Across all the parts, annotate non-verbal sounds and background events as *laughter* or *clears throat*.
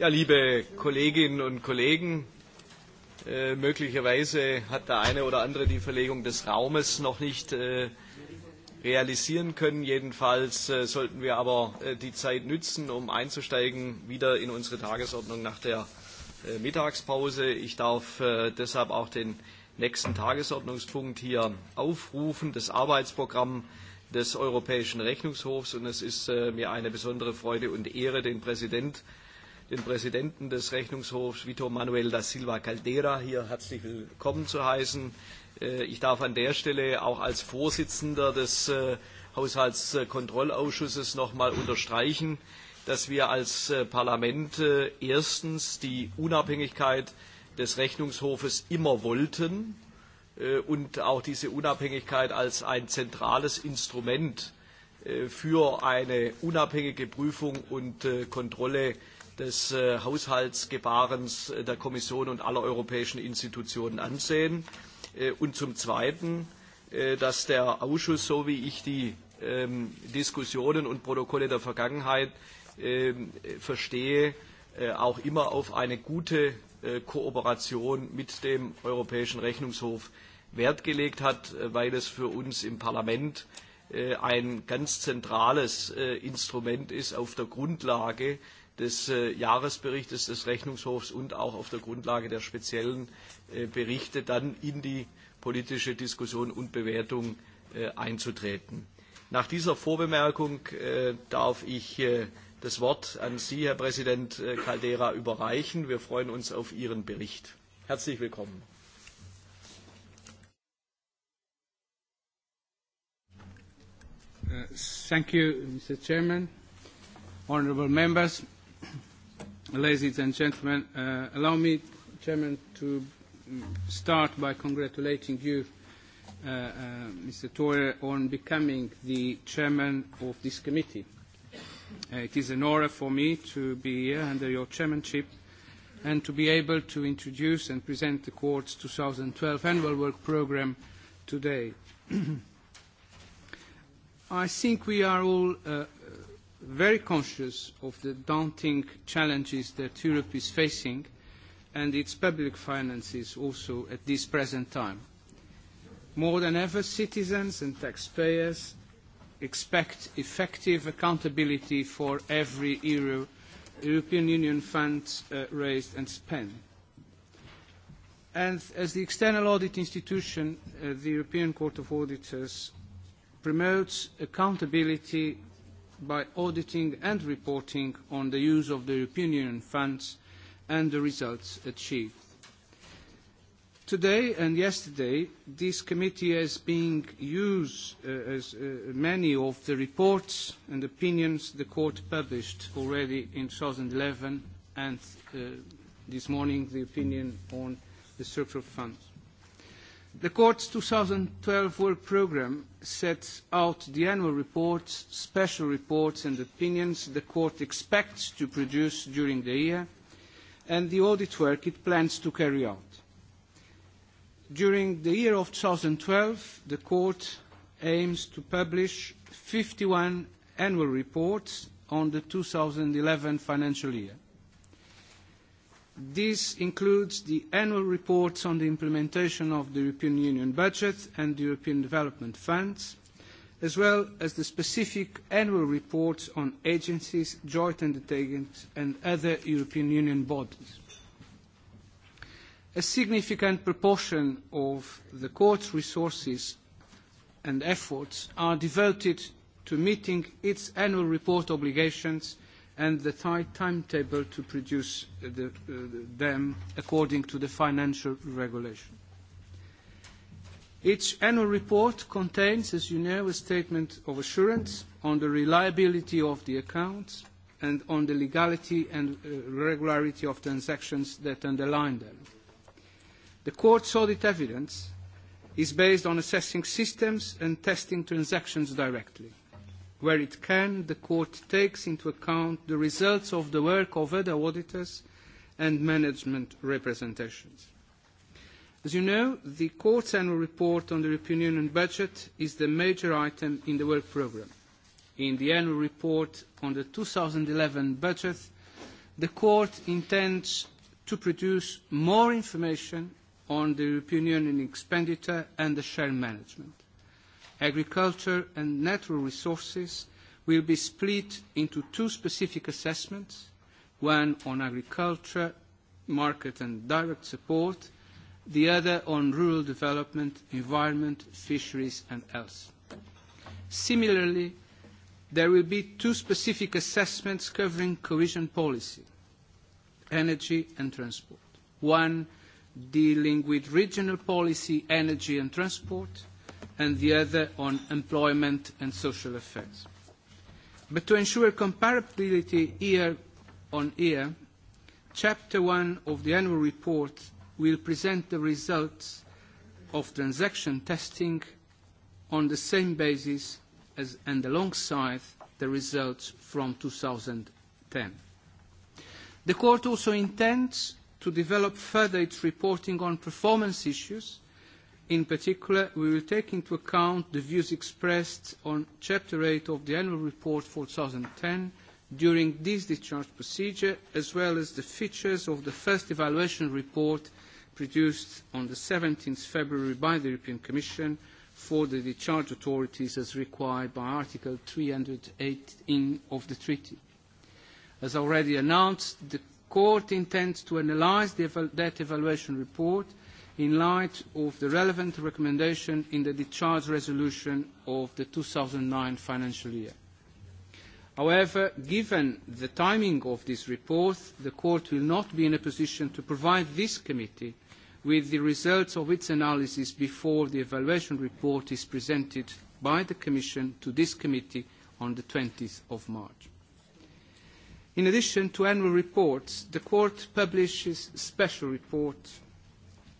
Ja, liebe Kolleginnen und Kollegen, äh, möglicherweise hat der eine oder andere die Verlegung des Raumes noch nicht äh, realisieren können. Jedenfalls äh, sollten wir aber äh, die Zeit nützen, um einzusteigen wieder in unsere Tagesordnung nach der äh, Mittagspause. Ich darf äh, deshalb auch den nächsten Tagesordnungspunkt hier aufrufen, das Arbeitsprogramm des Europäischen Rechnungshofs. Und es ist äh, mir eine besondere Freude und Ehre, den Präsident den Präsidenten des Rechnungshofs, Vitor Manuel da Silva Caldera, hier herzlich willkommen zu heißen. Äh, ich darf an der Stelle auch als Vorsitzender des äh, Haushaltskontrollausschusses noch einmal unterstreichen, dass wir als äh, Parlament erstens die Unabhängigkeit des Rechnungshofes immer wollten und auch diese Unabhängigkeit als ein zentrales Instrument für eine unabhängige Prüfung und Kontrolle des äh, Haushaltsgebarens äh, der Kommission und aller europäischen Institutionen ansehen. Äh, und zum Zweiten, dass der Ausschuss, so wie ich die ähm, Diskussionen und Protokolle der Vergangenheit ähm, verstehe, auch immer auf eine gute Kooperation mit dem Europäischen Rechnungshof Wert gelegt hat, weil es für uns im Parlament ein ganz zentrales Instrument ist, auf der Grundlage des äh, Jahresberichtes des Rechnungshofs und auch auf der Grundlage der speziellen äh, Berichte dann in die politische Diskussion und Bewertung äh, einzutreten. Nach dieser Vorbemerkung äh, darf ich äh, das Wort an Sie, Herr Präsident äh, Caldera, überreichen. Wir freuen uns auf Ihren Bericht. Herzlich willkommen. Uh, thank you, Mr. Chairman, honorable members ladies and gentlemen, uh, allow me, Chairman, to start by congratulating you, uh, uh, Mr. Torre, on becoming the chairman of this committee. Uh, it is an honor for me to be here under your chairmanship and to be able to introduce and present the Court's 2012 annual work programme today. *clears throat* I think we are all uh, very conscious of the daunting challenges that Europe is facing and its public finances also at this present time. More than ever, citizens and taxpayers expect effective accountability for every euro European Union funds uh, raised and spent. And as the external audit institution, uh, the European Court of Auditors promotes accountability by auditing and reporting on the use of the European Union funds and the results achieved. Today and yesterday, this committee has been used uh, as uh, many of the reports and opinions the court published already in 2011 and uh, this morning the opinion on the structural funds. The Court's 2012 work programme sets out the annual reports, special reports and opinions the Court expects to produce during the year and the audit work it plans to carry out. During the year of 2012, the Court aims to publish 51 annual reports on the 2011 financial year. This includes the annual reports on the implementation of the European Union budget and the European Development Funds, as well as the specific annual reports on agencies, joint undertakings and other European Union bodies. A significant proportion of the Court's resources and efforts are devoted to meeting its annual report obligations – and the tight timetable to produce uh, them according to the financial regulation. Each annual report contains, as you know, a statement of assurance on the reliability of the accounts and on the legality and uh, regularity of transactions that underline them. The court's audit evidence is based on assessing systems and testing transactions directly. Where it can, the Court takes into account the results of the work of other auditors and management representations. As you know, the Court's annual report on the European Union budget is the major item in the work programme. In the annual report on the 2011 budget, the Court intends to produce more information on the European Union expenditure and the share management agriculture and natural resources will be split into two specific assessments, one on agriculture, market and direct support, the other on rural development, environment, fisheries and health. Similarly, there will be two specific assessments covering cohesion policy, energy and transport. One dealing with regional policy, energy and transport, and the other on employment and social effects. But to ensure comparability year on year, Chapter 1 of the annual report will present the results of transaction testing on the same basis as and alongside the results from 2010. The Court also intends to develop further its reporting on performance issues In particular, we will take into account the views expressed on Chapter 8 of the Annual Report for 2010 during this discharge procedure, as well as the features of the first evaluation report produced on the 17th February by the European Commission for the discharge authorities as required by Article 318 of the Treaty. As already announced, the Court intends to analyse that evaluation report – in light of the relevant recommendation in the discharge resolution of the 2009 financial year. However, given the timing of this report, the Court will not be in a position to provide this committee with the results of its analysis before the evaluation report is presented by the Commission to this committee on the 20th of March. In addition to annual reports, the Court publishes special reports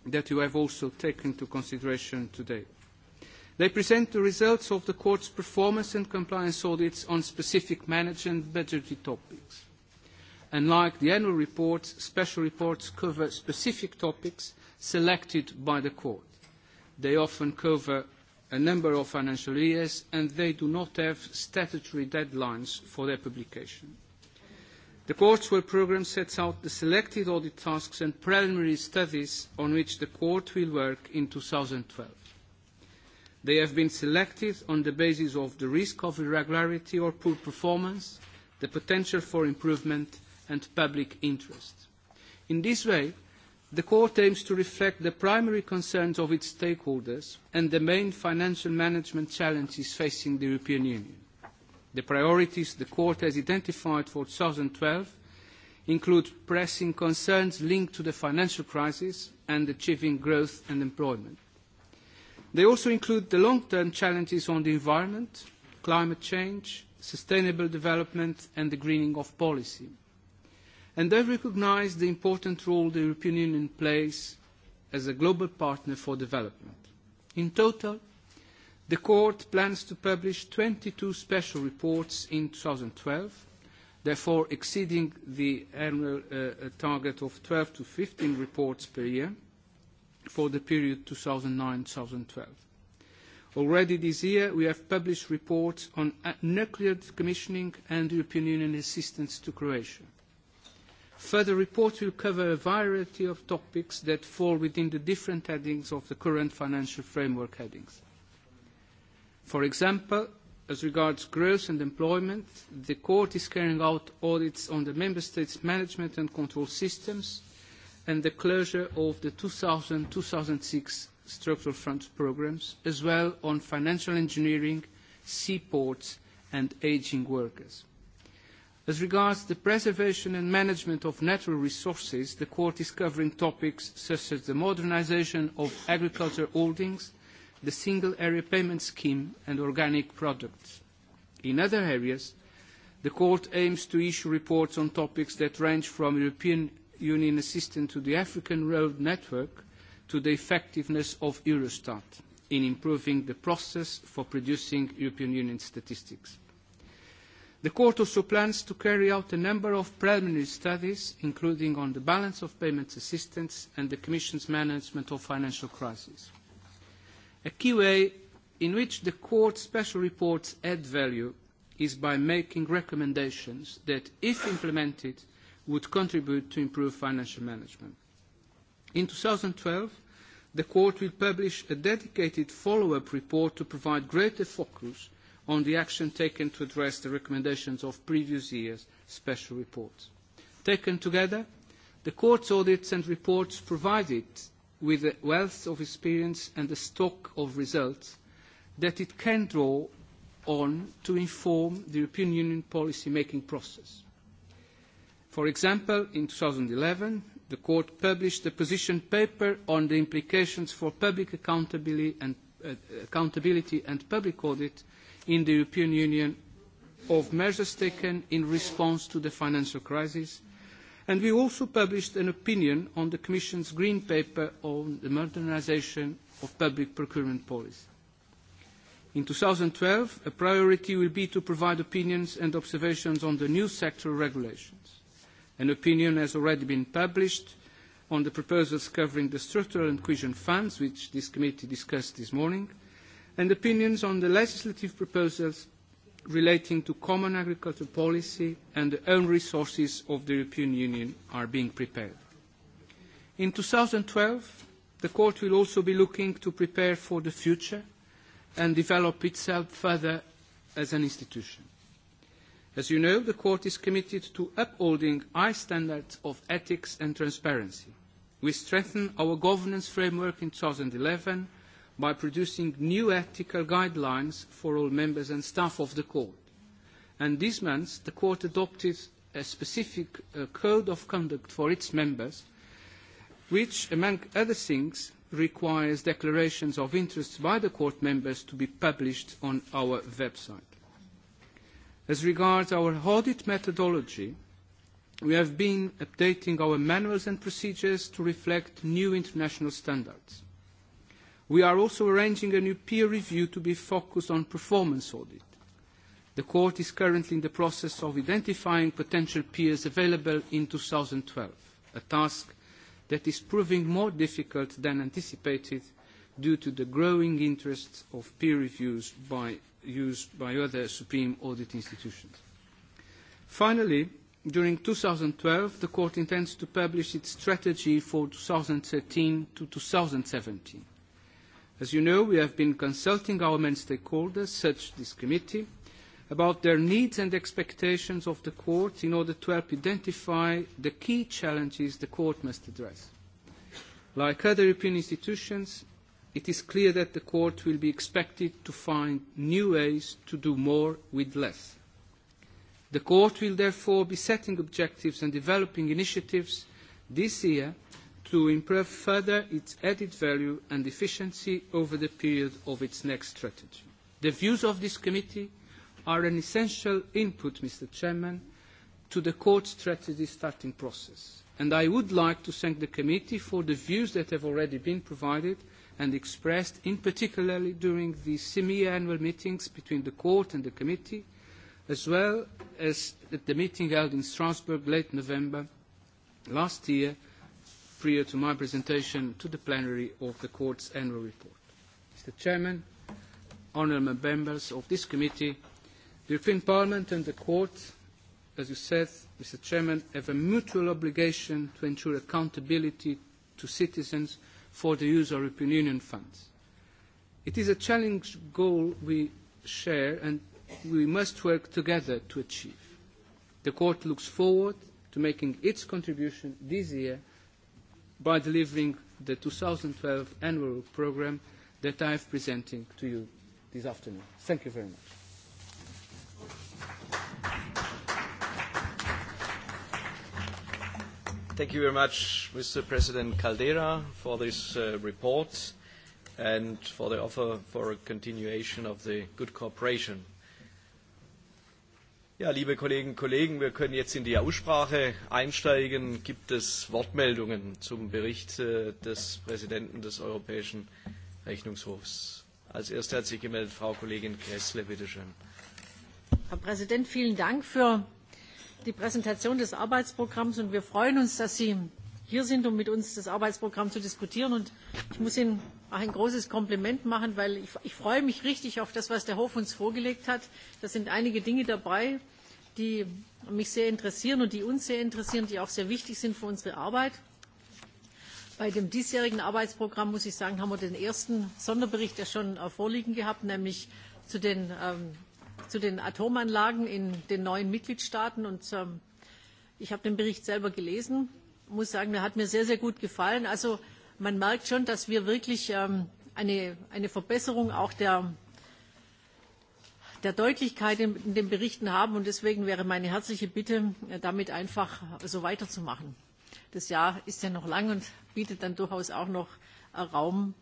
that you have also taken into consideration today. They present the results of the Court's performance and compliance audits on specific management budgetary topics. Unlike the annual reports, special reports cover specific topics selected by the Court. They often cover a number of financial years and they do not have statutory deadlines for their publication. The Court's work programme sets out the selected audit tasks and preliminary studies on which the Court will work in 2012. They have been selected on the basis of the risk of irregularity or poor performance, the potential for improvement and public interest. In this way, the Court aims to reflect the primary concerns of its stakeholders and the main financial management challenges facing the European Union. The priorities the Court has identified for 2012 include pressing concerns linked to the financial crisis and achieving growth and employment. They also include the long-term challenges on the environment, climate change, sustainable development and the greening of policy. And they recognise the important role the European Union plays as a global partner for development. In total, The court plans to publish 22 special reports in 2012, therefore exceeding the annual uh, uh, target of 12 to 15 reports per year for the period 2009-2012. Already this year, we have published reports on uh, nuclear decommissioning and European Union assistance to Croatia. Further reports will cover a variety of topics that fall within the different headings of the current financial framework headings. For example, as regards growth and employment, the Court is carrying out audits on the Member States' management and control systems and the closure of the 2000-2006 structural funds programmes, as well on financial engineering, seaports and ageing workers. As regards the preservation and management of natural resources, the Court is covering topics such as the modernisation of agriculture holdings, the single area payment scheme and organic products. In other areas, the court aims to issue reports on topics that range from European Union assistance to the African road network to the effectiveness of Eurostat in improving the process for producing European Union statistics. The Court also plans to carry out a number of preliminary studies, including on the balance of payments assistance and the Commission's management of financial crises. A key way in which the Court's special reports add value is by making recommendations that, if implemented, would contribute to improve financial management. In 2012, the Court will publish a dedicated follow-up report to provide greater focus on the action taken to address the recommendations of previous years' special reports. Taken together, the Court's audits and reports provided with a wealth of experience and a stock of results that it can draw on to inform the European Union policy-making process. For example, in 2011, the Court published a position paper on the implications for public accountability and, uh, accountability and public audit in the European Union of measures taken in response to the financial crisis And we also published an opinion on the Commission's Green Paper on the modernisation of public procurement policy. In two thousand and twelve a priority will be to provide opinions and observations on the new sectoral regulations. An opinion has already been published on the proposals covering the structural and cohesion funds, which this committee discussed this morning, and opinions on the legislative proposals relating to common agricultural policy and the own resources of the European Union are being prepared. In 2012, the Court will also be looking to prepare for the future and develop itself further as an institution. As you know, the Court is committed to upholding high standards of ethics and transparency. We strengthened our governance framework in 2011 by producing new ethical guidelines for all members and staff of the court. And this month, the court adopted a specific uh, code of conduct for its members, which, among other things, requires declarations of interests by the court members to be published on our website. As regards our audit methodology, we have been updating our manuals and procedures to reflect new international standards. We are also arranging a new peer review to be focused on performance audit. The court is currently in the process of identifying potential peers available in 2012, a task that is proving more difficult than anticipated due to the growing interest of peer reviews by, used by other supreme audit institutions. Finally, during 2012, the court intends to publish its strategy for 2013 to 2017 As you know, we have been consulting government stakeholders, such as this committee, about their needs and expectations of the court in order to help identify the key challenges the court must address. Like other European institutions, it is clear that the court will be expected to find new ways to do more with less. The court will therefore be setting objectives and developing initiatives this year to improve further its added value and efficiency over the period of its next strategy. The views of this committee are an essential input, Mr. Chairman, to the court strategy starting process. And I would like to thank the committee for the views that have already been provided and expressed, in particularly during the semi-annual meetings between the court and the committee, as well as at the meeting held in Strasbourg late November last year prior to my presentation to the plenary of the Court's annual report. Mr. Chairman, honourable members of this committee, the European Parliament and the Court, as you said, Mr. Chairman, have a mutual obligation to ensure accountability to citizens for the use of European Union funds. It is a challenge goal we share and we must work together to achieve. The Court looks forward to making its contribution this year by delivering the 2012 annual programme that I am presenting to you this afternoon. Thank you very much. Thank you very much, Mr. President Caldera, for this uh, report and for the offer for a continuation of the good cooperation ja, liebe Kolleginnen und Kollegen, wir können jetzt in die Aussprache einsteigen. Gibt es Wortmeldungen zum Bericht äh, des Präsidenten des Europäischen Rechnungshofs? Als erste hat sich gemeldet Frau Kollegin Kressle, bitte schön. Herr Präsident, vielen Dank für die Präsentation des Arbeitsprogramms und wir freuen uns, dass Sie hier sind, um mit uns das Arbeitsprogramm zu diskutieren. Und ich muss Ihnen auch ein großes Kompliment machen, weil ich, ich freue mich richtig auf das, was der Hof uns vorgelegt hat. Da sind einige Dinge dabei, die mich sehr interessieren und die uns sehr interessieren, die auch sehr wichtig sind für unsere Arbeit. Bei dem diesjährigen Arbeitsprogramm, muss ich sagen, haben wir den ersten Sonderbericht ja schon äh, vorliegen gehabt, nämlich zu den, ähm, zu den Atomanlagen in den neuen Mitgliedstaaten. Und ähm, ich habe den Bericht selber gelesen, muss sagen, der hat mir sehr, sehr gut gefallen. Also man merkt schon, dass wir wirklich ähm, eine, eine Verbesserung auch der, der Deutlichkeit in, in den Berichten haben. Und deswegen wäre meine herzliche Bitte, äh, damit einfach so weiterzumachen. Das Jahr ist ja noch lang und bietet dann durchaus auch noch äh, Raum,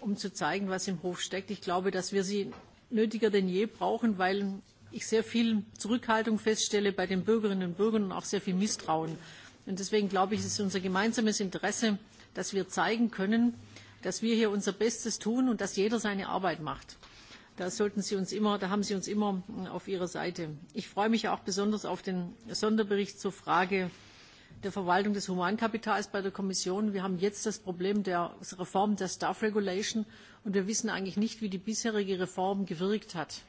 um zu zeigen, was im Hof steckt. Ich glaube, dass wir sie nötiger denn je brauchen, weil ich sehr viel Zurückhaltung feststelle bei den Bürgerinnen und Bürgern und auch sehr viel Misstrauen. Und deswegen glaube ich, ist unser gemeinsames Interesse, dass wir zeigen können, dass wir hier unser Bestes tun und dass jeder seine Arbeit macht. Da, sollten Sie uns immer, da haben Sie uns immer hm, auf Ihrer Seite. Ich freue mich auch besonders auf den Sonderbericht zur Frage der Verwaltung des Humankapitals bei der Kommission. Wir haben jetzt das Problem der Reform der Staff Regulation und wir wissen eigentlich nicht, wie die bisherige Reform gewirkt hat.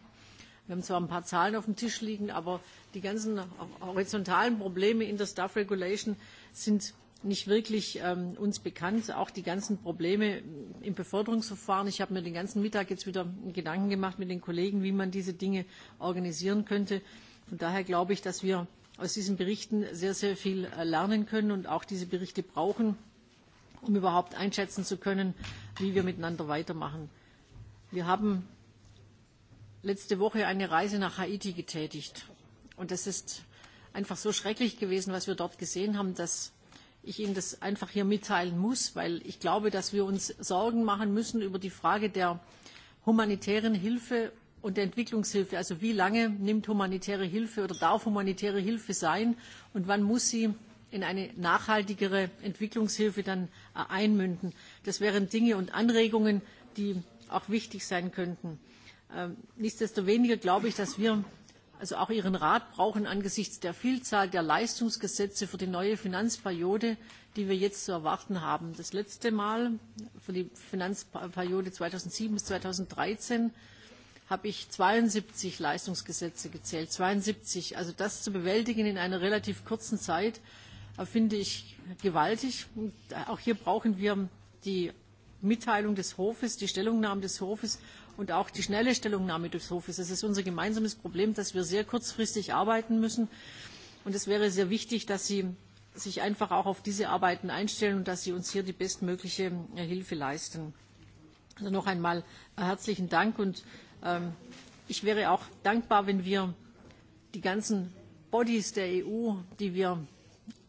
Wir haben zwar ein paar Zahlen auf dem Tisch liegen, aber die ganzen horizontalen Probleme in der Staff Regulation sind nicht wirklich ähm, uns bekannt. Auch die ganzen Probleme im Beförderungsverfahren. Ich habe mir den ganzen Mittag jetzt wieder Gedanken gemacht mit den Kollegen, wie man diese Dinge organisieren könnte. Von daher glaube ich, dass wir aus diesen Berichten sehr, sehr viel äh, lernen können und auch diese Berichte brauchen, um überhaupt einschätzen zu können, wie wir miteinander weitermachen. Wir haben letzte Woche eine Reise nach Haiti getätigt. Und das ist einfach so schrecklich gewesen, was wir dort gesehen haben, dass ich Ihnen das einfach hier mitteilen muss, weil ich glaube, dass wir uns Sorgen machen müssen über die Frage der humanitären Hilfe und der Entwicklungshilfe. Also wie lange nimmt humanitäre Hilfe oder darf humanitäre Hilfe sein und wann muss sie in eine nachhaltigere Entwicklungshilfe dann äh, einmünden. Das wären Dinge und Anregungen, die auch wichtig sein könnten. Ähm, nichtsdestoweniger glaube ich, dass wir also auch Ihren Rat brauchen angesichts der Vielzahl der Leistungsgesetze für die neue Finanzperiode, die wir jetzt zu erwarten haben. Das letzte Mal für die Finanzperiode zweitausendsieben bis 2013 habe ich zweiundsiebzig Leistungsgesetze gezählt. zweiundsiebzig Also das zu bewältigen in einer relativ kurzen Zeit, äh, finde ich gewaltig. Äh, auch hier brauchen wir die Mitteilung des Hofes, die Stellungnahme des Hofes und auch die schnelle Stellungnahme des Hofes. Es ist unser gemeinsames Problem, dass wir sehr kurzfristig arbeiten müssen. Und es wäre sehr wichtig, dass Sie sich einfach auch auf diese Arbeiten einstellen und dass Sie uns hier die bestmögliche äh, Hilfe leisten. Also noch einmal äh, herzlichen Dank und ähm, ich wäre auch dankbar, wenn wir die ganzen Bodies der EU, die wir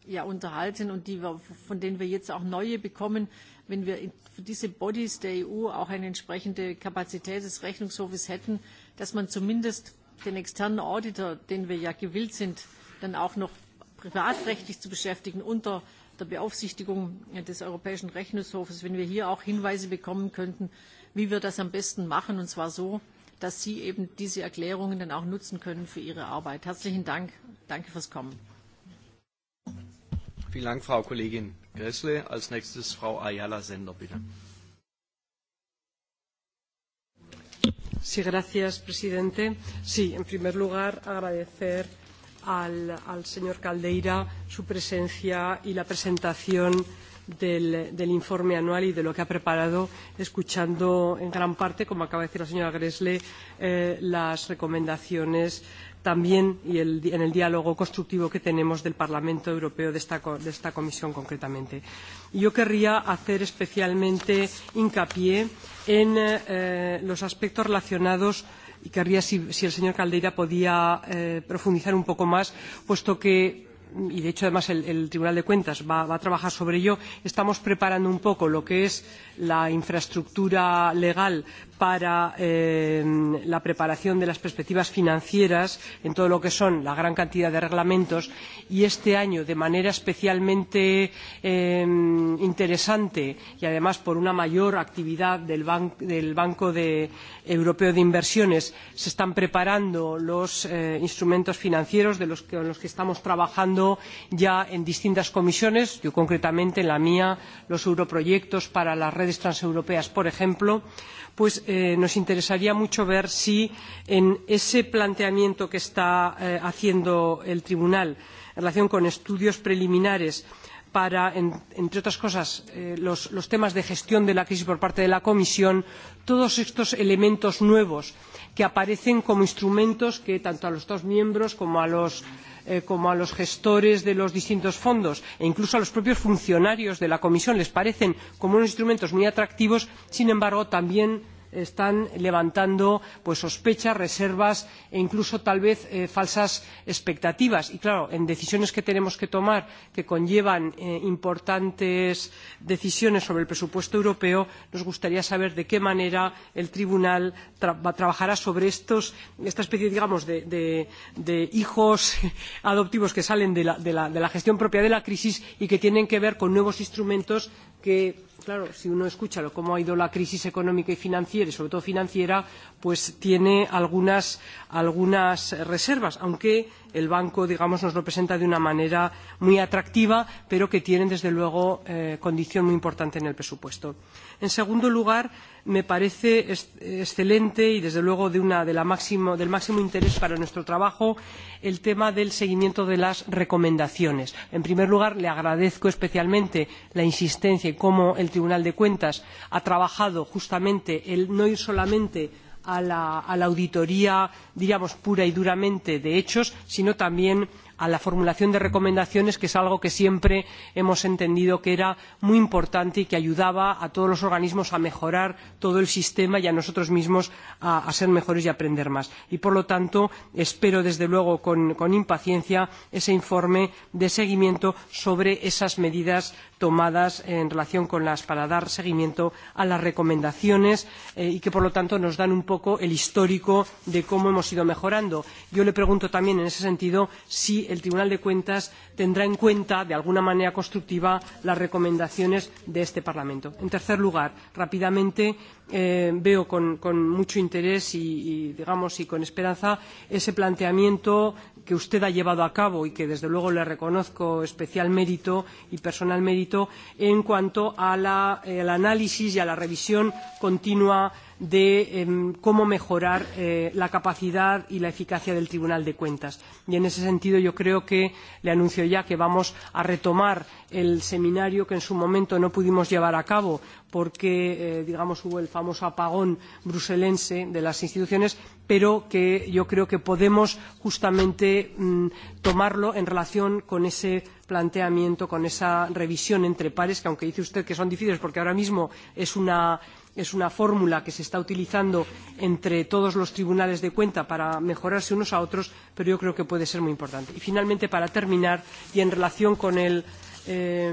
ja unterhalten und die wir, von denen wir jetzt auch neue bekommen, wenn wir für diese Bodies der EU auch eine entsprechende Kapazität des Rechnungshofes hätten, dass man zumindest den externen Auditor, den wir ja gewillt sind, dann auch noch privatrechtlich zu beschäftigen unter der Beaufsichtigung des Europäischen Rechnungshofes, wenn wir hier auch Hinweise bekommen könnten, wie wir das am besten machen, und zwar so, dass Sie eben diese Erklärungen dann auch nutzen können für Ihre Arbeit. Herzlichen Dank. Danke fürs Kommen. Vielen Dank, Frau Kollegin. Gräßle. Als nächstes Frau Ayala Sender, bitte. Sí, gracias, presidente. Sí, en primer lugar, agradecer al, al señor Caldeira su presencia y la presentación del, del informe anual y de lo que ha preparado, escuchando en gran parte, como acaba de decir la señora Gresle, eh, las recomendaciones eh, también y el, en el diálogo constructivo que tenemos del Parlamento Europeo, de esta, de esta comisión concretamente. Yo querría hacer especialmente hincapié en eh, los aspectos relacionados y querría si, si el señor Caldeira podía eh, profundizar un poco más, puesto que y de hecho además el, el Tribunal de Cuentas va, va a trabajar sobre ello, estamos preparando un poco lo que es la infraestructura legal para eh, la preparación de las perspectivas financieras en todo lo que son la gran cantidad de reglamentos y este año de manera especialmente eh, interesante y además por una mayor actividad del, Ban del Banco de Europeo de Inversiones se están preparando los eh, instrumentos financieros de los que, en los que estamos trabajando ya en distintas comisiones, yo concretamente en la mía, los europroyectos para las redes transeuropeas, por ejemplo pues eh, nos interesaría mucho ver si en ese planteamiento que está eh, haciendo el tribunal en relación con estudios preliminares para en, entre otras cosas eh, los, los temas de gestión de la crisis por parte de la comisión todos estos elementos nuevos que aparecen como instrumentos que tanto a los estados miembros como a los Eh, como a los gestores de los distintos fondos e incluso a los propios funcionarios de la comisión les parecen como unos instrumentos muy atractivos sin embargo también están levantando pues, sospechas, reservas e incluso tal vez eh, falsas expectativas. Y claro, en decisiones que tenemos que tomar que conllevan eh, importantes decisiones sobre el presupuesto europeo, nos gustaría saber de qué manera el Tribunal tra trabajará sobre estos, esta especie digamos, de, de, de hijos *laughs* adoptivos que salen de la, de, la, de la gestión propia de la crisis y que tienen que ver con nuevos instrumentos que claro, si uno escucha cómo ha ido la crisis económica y financiera, y sobre todo financiera, pues tiene algunas, algunas reservas, aunque el banco digamos, nos lo presenta de una manera muy atractiva, pero que tienen, desde luego, eh, condición muy importante en el presupuesto. En segundo lugar, me parece excelente y, desde luego, de una, de la máximo, del máximo interés para nuestro trabajo el tema del seguimiento de las recomendaciones. En primer lugar, le agradezco especialmente la insistencia y cómo el Tribunal de Cuentas ha trabajado justamente el no ir solamente a la, auditoría, diríamos, pura y duramente de hechos, sino también a la formulación de recomendaciones, que es algo que siempre hemos entendido que era muy importante y que ayudaba a todos los organismos a mejorar todo el sistema y a nosotros mismos a, ser mejores y a aprender más. Y, por lo tanto, espero desde luego con, impaciencia ese informe de seguimiento sobre esas medidas que tomadas en relación con las para dar seguimiento a las recomendaciones eh, y que por lo tanto nos dan un poco el histórico de cómo hemos ido mejorando. Yo le pregunto también en ese sentido si el Tribunal de Cuentas tendrá en cuenta de alguna manera constructiva las recomendaciones de este Parlamento. En tercer lugar, rápidamente eh, veo con, con mucho interés y, y, digamos y con esperanza ese planteamiento que usted ha llevado a cabo y que desde luego le reconozco especial mérito y personal mérito en cuanto al análisis y a la revisión continua de de eh, cómo mejorar eh, la capacidad y la eficacia del Tribunal de Cuentas. Y en ese sentido yo creo que le anuncio ya que vamos a retomar el seminario que en su momento no pudimos llevar a cabo porque eh, digamos hubo el famoso apagón bruselense de las instituciones, pero que yo creo que podemos justamente mm, tomarlo en relación con ese planteamiento, con esa revisión entre pares, que aunque dice usted que son difíciles porque ahora mismo es una es una fórmula que se está utilizando entre todos los tribunales de cuentas para mejorarse unos a otros, pero yo creo que puede ser muy importante. Y finalmente, para terminar, y en relación con el, eh,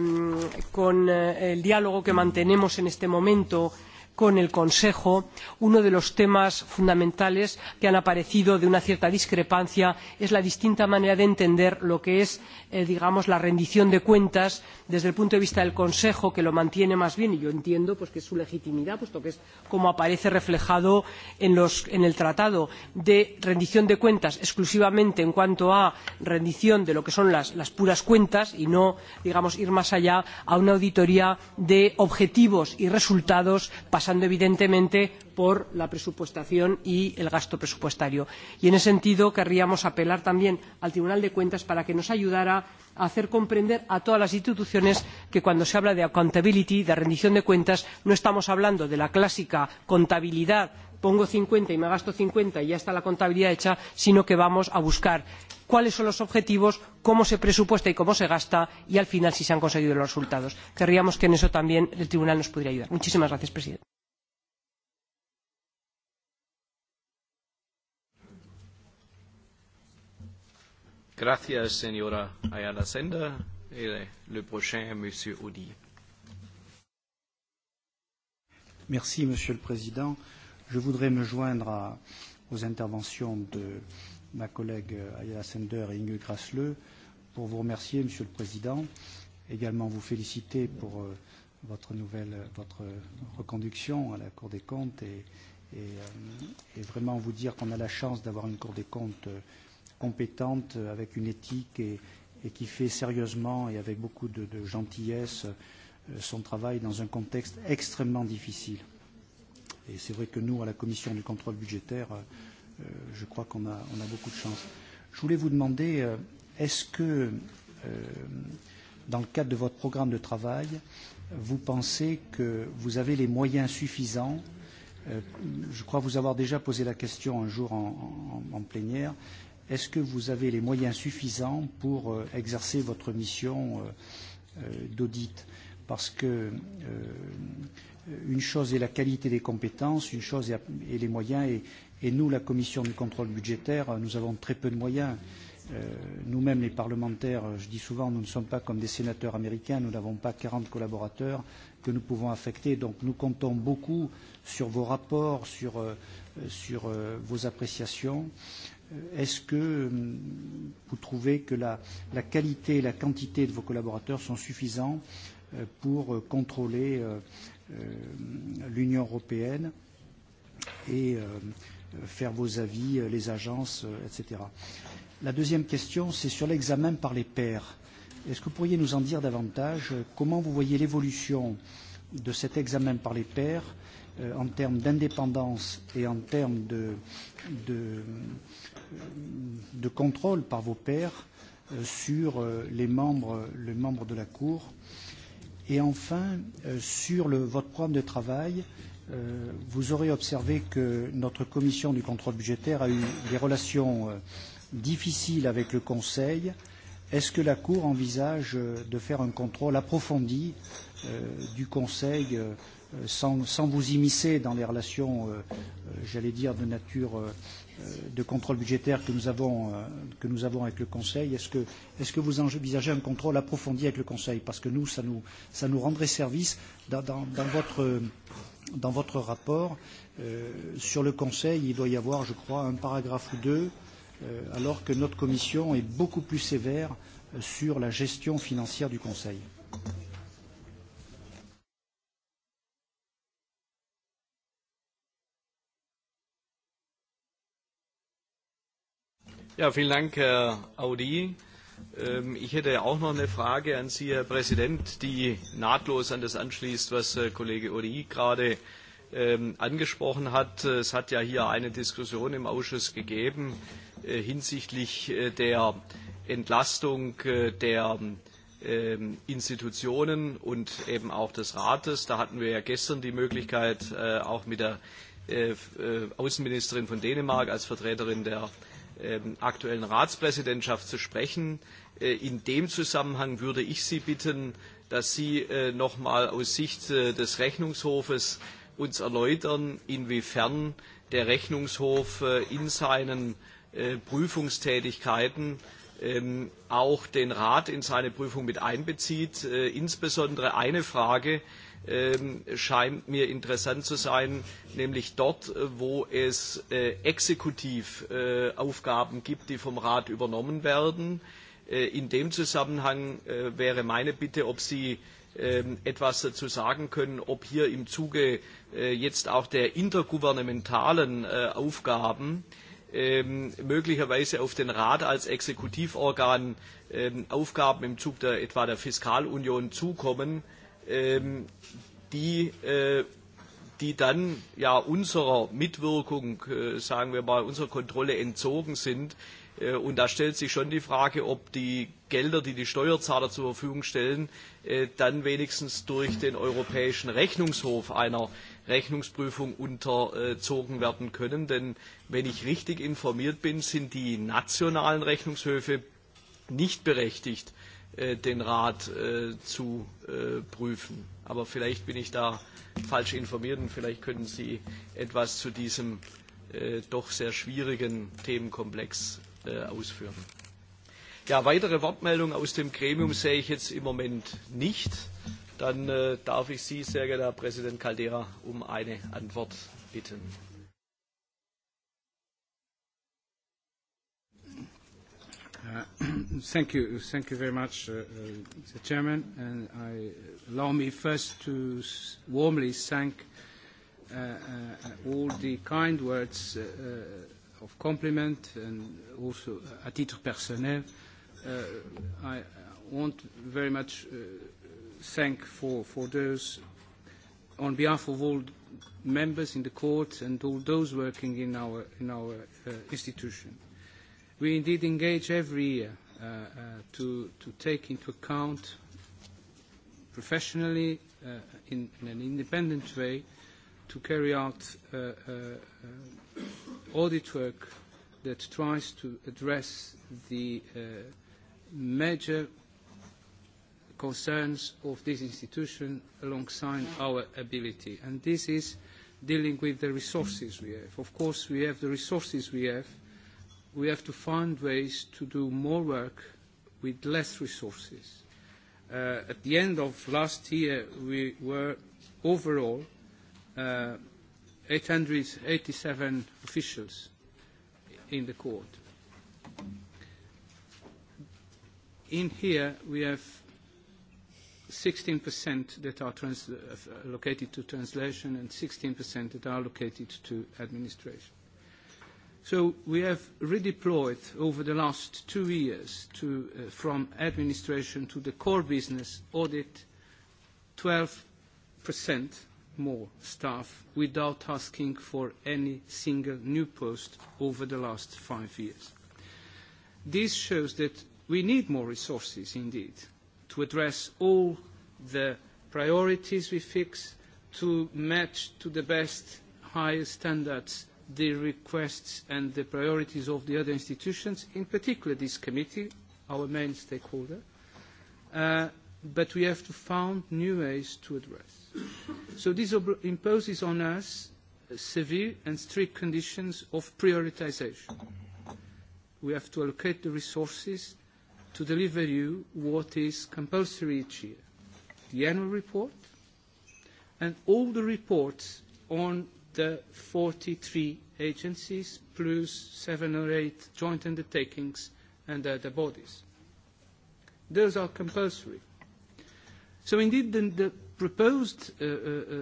con el diálogo que mantenemos en este momento con el Consejo, uno de los temas fundamentales que han aparecido de una cierta discrepancia es la distinta manera de entender lo que es, eh, digamos, la rendición de cuentas desde el punto de vista del Consejo, que lo mantiene más bien, y yo entiendo pues, que es su legitimidad, puesto que es como aparece reflejado en, los, en el Tratado de rendición de cuentas exclusivamente en cuanto a rendición de lo que son las, las puras cuentas y no, digamos, ir más allá a una auditoría de objetivos y resultados, pasando evidentemente por la presupuestación y el gasto presupuestario. Y en ese sentido querríamos apelar también al Tribunal de Cuentas para que nos ayudara a hacer comprender a todas las instituciones que cuando se habla de accountability de rendición de cuentas no estamos hablando de la clásica contabilidad pongo cincuenta y me gasto cincuenta y ya está la contabilidad hecha sino que vamos a buscar cuáles son los objetivos cómo se presupuesta y cómo se gasta y al final si se han conseguido los resultados. querríamos que en eso también el tribunal nos pudiera ayudar. Gracias, señora Ayala Sender. Et le prochain, Monsieur Audi. Merci, Monsieur le Président. Je voudrais me joindre à, aux interventions de ma collègue Ayala Sender et Inge Grassleux pour vous remercier, Monsieur le Président, également vous féliciter pour euh, votre nouvelle, votre reconduction à la Cour des comptes et, et, euh, et vraiment vous dire qu'on a la chance d'avoir une Cour des comptes euh, compétente, avec une éthique et, et qui fait sérieusement et avec beaucoup de, de gentillesse euh, son travail dans un contexte extrêmement difficile. Et c'est vrai que nous, à la Commission du contrôle budgétaire, euh, euh, je crois qu'on a, on a beaucoup de chance. Je voulais vous demander, est-ce que, dans le cadre de votre programme de travail, vous pensez que vous avez les moyens suffisants Je crois vous avoir déjà posé la question un jour en, en, en plénière. Euh, Est-ce que vous avez les moyens suffisants pour euh, exercer votre mission euh, euh, d'audit Parce que euh, une chose est la qualité des compétences, une chose est, est les moyens. Et, et nous, la Commission du contrôle budgétaire, nous avons très peu de moyens. Euh, Nous-mêmes, les parlementaires, je dis souvent, nous ne sommes pas comme des sénateurs américains, nous n'avons pas 40 collaborateurs que nous pouvons affecter. Donc nous comptons beaucoup sur vos rapports, sur, euh, sur euh, vos appréciations. Euh, est-ce que vous trouvez que la, la qualité et la quantité de vos collaborateurs sont suffisants euh, pour euh, contrôler euh, l'Union européenne et faire vos avis, les agences, etc. La deuxième question, c'est sur l'examen par les pairs. Est-ce que vous pourriez nous en dire davantage Comment vous voyez l'évolution de cet examen par les pairs en termes d'indépendance et en termes de, de, euh, de contrôle par vos pairs euh, sur euh, les membres, les membres de la Cour. Et enfin, euh, sur le, votre programme de travail, vous aurez observé que notre commission du contrôle budgétaire a eu des relations difficiles avec le Conseil. Est-ce que la Cour envisage de faire un contrôle approfondi du Conseil sans, sans vous immiscer dans les relations, j'allais dire, de nature de contrôle budgétaire que nous avons, euh, que nous avons avec le Conseil. Est-ce que, est que vous envisagez un contrôle approfondi avec le Conseil Parce que nous, ça nous, ça nous rendrait service dans, dans, dans, votre, dans votre rapport. Euh, sur le Conseil, il doit y avoir, je crois, un paragraphe ou deux, euh, alors que notre Commission est beaucoup plus sévère euh, sur la gestion financière du Conseil. Ja, vielen Dank, Herr Audi. Ähm, ich hätte auch noch eine Frage an Sie, Herr Präsident, die nahtlos an das anschließt, was äh, Kollege Ori gerade ähm, angesprochen hat. Es hat ja hier eine Diskussion im Ausschuss gegeben äh, hinsichtlich äh, der Entlastung der ähm, Institutionen und eben auch des Rates. Da hatten wir ja gestern die Möglichkeit, auch mit der Außenministerin von Dänemark als Vertreterin der Ähm, aktuellen Ratspräsidentschaft zu sprechen. Äh, in dem Zusammenhang würde ich Sie bitten, dass Sie äh, noch mal aus Sicht äh, des Rechnungshofes uns erläutern, inwiefern der Rechnungshof in seinen Prüfungstätigkeiten ähm, auch den Rat in seine Prüfung mit einbezieht. Insbesondere eine Frage, Ähm, scheint mir interessant zu sein, nämlich dort, äh, wo es äh, Exekutivaufgaben äh, gibt, die vom Rat übernommen werden. In dem Zusammenhang wäre meine Bitte, ob Sie ähm, etwas dazu sagen können, ob hier im Zuge jetzt auch der intergouvernementalen Aufgaben ähm, möglicherweise auf den Rat als Exekutivorgan Aufgaben im Zuge der etwa der Fiskalunion zukommen, ähm, die, äh, die dann ja unserer Mitwirkung, äh, sagen wir mal, unserer Kontrolle entzogen sind. Äh, und da stellt sich schon die Frage, ob die Gelder, die die Steuerzahler zur Verfügung stellen, äh, dann wenigstens durch den Europäischen Rechnungshof einer Rechnungsprüfung unterzogen werden können. Denn wenn ich richtig informiert bin, sind die nationalen Rechnungshöfe nicht berechtigt, Äh, den Rat äh, zu äh, prüfen. Aber vielleicht bin ich da falsch informiert und vielleicht können Sie etwas zu diesem doch sehr schwierigen Themenkomplex ausführen. Ja, weitere Wortmeldungen aus dem Gremium sehe ich jetzt im Moment nicht. Dann darf ich Sie, sehr geehrter Herr Präsident Caldera, um eine Antwort bitten. Uh, *clears throat* thank you. Thank you very much, uh, uh, Mr. Chairman. And I, allow me first to warmly thank uh, uh, uh, all the kind words uh, uh of compliment and also à titre personnel. Uh, I want very much uh, thank for, for those on behalf of all members in the court and all those working in our, in our uh, institution. We indeed engage every year uh, uh, to, to take into account professionally uh, in, in an independent way to carry out uh, uh, audit work that tries to address the uh, major concerns of this institution alongside our ability. And this is dealing with the resources we have. Of course, we have the resources we have, we have to find ways to do more work with less resources. Uh, at the end of last year, we were overall uh, 887 officials in the court. In here, we have 16% that are trans- uh, located to translation and 16% that are located to administration So we have redeployed over the last two years to, uh, from administration to the core business audit 12% more staff without asking for any single new post over the last five years. This shows that we need more resources indeed to address all the priorities we fix to match to the best highest standards the requests and the priorities of the other institutions, in particular this committee, our main stakeholder, uh, but we have to find new ways to address. So this imposes on us severe and strict conditions of prioritization. We have to allocate the resources to deliver you what is compulsory each year, the annual report and all the reports on the 43 agencies plus seven or eight joint undertakings and other uh, bodies. Those are compulsory. So indeed, the, the proposed uh, uh,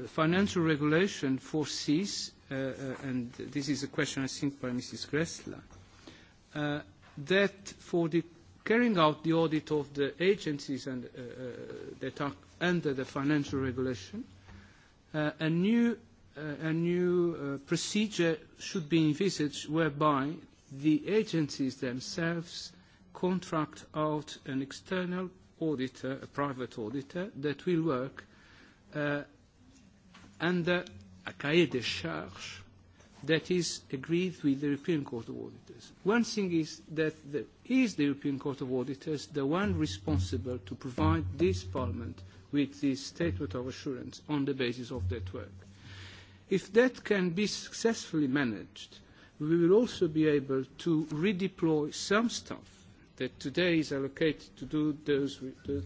uh financial regulation foresees, uh, uh, and this is a question I think by Mrs. Gressler, that for the carrying out the audit of the agencies and, that are under the financial regulation, a new Uh, a new uh, procedure should be envisaged whereby the agencies themselves contract out an external auditor, a private auditor, that will work uh, under a cahier de charge that is agreed with the European Court of Auditors. One thing is that the, is the European Court of Auditors the one responsible to provide this Parliament with this statement of assurance on the basis of that work. If that can be successfully managed, we will also be able to redeploy some staff that today is allocated to do those,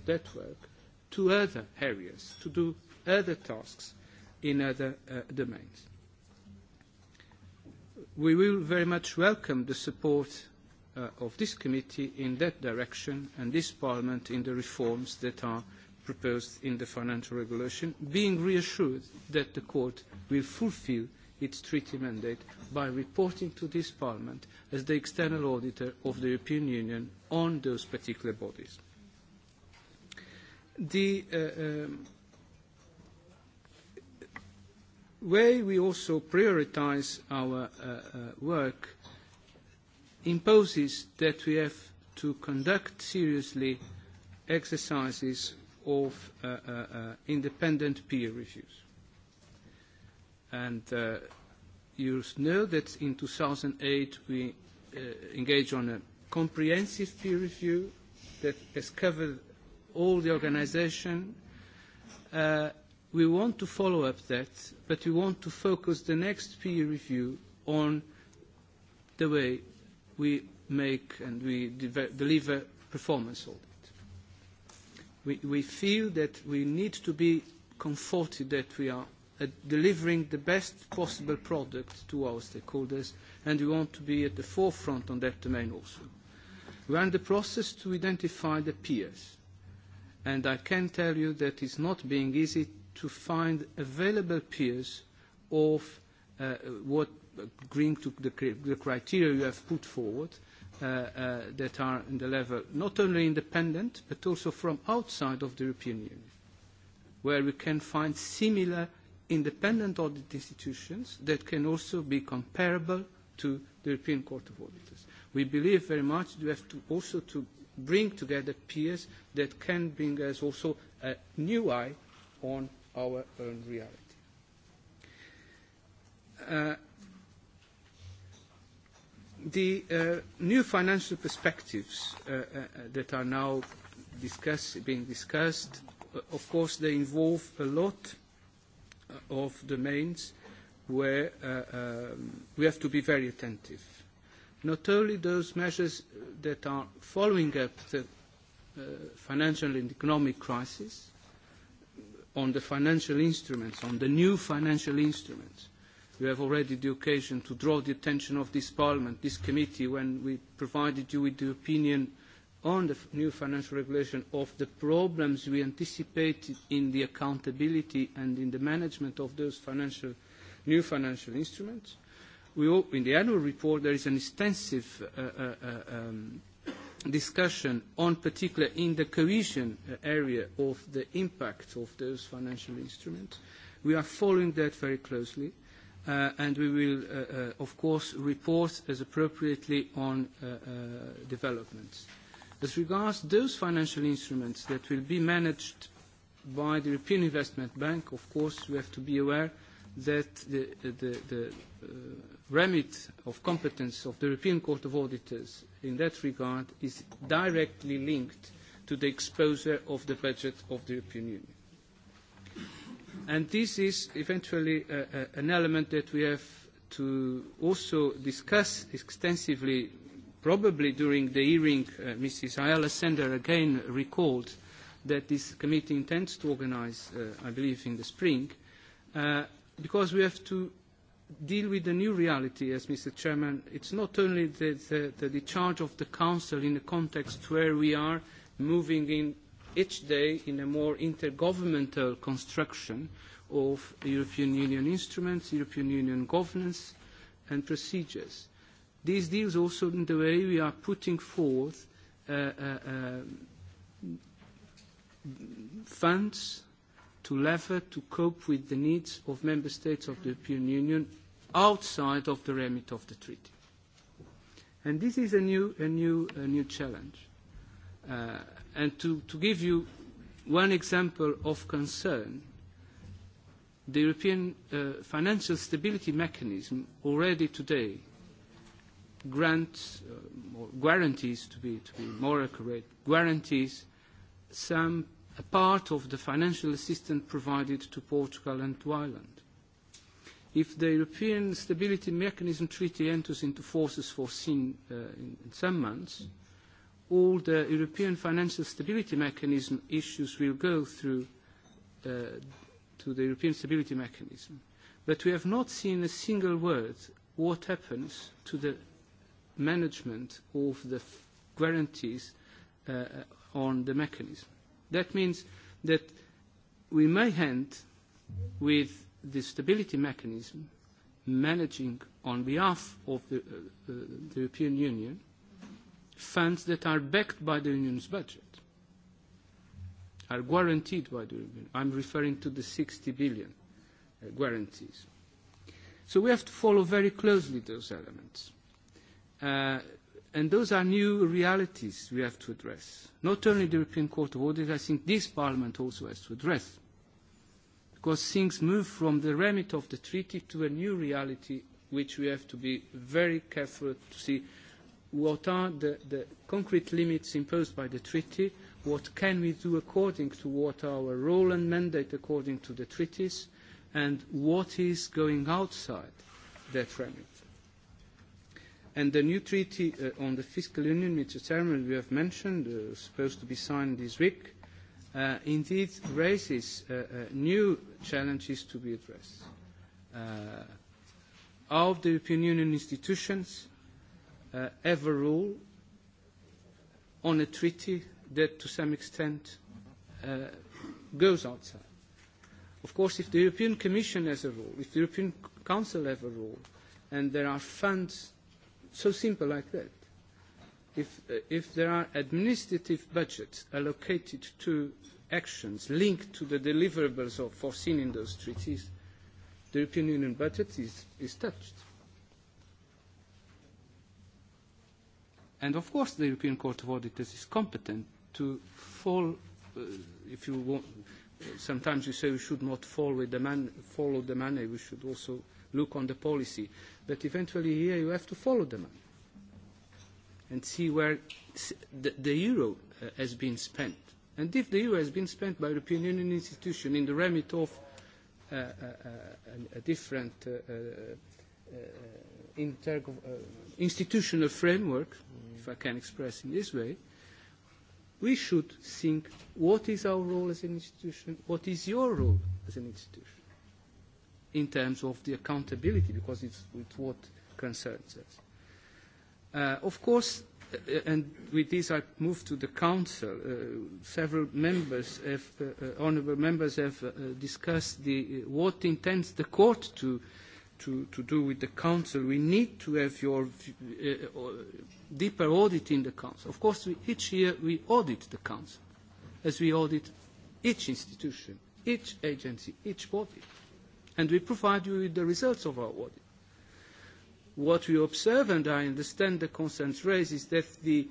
that work to other areas, to do other tasks in other uh, domains. We will very much welcome the support uh, of this committee in that direction and this parliament in the reforms that are proposed in the financial regulation, being reassured that the Court will fulfil its treaty mandate by reporting to this Parliament as the external auditor of the European Union on those particular bodies. The uh, um, way we also prioritise our uh, uh, work imposes that we have to conduct seriously exercises of uh, uh, uh, independent peer reviews. And uh, you know that in 2008 we uh, engaged on a comprehensive peer review that has covered all the organization. Uh, we want to follow up that, but we want to focus the next peer review on the way we make and we de deliver performance audits we, we feel that we need to be comforted that we are at uh, delivering the best possible product to our stakeholders, and we want to be at the forefront on that domain also. We are in the process to identify the peers, and I can tell you that it's not being easy to find available peers of uh, what agreeing uh, to the, the criteria you have put forward, Uh, uh, that are in the level not only independent but also from outside of the European Union, where we can find similar independent audit institutions that can also be comparable to the European Court of Auditors. We believe very much we have to also to bring together peers that can bring us also a new eye on our own reality. Uh, The uh, new financial perspectives uh, uh, that are now being discussed, of course, they involve a lot of domains where um, we have to be very attentive. Not only those measures that are following up the financial and economic crisis on the financial instruments, on the new financial instruments, You have already the occasion to draw the attention of this Parliament, this committee, when we provided you with the opinion on the new financial regulation of the problems we anticipated in the accountability and in the management of those financial, new financial instruments. We, in the annual report, there is an extensive uh, uh, uh um, discussion on particular in the cohesion uh, area of the impact of those financial instruments. We are following that very closely. Uh, and we will, uh, uh, of course, report as appropriately on developments. As regards those financial instruments that will be managed by the European Investment Bank, of course, we have to be aware that the remit of competence of the European Court of Auditors in that regard is directly linked to the exposure of the budget of the European Union. And this is eventually a, uh, a, uh, an element that we have to also discuss extensively, probably during the hearing uh, Mrs. Ayala Sender again recalled that this committee intends to organise, uh, I believe, in the spring, uh, because we have to deal with the new reality, as Mr. Chairman. It's not only the, the, the discharge of the Council in the context where we are moving in each day in a more intergovernmental construction of European Union instruments, European Union governance and procedures. These deals also in the way we are putting forth uh, uh, uh, funds to lever to cope with the needs of member states of the European Union outside of the remit of the treaty. And this is a new, a new, a new challenge. Uh, And to, to give you one example of concern, the European uh, Financial Stability Mechanism already today grants uh, or guarantees, to be, to be more accurate, guarantees some a part of the financial assistance provided to Portugal and to Ireland. If the European Stability Mechanism Treaty enters into force as foreseen uh, in, in some months, mm all the European Financial Stability Mechanism issues will go through uh, to the European Stability Mechanism. But we have not seen a single word what happens to the management of the guarantees uh, on the mechanism. That means that we may end with the stability mechanism managing on behalf of the, uh, uh, the European Union – funds that are backed by the Union's budget, are guaranteed by the Union. I'm referring to the 60 billion uh, guarantees. So we have to follow very closely those elements. Uh, and those are new realities we have to address. Not only the European Court of Audit, I think this Parliament also has to address. Because things move from the remit of the treaty to a new reality which we have to be very careful to see what are the, the concrete limits imposed by the treaty, what can we do according to what our role and mandate according to the treaties, and what is going outside that remit. And the new treaty uh, on the fiscal union, which Chairman we have mentioned, uh, supposed to be signed this week, uh, indeed raises uh, uh, new challenges to be addressed. Uh, how the European Union institutions uh, ever rule on a treaty that to some extent uh, goes outside. Of course, if the European Commission has a rule, if the European Council has a rule, and there are funds so simple like that, if, uh, if there are administrative budgets allocated to actions linked to the deliverables of foreseen in those treaties, the European Union budget is, is touched. And of course, the European Court of Auditors is competent to fall, uh, if you want, sometimes you say we should not follow the, man, follow the money, we should also look on the policy. But eventually here you have to follow the money and see where the, the euro uh, has been spent. And if the euro has been spent by European Union institution in the remit of uh, uh, uh a, a different uh, uh, uh, uh inter- uh, institutional framework, I can express in this way, we should think what is our role as an institution, what is your role as an institution in terms of the accountability, because it's, it's what concerns us. Uh, of course, uh, and with this I move to the Council. Uh, several members, have, uh, uh, honourable members, have uh, uh, discussed the, uh, what intends the Court to uh, to, to do with the Council. We need to have your uh, deeper audit in the Council. Of course, we, each year we audit the Council, as we audit each institution, each agency, each body. And we provide you with the results of our audit. What we observe, and I understand the concerns raised, is that the,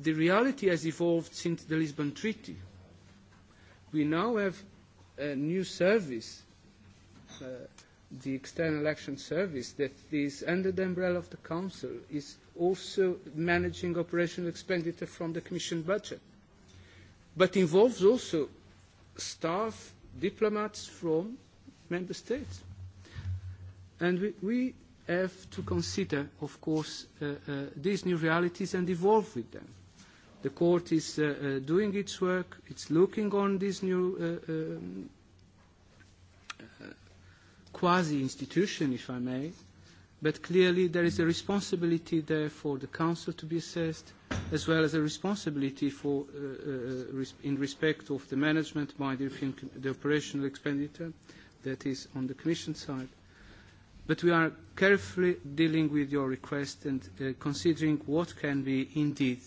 the reality has evolved since the Lisbon Treaty. We now have a new service uh, the External Action Service that is under the umbrella of the Council is also managing operational expenditure from the Commission budget, but involves also staff, diplomats from Member States. And we, we have to consider, of course, uh, uh, these new realities and evolve with them. The court is uh, uh, doing its work, it's looking on these new uh, um, uh, quasi-institution, if I may, but clearly there is a responsibility there for the Council to be assessed, as well as a responsibility for, uh, uh, in respect of the management by the, the operational expenditure that is on the Commission side. But we are carefully dealing with your request and uh, considering what can be indeed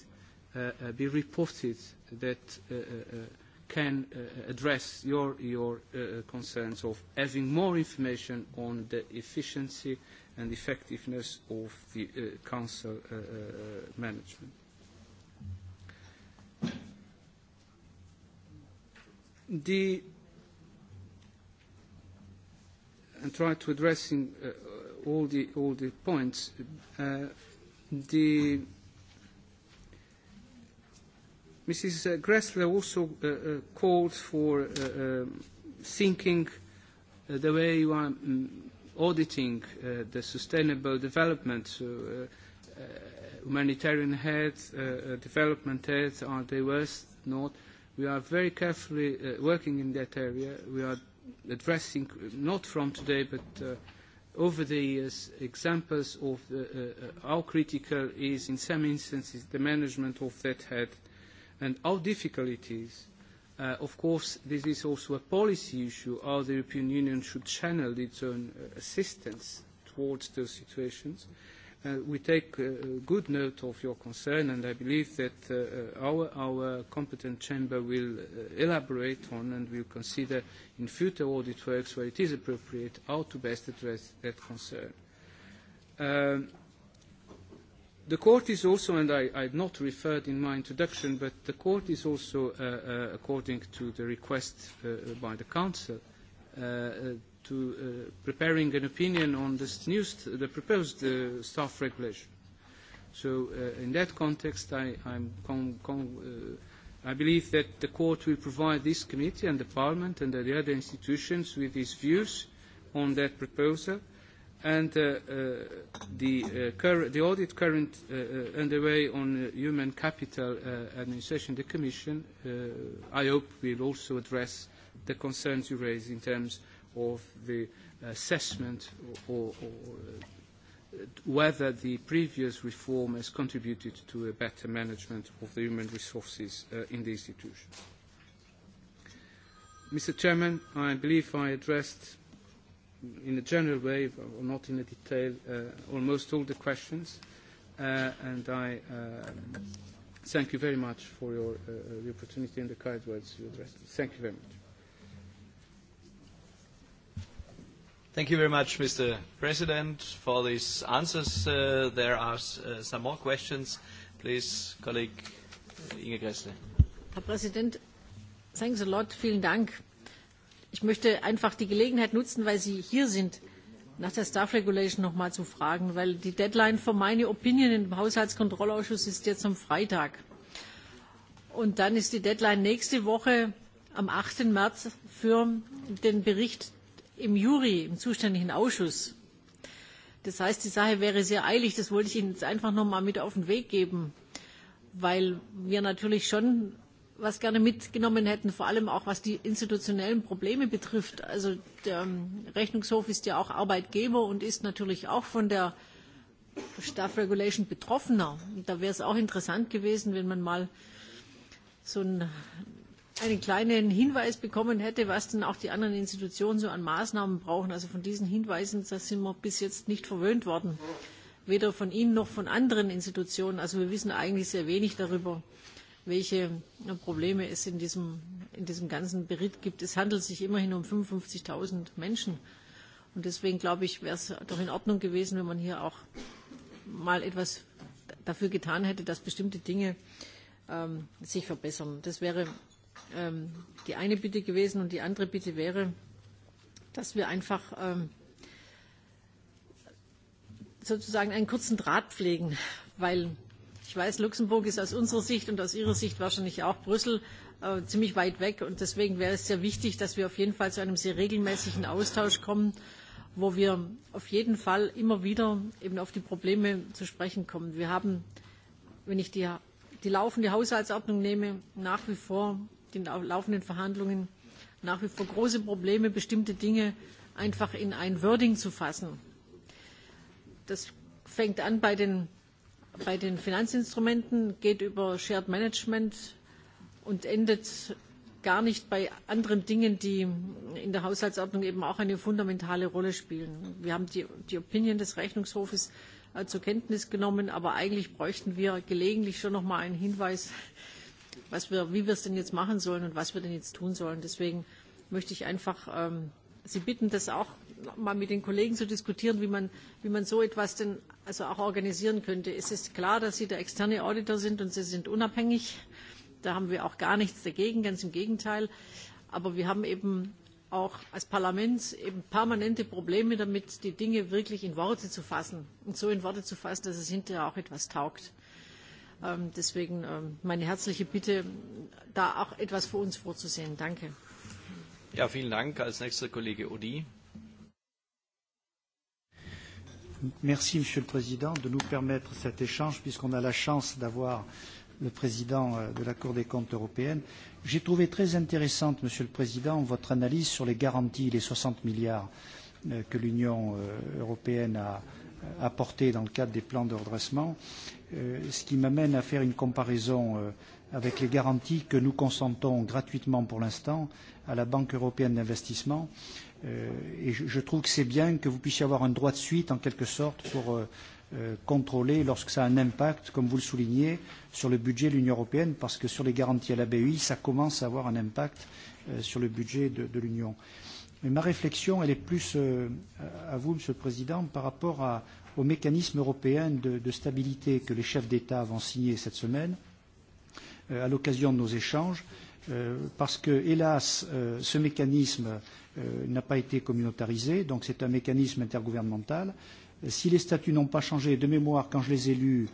uh, uh, be reported that uh, uh, uh can uh, address your, your uh, concerns of having more information on the efficiency and effectiveness of the uh, council uh, uh, management. The and try to addressing uh, all the all the points. Uh, the Mrs. Uh, Gressler also uh, uh called for uh, um, thinking the way you are mm, auditing the sustainable development. humanitarian aid, development aid are diverse, not. We are very carefully working in that area. We are addressing, not from today, but over the years, examples of the, uh, how critical is, in some instances, the management of that aid and our difficulties. Uh, of course, this is also a policy issue, how the European Union should channel its own uh, assistance towards those situations. Uh, we take uh, good note of your concern, and I believe that uh, uh, our, our competent chamber will elaborate on and will consider in future audit works where it is appropriate how to best address that concern. Um, The court is also, and I, I had not referred in my introduction, but the court is also, uh, uh, according to the request uh, uh by the council, uh, uh, to preparing an opinion on this new st the proposed staff regulation. So in that context, I, I'm con con I believe that the court will provide this committee and the parliament and the other institutions with its views on that proposal – and uh, uh, the, uh, the audit current uh, uh, underway on uh, human capital uh, administration, the Commission, uh, I hope, will also address the concerns you raised in terms of the assessment or, or, or uh, whether the previous reform has contributed to a better management of the human resources uh, in the institution. Mr. Chairman, I believe I addressed in a general way, or not in a detail, uh, almost all the questions. Uh, and I uh, thank you very much for your, the opportunity and the kind words you addressed. Thank you very much. Thank you very much, Mr. President, for these answers. there are some more questions. Please, colleague Inge Gressle. Herr Präsident, thanks a lot. Vielen Dank. Ich möchte einfach die Gelegenheit nutzen, weil Sie hier sind, nach der Staff Regulation noch mal zu fragen, weil die Deadline für meine Opinion im Haushaltskontrollausschuss ist jetzt am Freitag. Und dann ist die Deadline nächste Woche am 8. März für den Bericht im Juri, im zuständigen Ausschuss. Das heißt, die Sache wäre sehr eilig. Das wollte ich Ihnen jetzt einfach noch mal mit auf den Weg geben, weil wir natürlich schon was gerne mitgenommen hätten, vor allem auch was die institutionellen Probleme betrifft. Also der ähm, Rechnungshof ist ja auch Arbeitgeber und ist natürlich auch von der Staff Regulation betroffener. Und da wäre es auch interessant gewesen, wenn man mal so einen, einen kleinen Hinweis bekommen hätte, was denn auch die anderen Institutionen so an Maßnahmen brauchen. Also von diesen Hinweisen, da sind wir bis jetzt nicht verwöhnt worden. Weder von Ihnen noch von anderen Institutionen. Also wir wissen eigentlich sehr wenig darüber welche Probleme es in diesem, in diesem ganzen Bericht gibt. Es handelt sich immerhin um 55.000 Menschen. Und deswegen glaube ich, wäre es doch in Ordnung gewesen, wenn man hier auch mal etwas dafür getan hätte, dass bestimmte Dinge ähm, sich verbessern. Das wäre ähm, die eine Bitte gewesen. Und die andere Bitte wäre, dass wir einfach ähm, sozusagen einen kurzen Draht pflegen, weil Ich weiß, Luxemburg ist aus unserer Sicht und aus Ihrer Sicht wahrscheinlich auch Brüssel äh, ziemlich weit weg. Und deswegen wäre es sehr wichtig, dass wir auf jeden Fall zu einem sehr regelmäßigen Austausch kommen, wo wir auf jeden Fall immer wieder eben auf die Probleme zu sprechen kommen. Wir haben, wenn ich die, die laufende Haushaltsordnung nehme, nach wie vor die laufenden Verhandlungen nach wie vor große Probleme, bestimmte Dinge einfach in ein Wording zu fassen. Das fängt an bei den bei den Finanzinstrumenten geht über Shared Management und endet gar nicht bei anderen Dingen, die in der Haushaltsordnung eben auch eine fundamentale Rolle spielen. Wir haben die, die Opinion des Rechnungshofes äh, zur Kenntnis genommen, aber eigentlich bräuchten wir gelegentlich schon noch mal einen Hinweis, was wir, wie wir es denn jetzt machen sollen und was wir denn jetzt tun sollen. Deswegen möchte ich einfach ähm, Sie bitten das auch mal mit den Kollegen zu diskutieren, wie man, wie man so etwas denn also auch organisieren könnte. Es ist klar, dass Sie der externe Auditor sind und Sie sind unabhängig. Da haben wir auch gar nichts dagegen, ganz im Gegenteil. Aber wir haben eben auch als Parlament eben permanente Probleme damit, die Dinge wirklich in Worte zu fassen und so in Worte zu fassen, dass es hinterher auch etwas taugt. Ähm, deswegen ähm, meine herzliche Bitte, da auch etwas für uns vorzusehen. Danke. Ja, vielen Dank. Als nächster Kollege Audi. Merci, Monsieur le Président, de nous permettre cet échange, puisqu'on a la chance d'avoir le Président euh, de la Cour des comptes européenne. J'ai trouvé très intéressante, Monsieur le Président, votre analyse sur les garanties, les 60 milliards euh, que l'Union euh, européenne a apportés dans le cadre des plans de redressement, ce qui m'amène à faire une comparaison avec les garanties que nous consentons gratuitement pour l'instant à la Banque européenne d'investissement. Euh, et je, je trouve que c'est bien que vous puissiez avoir un droit de suite, en quelque sorte, pour euh, euh, contrôler lorsque ça a un impact, comme vous le soulignez, sur le budget de l'Union européenne, parce que sur les garanties à la BEI, ça commence à avoir un impact euh, sur le budget de, de l'Union. Mais ma réflexion, elle est plus euh, à vous, Monsieur le Président, par rapport à, au mécanisme européen de, de stabilité que les chefs d'État vont signer cette semaine Euh, à l'occasion de nos échanges, euh, parce que, hélas, euh, ce mécanisme n'a pas été communautarisé, donc c'est un mécanisme intergouvernemental. Si les statuts n'ont pas changé, de mémoire, quand je les ai lus,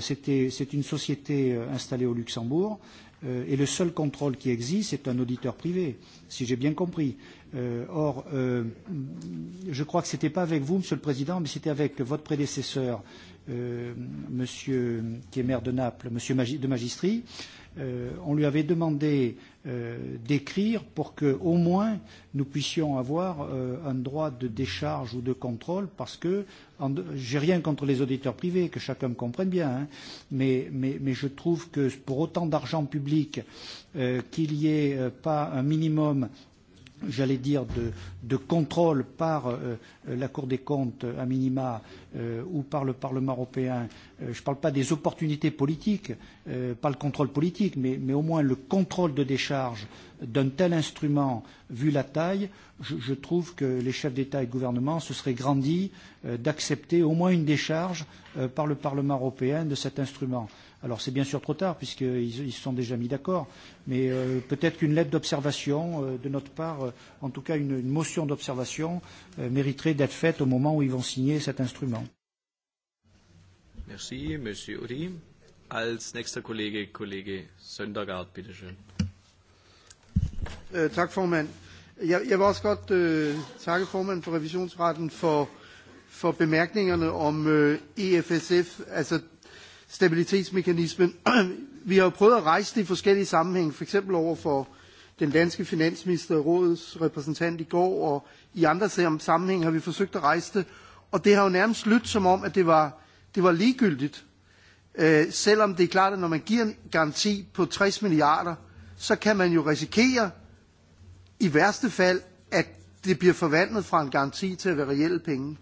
c'était une société installée au Luxembourg, et le seul contrôle qui existe, c'est un auditeur privé, si j'ai bien compris. or, je crois que ce n'était pas avec vous, Monsieur le Président, mais c'était avec votre prédécesseur euh, monsieur, qui est maire de Naples, monsieur Magi, de Magistri, euh, on lui avait demandé euh, d'écrire pour que au moins nous puissions avoir euh, un droit de décharge ou de contrôle parce que je n'ai rien contre les auditeurs privés que chacun me comprenne bien hein, mais, mais, mais je trouve que pour autant d'argent public euh, qu'il n'y ait euh, pas un minimum j'allais dire, de, de contrôle par euh, euh la Cour des comptes euh, à minima euh, ou par le Parlement européen, euh, je ne parle pas des opportunités politiques, euh, pas le contrôle politique, mais, mais au moins le contrôle de décharge d'un tel instrument, vu la taille, je, je trouve que les chefs d'État et de gouvernement se seraient grandis euh, d'accepter au moins une décharge euh, par le Parlement européen de cet instrument. Alors c'est bien sûr trop tard puisqu'ils ils se sont déjà mis d'accord, mais euh, peut-être qu'une lettre d'observation euh, de notre part, euh, en tout cas une, une motion d'observation, euh, mériterait d'être faite au moment où ils vont signer cet instrument. Merci, Monsieur Uri. Als nächster Kollege, Kollege Söndergaard, bitte schön. Uh, øh, tak, formand. Jeg, jeg vil også godt uh, takke formanden for revisionsretten for, for bemærkningerne om uh, øh, EFSF. Altså, stabilitetsmekanismen. *clears throat* Vi har jo prøvet at rejse det i forskellige sammenhænge, for eksempel over for den danske finansminister, rådets repræsentant i går, og i andre sammenhænge har vi forsøgt at rejse det, og det har jo nærmest lyttet som om, at det var, det var ligegyldigt. Øh, selvom det er klart, at når man giver en garanti på 60 milliarder, så kan man jo risikere, i værste fald, at det bliver forvandlet fra en garanti til at være reelle penge.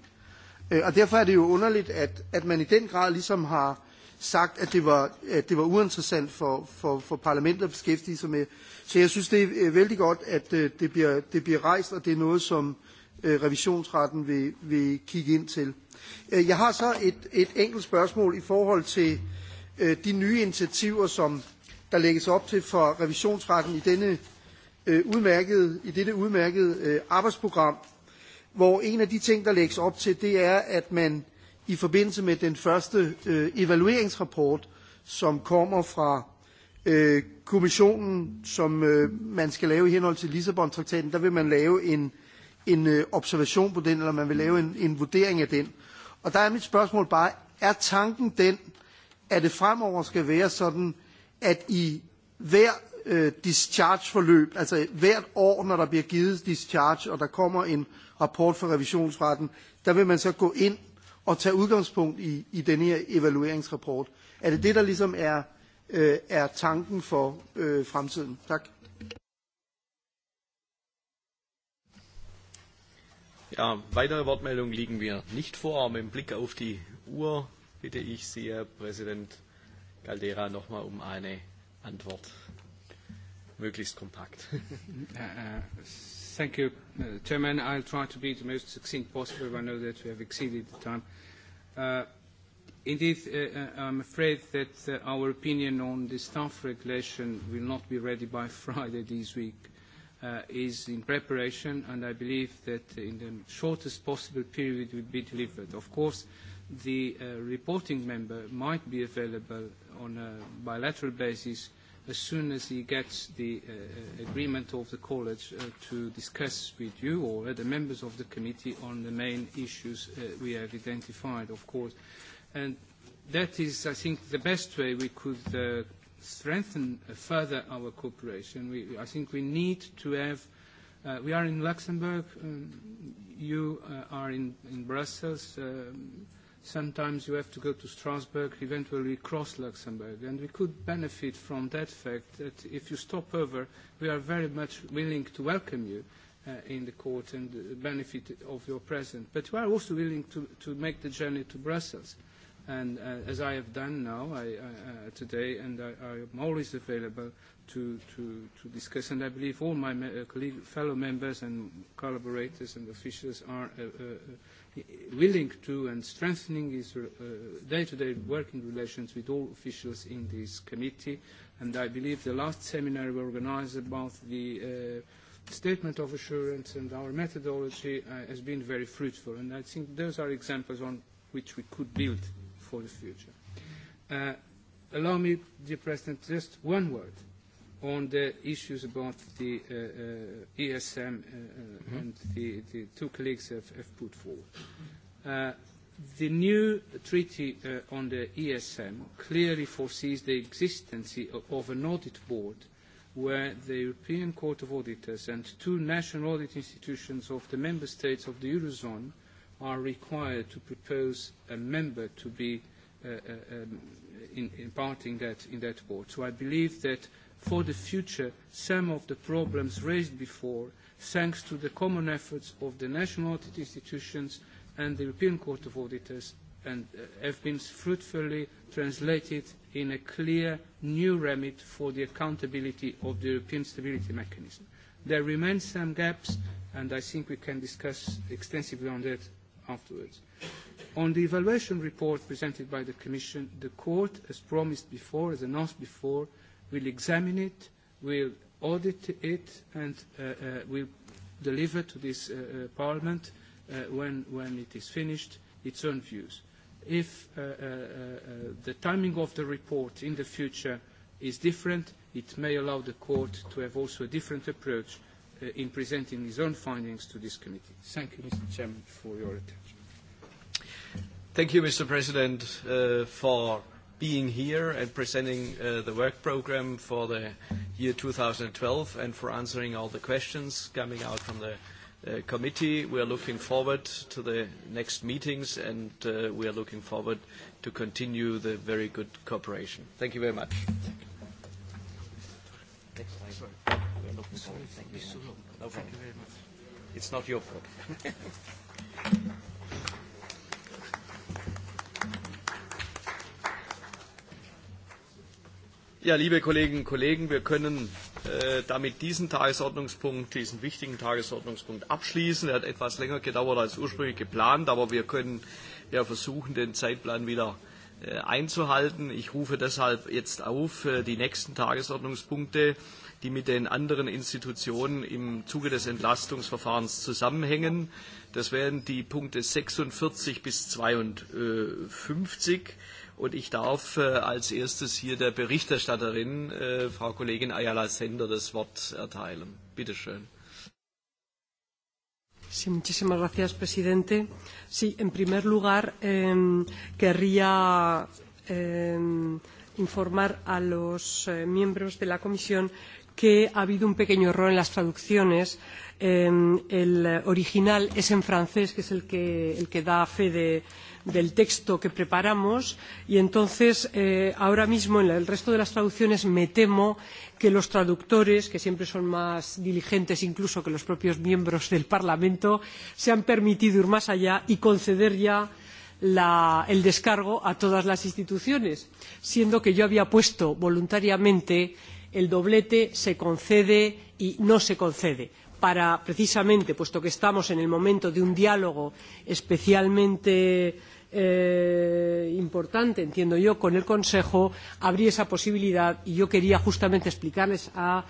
Øh, og derfor er det jo underligt, at, at man i den grad ligesom har sagt, at det var, at det var uinteressant for, for, for parlamentet at beskæftige sig med. Så jeg synes, det er øh, vældig godt, at øh, det bliver, det bliver rejst, og det er noget, som øh, revisionsretten vil, vil kigge ind til. Jeg har så et, et enkelt spørgsmål i forhold til de nye initiativer, som der lægges op til for revisionsretten i, denne, udmærkede, i dette udmærkede arbejdsprogram, hvor en af de ting, der lægges op til, det er, at man i forbindelse med den første øh, evalueringsrapport, som kommer fra øh, kommissionen, som øh, man skal lave i henhold til Lissabon-traktaten, der vil man lave en, en øh, observation på den, eller man vil lave en, en vurdering af den. Og der er mit spørgsmål bare, er tanken den, at det fremover skal være sådan, at i hver øh, discharge-forløb, altså hvert år, når der bliver givet discharge, og der kommer en rapport fra revisionsretten, der vil man så gå ind at tage udgangspunkt i, i den her evalueringsrapport. Er det det, der ligesom er, øh, er tanken for øh, fremtiden? Tak. Ja, weitere Wortmeldungen liegen wir nicht vor. aber im Blick auf die Uhr bitte ich Sie, Herr Präsident Caldera, nochmal um eine Antwort. Möglichst kompakt. *laughs* *laughs* Äh, Thank you, uh, Chairman. I'll try to be the most succinct possible. I know that we have exceeded the time. Uh, indeed, uh, I'm afraid that our opinion on the staff regulation will not be ready by *laughs* Friday this week. It is in preparation, and I believe that in the shortest possible period will be delivered. Of course, the reporting member might be available on a bilateral basis as soon as he gets the uh, uh, agreement of the college uh, to discuss with you or other members of the committee on the main issues uh, we have identified, of course. And that is, I think, the best way we could uh, strengthen uh, further our cooperation. We, I think we need to have Uh, we are in Luxembourg. Um, you uh, are in, in Brussels. Um, sometimes you have to go to Strasbourg, eventually cross Luxembourg. And we could benefit from that fact that if you stop over, we are very much willing to welcome you uh, in the court and the benefit of your presence. But we are also willing to, to make the journey to Brussels. And uh, as I have done now I, uh, uh today, and I, I am always available to, to, to discuss. And I believe all my me- uh, colleague, fellow members and collaborators and officials are uh, uh, willing to and strengthening his uh, day-to-day working relations with all officials in this committee. And I believe the last seminar we organized about the uh, statement of assurance and our methodology uh, has been very fruitful. And I think those are examples on which we could build for the future. Uh, allow me, dear President, just one word on the issues about the uh, uh, ESM uh, mm-hmm. and the, two colleagues have, put forward. the new treaty on the ESM clearly foresees the existence of an audit board where the European Court of Auditors and two national audit institutions of the member states of the Eurozone are required to propose a member to be uh, um, in, part that, in that board. So I believe that for the future some of the problems raised before, thanks to the common efforts of the national audit institutions and the European Court of Auditors, and uh, have been fruitfully translated in a clear new remit for the accountability of the European Stability Mechanism. There remain some gaps, and I think we can discuss extensively on that afterwards. On the evaluation report presented by the Commission, the Court, as promised before, as announced before, we'll examine it, we'll audit it, and uh, uh, we'll deliver to this uh, uh Parliament, uh, when, when it is finished, its own views. If uh, the timing of the report in the future is different, it may allow the court to have also a different approach in presenting its own findings to this committee. Thank you, Mr. Chairman, for your attention. Thank you, Mr. President, uh, for being here and presenting uh, the work program for the year 2012 and for answering all the questions coming out from the uh, committee. We are looking forward to the next meetings, and uh, we are looking forward to continue the very good cooperation. Thank you very much. Next slide. Sorry. No problem. Thank you no very much. It's not your problem. *laughs* Ja, liebe Kolleginnen und Kollegen, wir können äh, damit diesen Tagesordnungspunkt, diesen wichtigen Tagesordnungspunkt abschließen. Er hat etwas länger gedauert als ursprünglich geplant, aber wir können ja versuchen, den Zeitplan wieder äh, einzuhalten. Ich rufe deshalb jetzt auf, äh, die nächsten Tagesordnungspunkte, die mit den anderen Institutionen im Zuge des Entlastungsverfahrens zusammenhängen. Das wären die Punkte 46 bis 52. Äh, Und ich darf äh, als erstes hier der Berichterstatterin, äh, Frau Kollegin Ayala Sender, das Wort erteilen. Bitte schön. Sí, muchísimas gracias, presidente. Sí, en primer lugar, eh, querría eh, informar a los eh, miembros de la comisión que ha habido un pequeño error en las traducciones. Eh, el original es en francés, que es el que, el que da fe de, eh, del texto que preparamos y entonces eh, ahora mismo en el resto de las traducciones me temo que los traductores, que siempre son más diligentes incluso que los propios miembros del Parlamento, se han permitido ir más allá y conceder ya la, el descargo a todas las instituciones, siendo que yo había puesto voluntariamente el doblete se concede y no se concede para precisamente puesto que estamos en el momento de un diálogo especialmente eh, importante, entiendo yo, con el Consejo, abrir esa posibilidad y yo quería justamente explicarles a,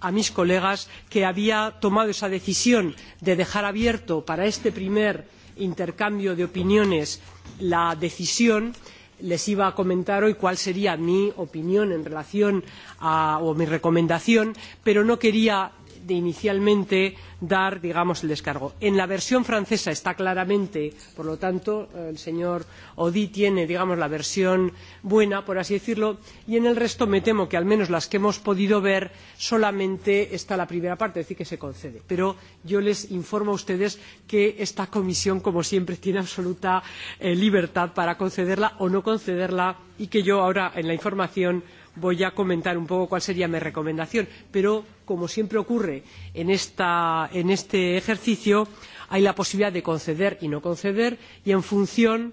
a mis colegas que había tomado esa decisión de dejar abierto para este primer intercambio de opiniones la decisión les iba a comentar hoy cuál sería mi opinión en relación a, o mi recomendación, pero no quería de inicialmente dar, digamos, el descargo. En la versión francesa está claramente, por lo tanto, el señor Odi tiene, digamos, la versión buena, por así decirlo, y en el resto me temo que al menos las que hemos podido ver solamente está la primera parte, es decir, que se concede. Pero yo les informo a ustedes que esta comisión, como siempre, tiene absoluta eh, libertad para concederla o no concederla y que yo ahora en la información voy a comentar un poco cuál sería mi recomendación. Pero, como siempre ocurre en, esta, en este ejercicio, hay la posibilidad de conceder y no conceder y en función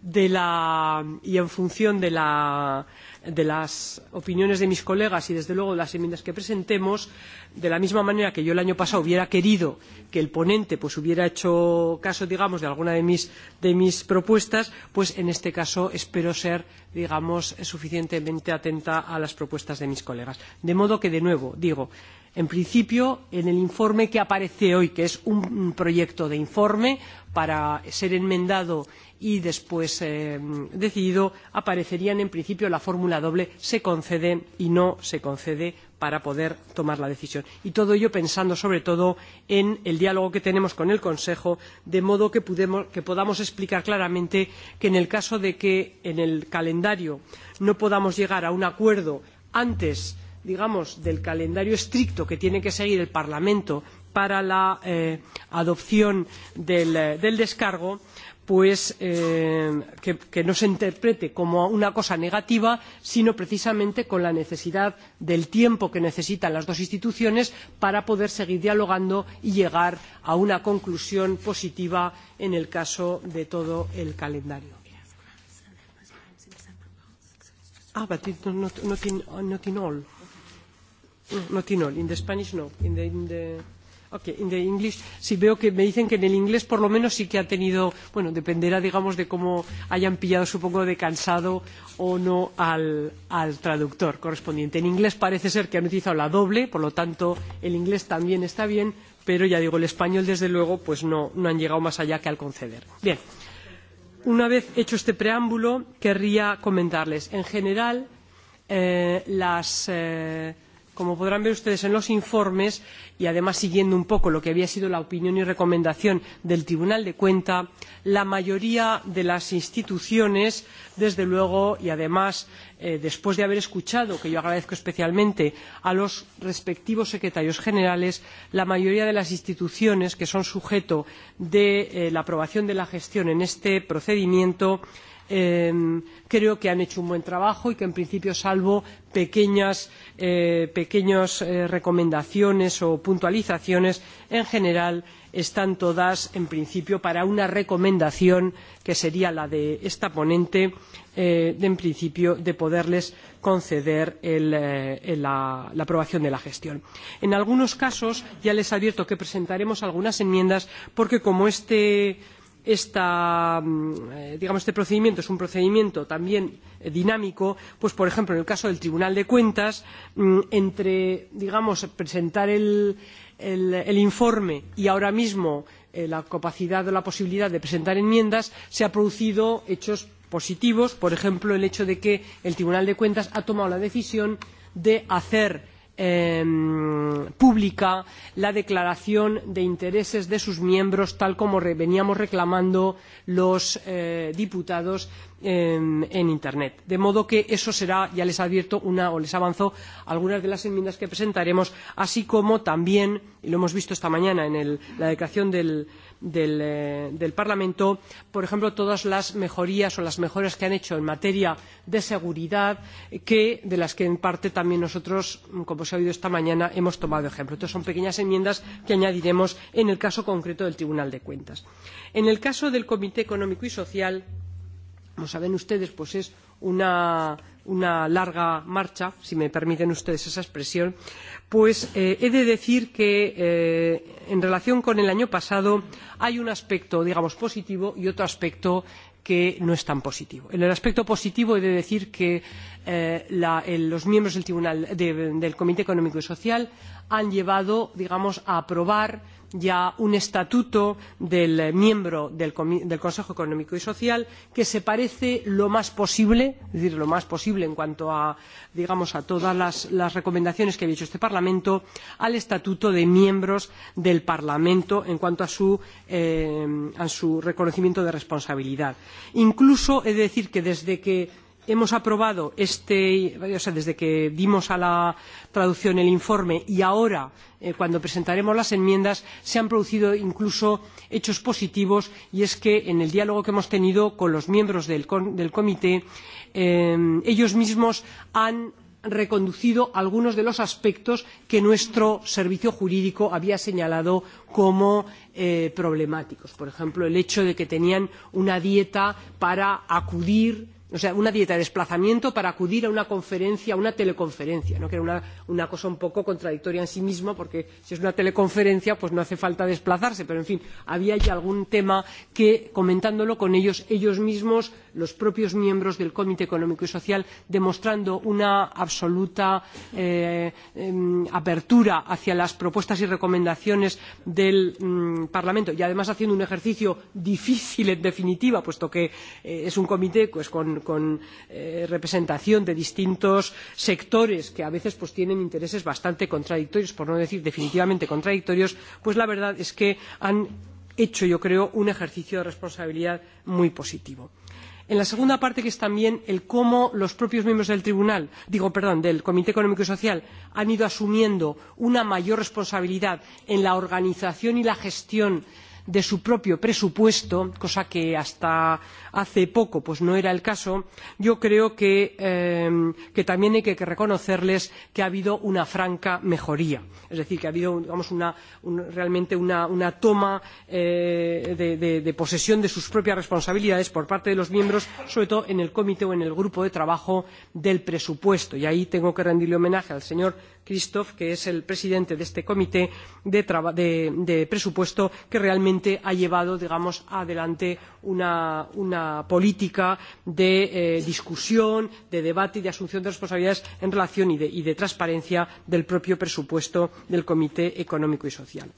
de la, y en función de la de las opiniones de mis colegas y, desde luego, de las enmiendas que presentemos, de la misma manera que yo el año pasado hubiera querido que el ponente pues, hubiera hecho caso, digamos, de alguna de mis, de mis propuestas, pues en este caso espero ser, digamos, suficientemente atenta a las propuestas de mis colegas. De modo que, de nuevo, digo, en principio, en el informe que aparece hoy, que es un proyecto de informe para ser enmendado y después eh, decidido aparecerían en principio la fórmula doble se concede y no se concede para poder tomar la decisión. Y todo ello pensando sobre todo en el diálogo que tenemos con el Consejo, de modo que, pudemos, que podamos explicar claramente que en el caso de que en el calendario no podamos llegar a un acuerdo antes digamos del calendario estricto que tiene que seguir el Parlamento para la eh, adopción del, eh, del descargo, eh, pues eh, que, que no se interprete como una cosa negativa, sino precisamente con la necesidad del tiempo que necesitan las dos instituciones para poder seguir dialogando y llegar a una conclusión positiva en el caso de todo el calendario. Ah, but it, not, not, in, not in all. No, not in all. In the Spanish, no. In the, in the... Okay, in the English. Sí, veo que me dicen que en el inglés por lo menos sí que ha tenido, bueno, dependerá, digamos, de cómo hayan pillado, supongo, de cansado o no al, al traductor correspondiente. En inglés parece ser que han utilizado la doble, por lo tanto, el inglés también está bien, pero ya digo, el español, desde luego, pues no, no han llegado más allá que al conceder. Bien, una vez hecho este preámbulo, querría comentarles, en general, eh, las. Eh, como podrán ver ustedes en los informes y además siguiendo un poco lo que había sido la opinión y recomendación del tribunal de cuentas la mayoría de las instituciones desde luego y además eh, después de haber escuchado que yo agradezco especialmente a los respectivos secretarios generales la mayoría de las instituciones que son sujeto de eh, la aprobación de la gestión en este procedimiento han Eh, creo que han hecho un buen trabajo y que, en principio, salvo pequeñas eh, pequeños, eh, recomendaciones o puntualizaciones, en general están todas, en principio, para una recomendación que sería la de esta ponente, eh, de, en principio, de poderles conceder el, eh, la, la aprobación de la gestión. En algunos casos, ya les advierto que presentaremos algunas enmiendas porque, como este esta, mm, eh, digamos, este procedimiento es un procedimiento también dinámico, pues por ejemplo en el caso del Tribunal de Cuentas, mm, entre digamos, presentar el, el, el informe y ahora mismo eh, la capacidad o la posibilidad de presentar enmiendas, se han producido hechos positivos, por ejemplo el hecho de que el Tribunal de Cuentas ha tomado la decisión de hacer eh, pública la declaración de intereses de sus miembros, tal como veníamos reclamando los eh, diputados en, en Internet. De modo que eso será, ya les advierto, una o les avanzo algunas de las enmiendas que presentaremos, así como también, y lo hemos visto esta mañana en el, la declaración del, Eh, del, Parlamento, por ejemplo, todas las mejorías o las mejoras que han hecho en materia de seguridad, que, de las que en parte también nosotros, mm, como se ha oído esta mañana, hemos tomado ejemplo. son pequeñas enmiendas que añadiremos en el caso concreto del Tribunal de Cuentas. En el caso del Comité Económico y Social, como saben ustedes, pues es una una larga marcha si me permiten ustedes esa expresión pues eh, he de decir que eh, en relación con el año pasado hay un aspecto digamos positivo y otro aspecto que no es tan positivo. en el aspecto positivo he de decir que Eh, la, el, eh, los miembros del, tribunal, de, del Comité Económico y Social han llevado, digamos, a aprobar ya un estatuto del eh, miembro del, del Consejo Económico y Social que se parece lo más posible, es decir, lo más posible en cuanto a, digamos, a todas las, las recomendaciones que había hecho este Parlamento, al estatuto de miembros del Parlamento en cuanto a su, eh, a su reconocimiento de responsabilidad. Incluso he de decir que desde que hemos aprobado desde que dimos a la traducción el informe y ahora eh, cuando presentaremos las enmiendas se han producido incluso hechos positivos y es que en el diálogo que hemos tenido con los miembros de la comisión eh, ellos mismos han reconducido algunos de los aspectos que nuestro servicio jurídico había señalado como eh, problemáticos por ejemplo el hecho de que tenían una dieta para acudir o sea, una dieta de desplazamiento para acudir a una conferencia, a una teleconferencia, ¿no? que era una, una cosa un poco contradictoria en sí misma, porque si es una teleconferencia, pues no hace falta desplazarse. Pero, en fin, había ya algún tema que, comentándolo con ellos, ellos mismos los propios miembros del comité económico y social demostrando una absoluta eh, apertura hacia las propuestas y recomendaciones del mm, parlamento y además haciendo un ejercicio difícil en definitiva puesto que eh, es un comité con, eh, representación de distintos sectores que a veces tienen intereses bastante contradictorios por no decir definitivamente contradictorios pues la verdad es que han hecho yo creo un ejercicio de responsabilidad muy positivo en la segunda parte que es también el cómo los propios miembros del tribunal digo perdón del comité económico y social han ido asumiendo una mayor responsabilidad en la organización y la gestión de su propio presupuesto cosa que hasta hace poco pues no era el caso yo creo que, que también hay que reconocerles que ha habido una franca mejoría es decir que ha habido digamos, una, realmente una, una toma eh, de, posesión de sus propias responsabilidades por parte de los miembros sobre todo en el comité o en el grupo de trabajo del presupuesto y ahí tengo que rendirle homenaje al señor christophe que es el presidente de este comité de, de presupuesto que realmente ha llevado digamos, adelante una, una política de eh, discusión de debate y de asunción de responsabilidades en relación y de, y de transparencia del propio presupuesto del comité económico y social.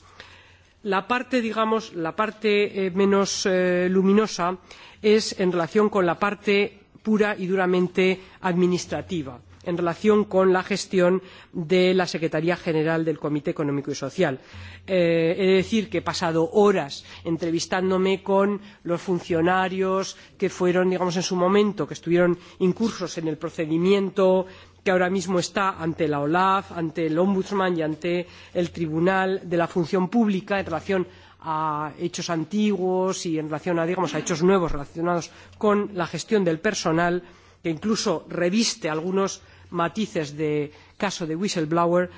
la parte, digamos, la parte eh, menos eh, luminosa es en relación con la parte pura y duramente administrativa en relación con la gestión de la Secretaría General del Comité Económico y Social. Eh, he de decir que he pasado horas entrevistándome con los funcionarios que fueron, digamos, en su momento, que estuvieron incursos en el procedimiento que ahora mismo está ante la olaf ante el ombudsman y ante el tribunal de la función pública en relación a hechos antiguos y en relación a, digamos, a hechos nuevos relacionados con la gestión del personal que incluso reviste algunos matices del caso de whistleblower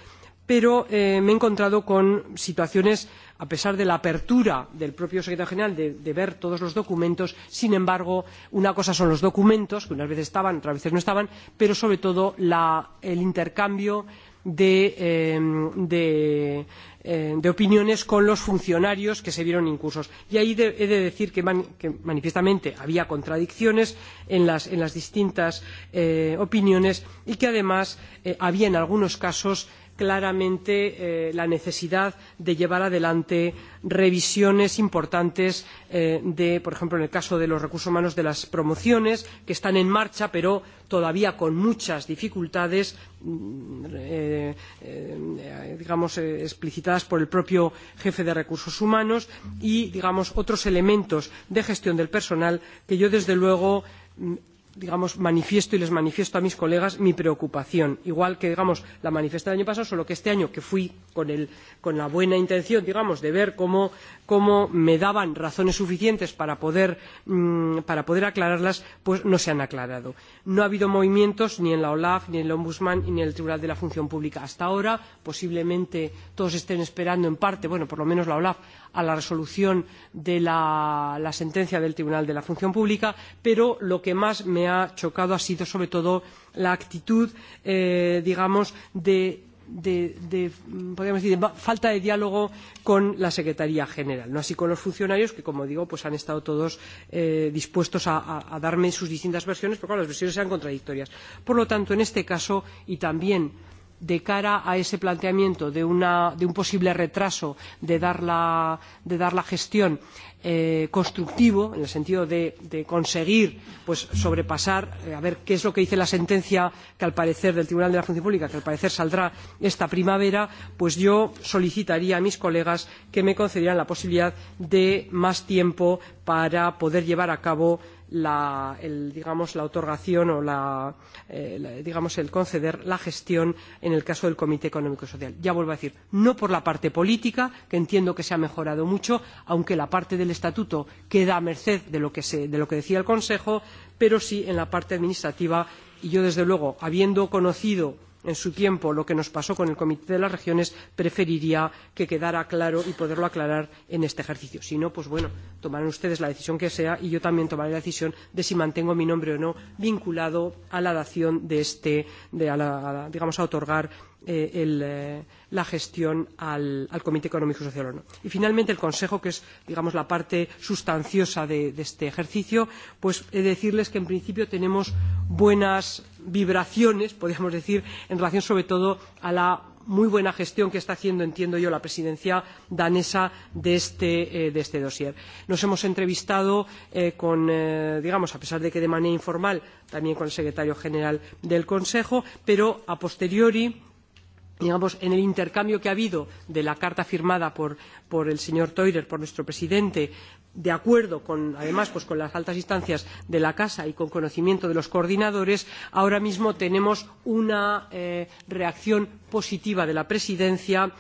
pero eh, me he encontrado con situaciones a pesar de la apertura del propio secretario general de, ver todos los documentos sin embargo una cosa son los documentos que unas veces estaban otras veces no estaban pero sobre todo el intercambio de de, eh, de, eh, de opiniones con los funcionarios que se vieron incursos. Y ahí de, he de decir que, man, que manifiestamente había contradicciones en las, en las distintas eh, opiniones y que además eh, había en algunos casos claramente eh, la necesidad de llevar adelante revisiones importantes eh, de, por ejemplo, en el caso de los recursos humanos, de las promociones que están en marcha, pero todavía con muchas dificultades, mm, eh, eh, digamos, eh, explicitadas por el propio jefe de recursos humanos y, digamos, otros elementos de gestión del personal que yo, desde luego, mm, digamos, manifiesto y les manifiesto a mis colegas mi preocupación. Igual que, digamos, la manifesté el año pasado, solo que este año que fui con, el, con la buena intención, digamos, de ver cómo, cómo me daban razones suficientes para poder, mmm, para poder aclararlas, pues no se han aclarado. No ha habido movimientos ni en la OLAF, ni en el Ombudsman, ni en el Tribunal de la Función Pública hasta ahora. Posiblemente todos estén esperando en parte, bueno, por lo menos la OLAF, a la resolución de la, la sentencia del Tribunal de la Función Pública, pero lo que más me me ha chocado ha sido sobre todo la actitud, eh, digamos, de de, de, podríamos decir, de falta de diálogo con la Secretaría General, ¿no? así con los funcionarios que, como digo, pues han estado todos eh, dispuestos a, a, a darme sus distintas versiones, pero claro, las versiones eran contradictorias. Por lo tanto, en este caso, y también de cara a ese planteamiento de, una, de un posible retraso de dar la, de dar la gestión eh, constructivo, en el sentido de, de conseguir pues, sobrepasar, eh, a ver qué es lo que dice la sentencia que al parecer del Tribunal de la Función Pública, que al parecer saldrá esta primavera, pues yo solicitaría a mis colegas que me concedieran la posibilidad de más tiempo para poder llevar a cabo la, el, digamos, la otorgación o la, eh, la, digamos, el conceder la gestión en el caso del Comité Económico y Social. Ya vuelvo a decir, no por la parte política, que entiendo que se ha mejorado mucho, aunque la parte del Estatuto queda a merced de lo que, se, de lo que decía el Consejo, pero sí en la parte administrativa. Y yo, desde luego, habiendo conocido en su tiempo lo que nos pasó con el comité de las regiones preferiría que quedara claro y poderlo aclarar en este ejercicio. si no pues bueno tomarán ustedes la decisión que sea y yo también tomaré la decisión de si mantengo mi nombre o no vinculado a la dación de este de a la, a, digamos a otorgar eh, el, eh, la gestión al, al Comité Económico y Social o no. Y finalmente el Consejo, que es digamos, la parte sustanciosa de, de este ejercicio, pues he de decirles que en principio tenemos buenas vibraciones, podríamos decir, en relación sobre todo a la muy buena gestión que está haciendo, entiendo yo, la presidencia danesa de este, eh, de este dossier. Nos hemos entrevistado eh, con, eh, digamos, a pesar de que de manera informal, también con el secretario general del Consejo, pero a posteriori digamos, en el intercambio que ha habido de la carta firmada por, por el señor Teurer, por nuestro presidente, de acuerdo con, además pues, con las altas instancias de la Casa y con conocimiento de los coordinadores, ahora mismo tenemos una eh, reacción positiva de la Presidencia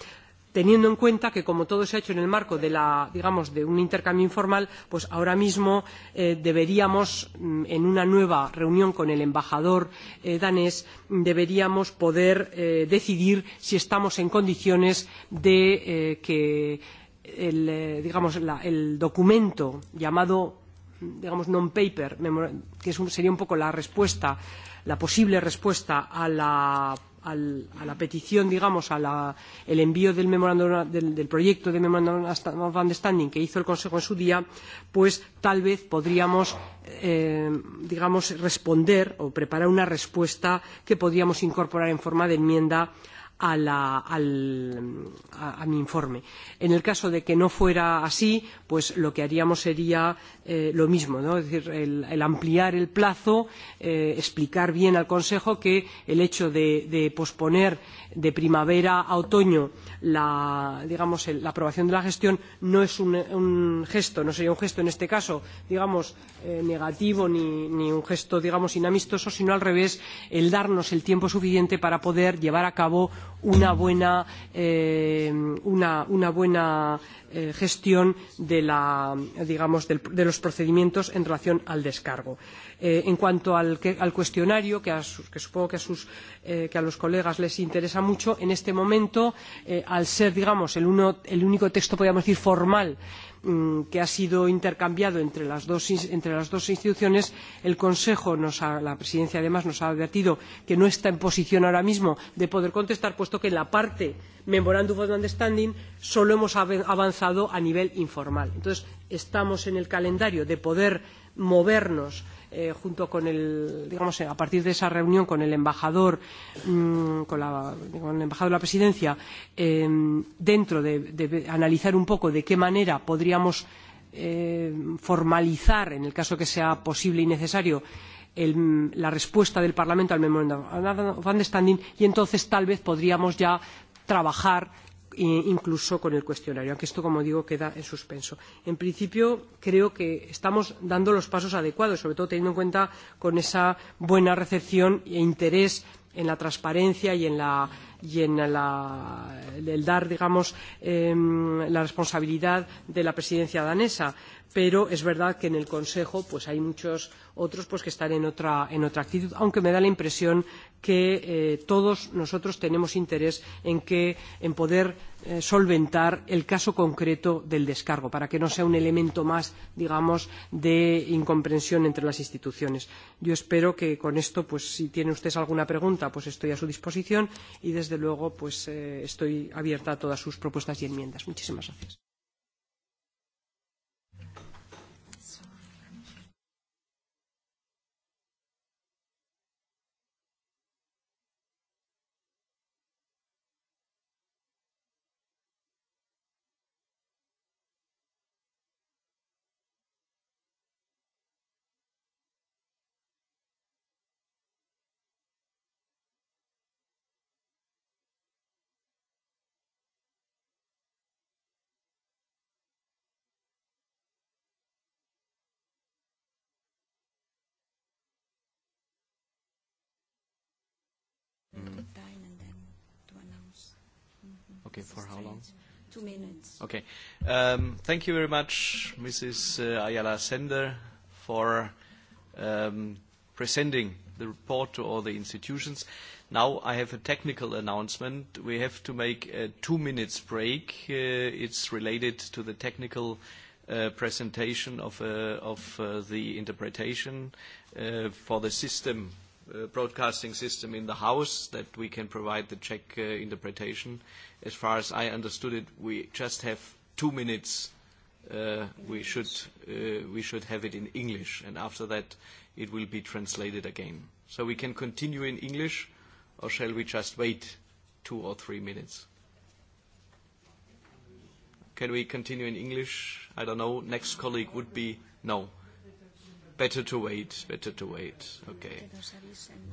teniendo en cuenta que como todo se ha hecho en el marco de, la, digamos, de un intercambio informal pues ahora mismo eh, deberíamos mm, en una nueva reunión con el embajador eh, danés deberíamos poder eh, decidir si estamos en condiciones de eh, que el, eh, digamos, la, el documento llamado digamos non paper que es un, sería un poco la respuesta la posible respuesta a la al, a la petición, digamos, al envío del, memorándum, del, del proyecto de memorándum of Understanding que hizo el Consejo en su día, pues tal vez podríamos, eh, digamos, responder o preparar una respuesta que podríamos incorporar en forma de enmienda a, la, al, a, a mi informe. En el caso de que no fuera así, pues lo que haríamos sería eh, lo mismo, ¿no? es decir, el, el ampliar el plazo, eh, explicar bien al Consejo que el hecho de, de posponer de primavera a otoño la, digamos, el, la aprobación de la gestión no es un, un gesto, no sería un gesto en este caso, digamos, eh, negativo ni, ni un gesto, digamos, inamistoso, sino al revés, el darnos el tiempo suficiente para poder llevar a cabo una buena, eh, una, una buena eh, gestión de, la, digamos, del, de los procedimientos en relación al descargo. Eh, en cuanto al, que, al cuestionario, que, a sus, que supongo que a, sus, eh, que a los colegas les interesa mucho, en este momento, eh, al ser, digamos, el, uno, el único texto, podríamos decir, formal, Mm, que ha sido intercambiado entre las dos, entre las dos instituciones. El Consejo, nos ha, la Presidencia además, nos ha advertido que no está en posición ahora mismo de poder contestar, puesto que en la parte Memorandum of Understanding solo hemos avanzado a nivel informal. Entonces, estamos en el calendario de poder movernos eh, junto con el, digamos, a partir de esa reunión con el embajador, mmm, con, la, con el embajador de la presidencia, eh, dentro de, de analizar un poco de qué manera podríamos eh, formalizar, en el caso que sea posible y necesario, el, la respuesta del Parlamento al Memorandum of Understanding y entonces tal vez podríamos ya trabajar Eh, incluso con el cuestionario, aunque esto, como digo, queda en suspenso. En principio, creo que estamos dando los pasos adecuados, sobre todo teniendo en cuenta con esa buena recepción e interés en la transparencia y en, la, y en la, el dar, digamos, eh, la responsabilidad de la presidencia danesa pero es verdad que en el Consejo pues hay muchos otros pues que están en otra, en otra actitud, aunque me da la impresión que eh, todos nosotros tenemos interés en, que, en poder eh, solventar el caso concreto del descargo, para que no sea un elemento más, digamos, de incomprensión entre las instituciones. Yo espero que con esto, pues si tiene usted alguna pregunta, pues estoy a su disposición y desde luego pues eh, estoy abierta a todas sus propuestas y enmiendas. Muchísimas gracias. Okay, for how long? Two minutes. Okay. Um, thank you very much, Mrs. Uh, Ayala Sender, for um, presenting the report to all the institutions. Now I have a technical announcement. We have to make a two minutes break. Uh, it's related to the technical uh, presentation of, uh, of uh, the interpretation uh, for the system Uh, broadcasting system in the house that we can provide the Czech uh, interpretation. As far as I understood it, we just have two minutes. Uh, we should uh, we should have it in English, and after that, it will be translated again. So we can continue in English, or shall we just wait two or three minutes? Can we continue in English? I don't know. Next colleague would be no better to wait. Better to wait. Okay.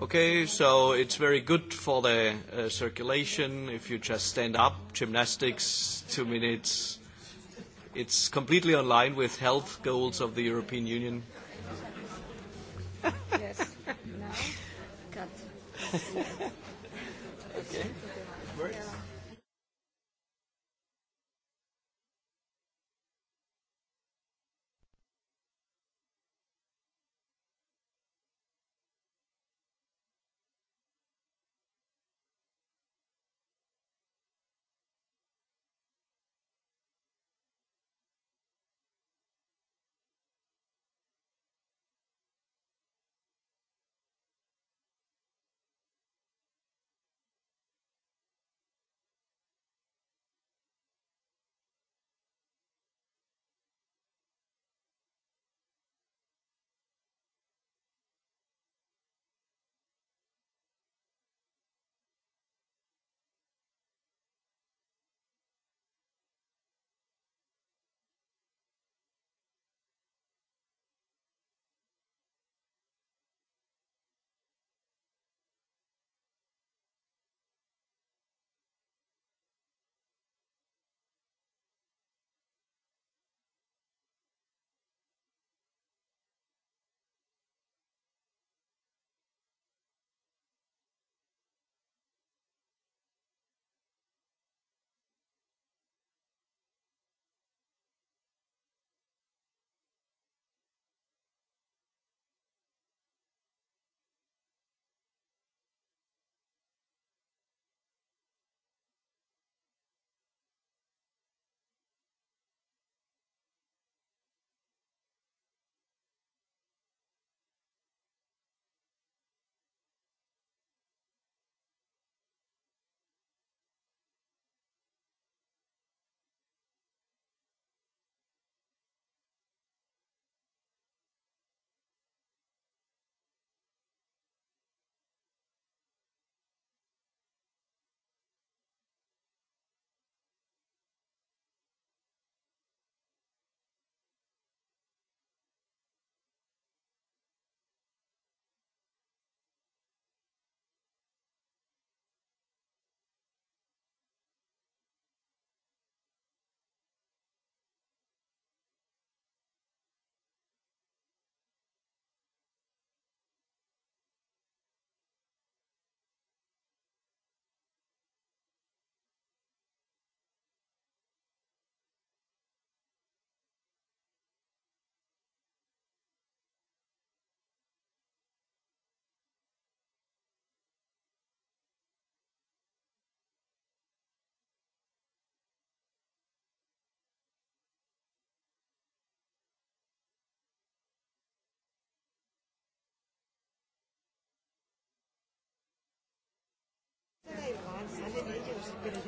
Okay, so it's very good for the uh, circulation if you just stand up. Gymnastics, two minutes. It's completely in line with health goals of the European Union. yes. Now, cut. *laughs* okay. Where?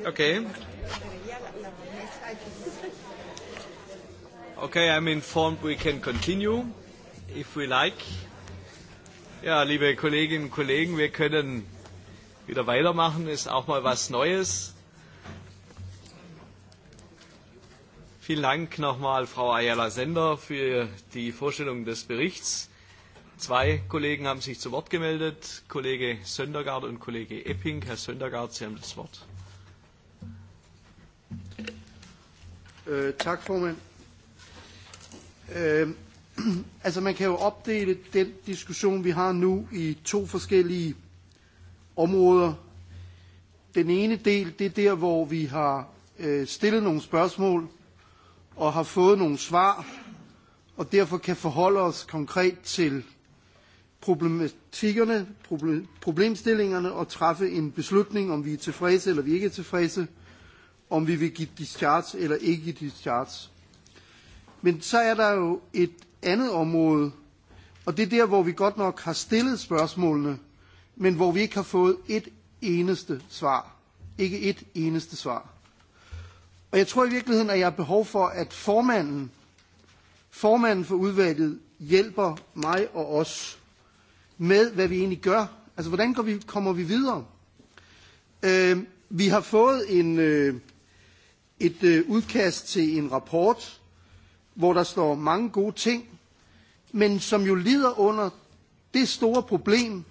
Okay. Okay, I'm informed we can continue, if we like. Ja, liebe Kolleginnen und Kollegen, wir können wieder weitermachen. Ist auch mal was Neues. Vielen Dank nochmal Frau Ayala Sender für die Vorstellung des Berichts. Zwei Kollegen haben sich zu Wort gemeldet, Kollege Söndergaard und Kollege Epping. Herr Söndergaard, Sie haben das Wort. Øh, tak, formand. Øh, *clears throat* altså, man kan jo opdele den diskussion, vi har nu, i to forskellige områder. Den ene del, det er der, hvor vi har øh, stillet nogle spørgsmål og har fået nogle svar, og derfor kan forholde os konkret til problematikkerne, problemstillingerne og træffe en beslutning, om vi er tilfredse eller vi ikke er tilfredse, om vi vil give discharge eller ikke give discharge. Men så er der jo et andet område, og det er der, hvor vi godt nok har stillet spørgsmålene, men hvor vi ikke har fået et eneste svar. Ikke et eneste svar. Og jeg tror i virkeligheden, at jeg har behov for, at formanden, formanden for udvalget hjælper mig og os med, hvad vi egentlig gør. Altså, hvordan går vi, kommer vi videre? Øh, vi har fået en, øh, et øh, udkast til en rapport, hvor der står mange gode ting, men som jo lider under det store problem,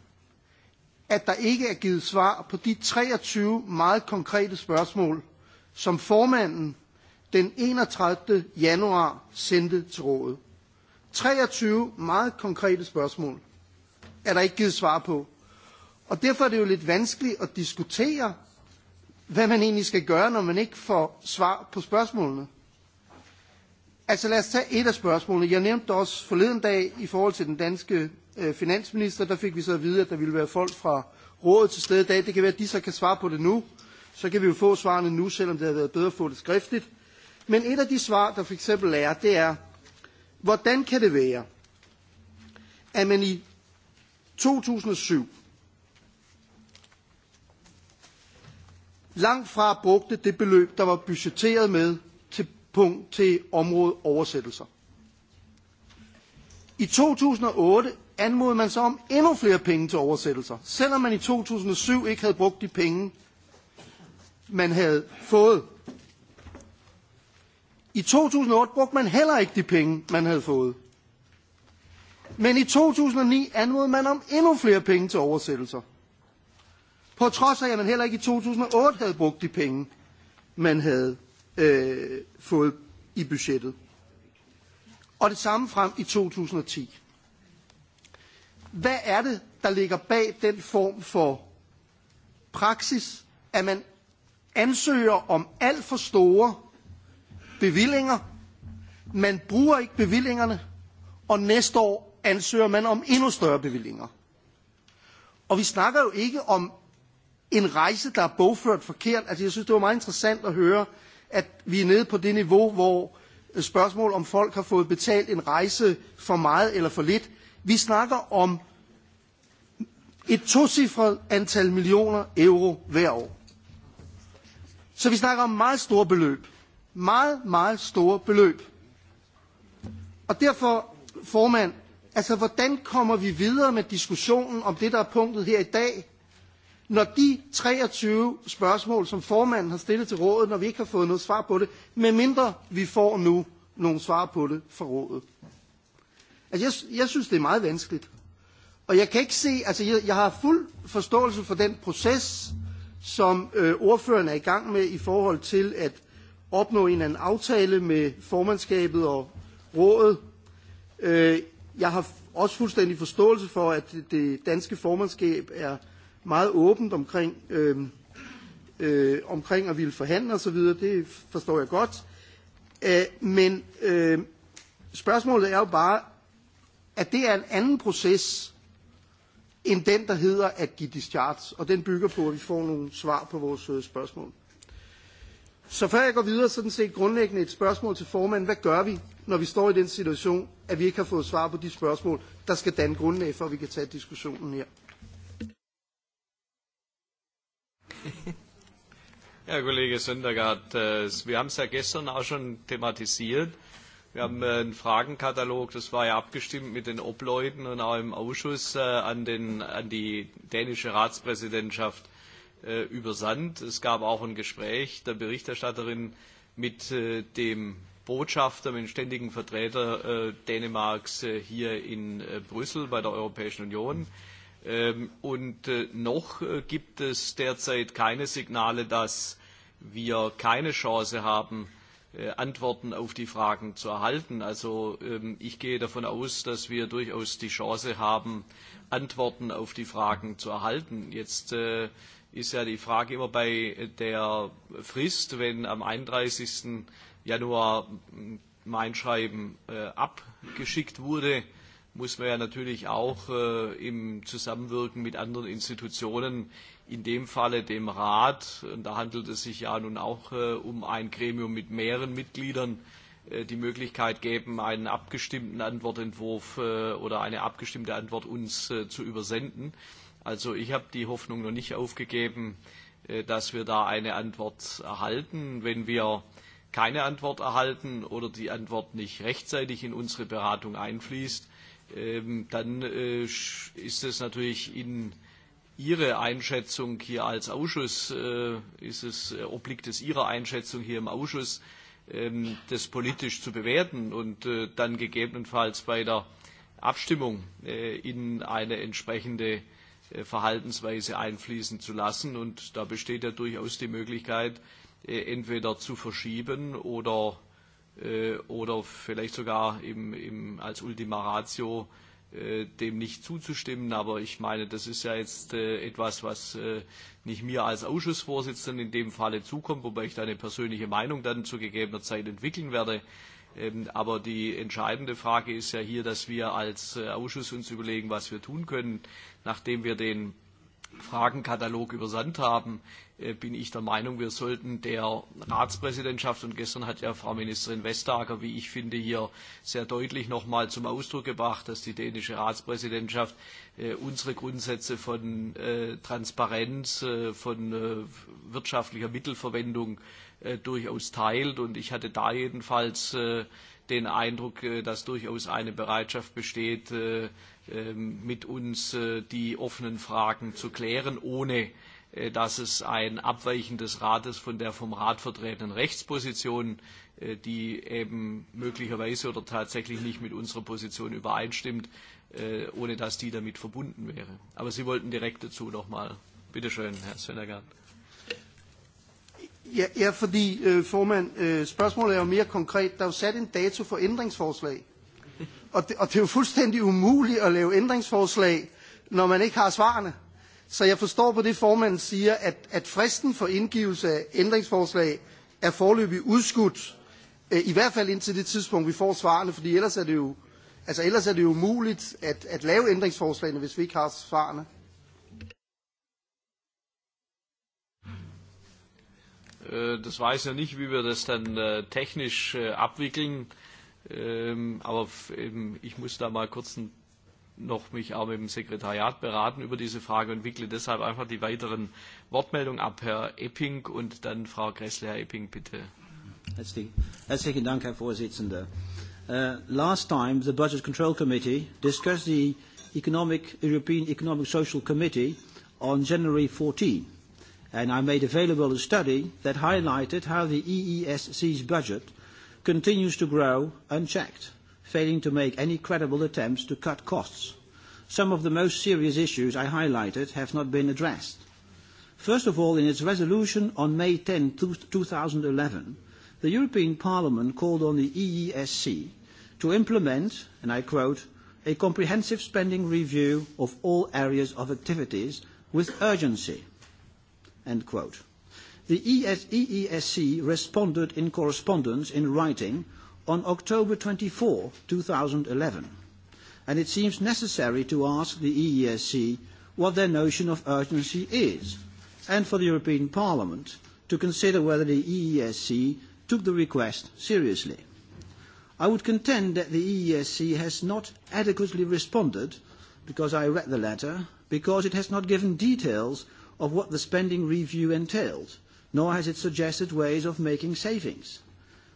at der ikke er givet svar på de 23 meget konkrete spørgsmål, som formanden den 31. januar sendte til rådet. 23 meget konkrete spørgsmål er der ikke givet svar på. Og derfor er det jo lidt vanskeligt at diskutere, hvad man egentlig skal gøre, når man ikke får svar på spørgsmålene. Altså lad os tage et af spørgsmålene. Jeg nævnte også forleden dag i forhold til den danske øh, finansminister, der fik vi så at vide, at der ville være folk fra rådet til stede i dag. Det kan være, at de så kan svare på det nu. Så kan vi jo få svarene nu, selvom det havde været bedre at få det skriftligt. Men et af de svar, der for eksempel er, det er, hvordan kan det være, at man i 2007 langt fra brugte det beløb, der var budgetteret med til, punkt, til område oversættelser. I 2008 anmodede man så om endnu flere penge til oversættelser, selvom man i 2007 ikke havde brugt de penge, man havde fået. I 2008 brugte man heller ikke de penge, man havde fået. Men i 2009 anmodede er man om endnu flere penge til oversættelser. På trods af, at man heller ikke i 2008 havde brugt de penge, man havde øh, fået i budgettet. Og det samme frem i 2010. Hvad er det, der ligger bag den form for praksis, at man ansøger om alt for store bevillinger, man bruger ikke bevillingerne, og næste år ansøger man om endnu større bevillinger. Og vi snakker jo ikke om en rejse, der er bogført forkert. Altså, jeg synes, det var meget interessant at høre, at vi er nede på det niveau, hvor øh, spørgsmål om folk har fået betalt en rejse for meget eller for lidt. Vi snakker om et tocifret antal millioner euro hver år. Så vi snakker om meget store beløb. Meget, meget store beløb. Og derfor, formand, Altså, hvordan kommer vi videre med diskussionen om det, der er punktet her i dag, når de 23 spørgsmål, som formanden har stillet til rådet, når vi ikke har fået noget svar på det, medmindre vi får nu nogle svar på det fra rådet. Altså, jeg, jeg synes, det er meget vanskeligt. Og jeg kan ikke se, altså jeg, jeg har fuld forståelse for den proces, som øh, ordføreren er i gang med i forhold til at opnå en eller anden aftale med formandskabet og rådet. Øh, Jeg har også fuldstændig forståelse for, at det danske formandskab er meget åbent omkring, øh, øh, omkring at ville forhandle osv. Det forstår jeg godt. Æh, men øh, spørgsmålet er jo bare, at det er en anden proces end den, der hedder at give discharge, og den bygger på, at vi får nogle svar på vores øh, spørgsmål. Så før jeg går videre, så er den set grundlæggende et spørgsmål til formanden. Hvad gør vi, når vi står i den situation, at vi ikke har fået svar på de spørgsmål, der skal danne grundlag for, at vi kan tage diskussionen her? *laughs* Ja, Kollege Sündergaard, øh, vi haben es ja gestern auch schon thematisiert. Wir haben einen Fragenkatalog, das war ja abgestimmt mit den Obleuten und auch im Ausschuss an, den, an die dänische Ratspräsidentschaft äh, äh, übersandt. Es gab auch ein Gespräch der Berichterstatterin mit äh, dem Botschafter, mit dem ständigen Vertreter äh, Dänemarks äh, hier in äh, Brüssel bei der Europäischen Union. Ähm, und äh, noch äh, gibt es derzeit keine Signale, dass wir keine Chance haben, äh, Antworten auf die Fragen zu erhalten. Also ähm, ich gehe davon aus, dass wir durchaus die Chance haben, Antworten auf die Fragen zu erhalten. Jetzt äh, ist ja die Frage immer bei øh, der Frist, wenn am 31. Januar mein mm, Schreiben äh, øh, abgeschickt wurde, muss man ja natürlich auch äh, im Zusammenwirken mit anderen Institutionen, in dem Falle dem Rat, und da handelt es sich ja nun auch äh, um ein Gremium mit mehreren Mitgliedern, äh, die Möglichkeit geben, einen abgestimmten Antwortentwurf äh, oder eine abgestimmte Antwort uns äh, zu übersenden. Äh, Also ich habe die Hoffnung noch nicht aufgegeben, äh, dass wir da eine Antwort erhalten. Wenn wir keine Antwort erhalten oder die Antwort nicht rechtzeitig in unsere Beratung einfließt, ähm, dann äh, ist es natürlich in Ihre Einschätzung hier als Ausschuss, äh, ist es, obliegt es Ihrer Einschätzung hier im Ausschuss, ähm, das politisch zu bewerten und dann gegebenenfalls bei der Abstimmung in eine entsprechende Verhaltensweise einfließen zu lassen. Und da besteht ja durchaus die Möglichkeit, äh, entweder zu verschieben oder, äh, oder vielleicht sogar im, im, als Ultima Ratio äh, dem nicht zuzustimmen. Aber ich meine, das ist ja jetzt etwas, was nicht mir als Ausschussvorsitzenden in dem Falle zukommt, wobei ich da eine persönliche Meinung dann zu gegebener Zeit entwickeln werde. Ähm, aber die entscheidende Frage ist ja hier, dass wir als äh, Ausschuss uns überlegen, was wir tun können, nachdem wir den Fragenkatalog übersandt haben, äh, bin ich der Meinung, wir sollten der Ratspräsidentschaft, und gestern hat ja Frau Ministerin Vestager, wie ich finde, hier sehr deutlich noch mal zum Ausdruck gebracht, dass die dänische Ratspräsidentschaft äh, unsere Grundsätze von Transparenz, von wirtschaftlicher Mittelverwendung Äh, durchaus teilt. Und ich hatte da jedenfalls äh, den Eindruck, äh, dass durchaus eine Bereitschaft besteht, ähm, mit uns die offenen Fragen zu klären, ohne dass es ein Abweichen des Rates von der vom Rat vertretenen Rechtsposition, die eben möglicherweise oder tatsächlich nicht mit unserer Position übereinstimmt, ohne dass die damit verbunden wäre. Aber Sie wollten direkt dazu nochmal. Bitte schön, Herr Söndergaard. Ja, ja fordi, øh, formand, øh, spørgsmålet er jo mere konkret. Der er jo sat en dato for ændringsforslag. Og det, og det er jo fuldstændig umuligt at lave ændringsforslag, når man ikke har svarene. Så jeg forstår på det, formanden siger, at, at fristen for indgivelse af ændringsforslag er forløbig udskudt, øh, i hvert fald indtil det tidspunkt, vi får svarene, fordi ellers er det jo, altså ellers er det jo umuligt at, at lave ændringsforslagene, hvis vi ikke har svarene. Äh, das weiß ja nicht, wie wir das dann äh, technisch äh, abwickeln. Ähm, aber ich muss da mal kurz noch mich auch mit dem Sekretariat beraten über diese Frage und wickle deshalb einfach die weiteren Wortmeldungen ab. Herr Epping und dann Frau Gressle. Herr Epping, bitte. Herzlichen Dank, Herr Vorsitzender. Uh, last time, the Budget Control Committee discussed the economic, European Economic Social Committee on January 14 and I made available a study that highlighted how the EESC's budget continues to grow unchecked, failing to make any credible attempts to cut costs. Some of the most serious issues I highlighted have not been addressed. First of all, in its resolution on May 10, 2011, the European Parliament called on the EESC to implement, and I quote, a comprehensive spending review of all areas of activities with urgency End quote. The EESC e responded in correspondence in writing on October 24, 2011, and it seems necessary to ask the EESC what their notion of urgency is, and for the European Parliament to consider whether the EESC took the request seriously. I would contend that the EESC has not adequately responded, because I read the letter, because it has not given details of what the spending review entailed, nor has it suggested ways of making savings.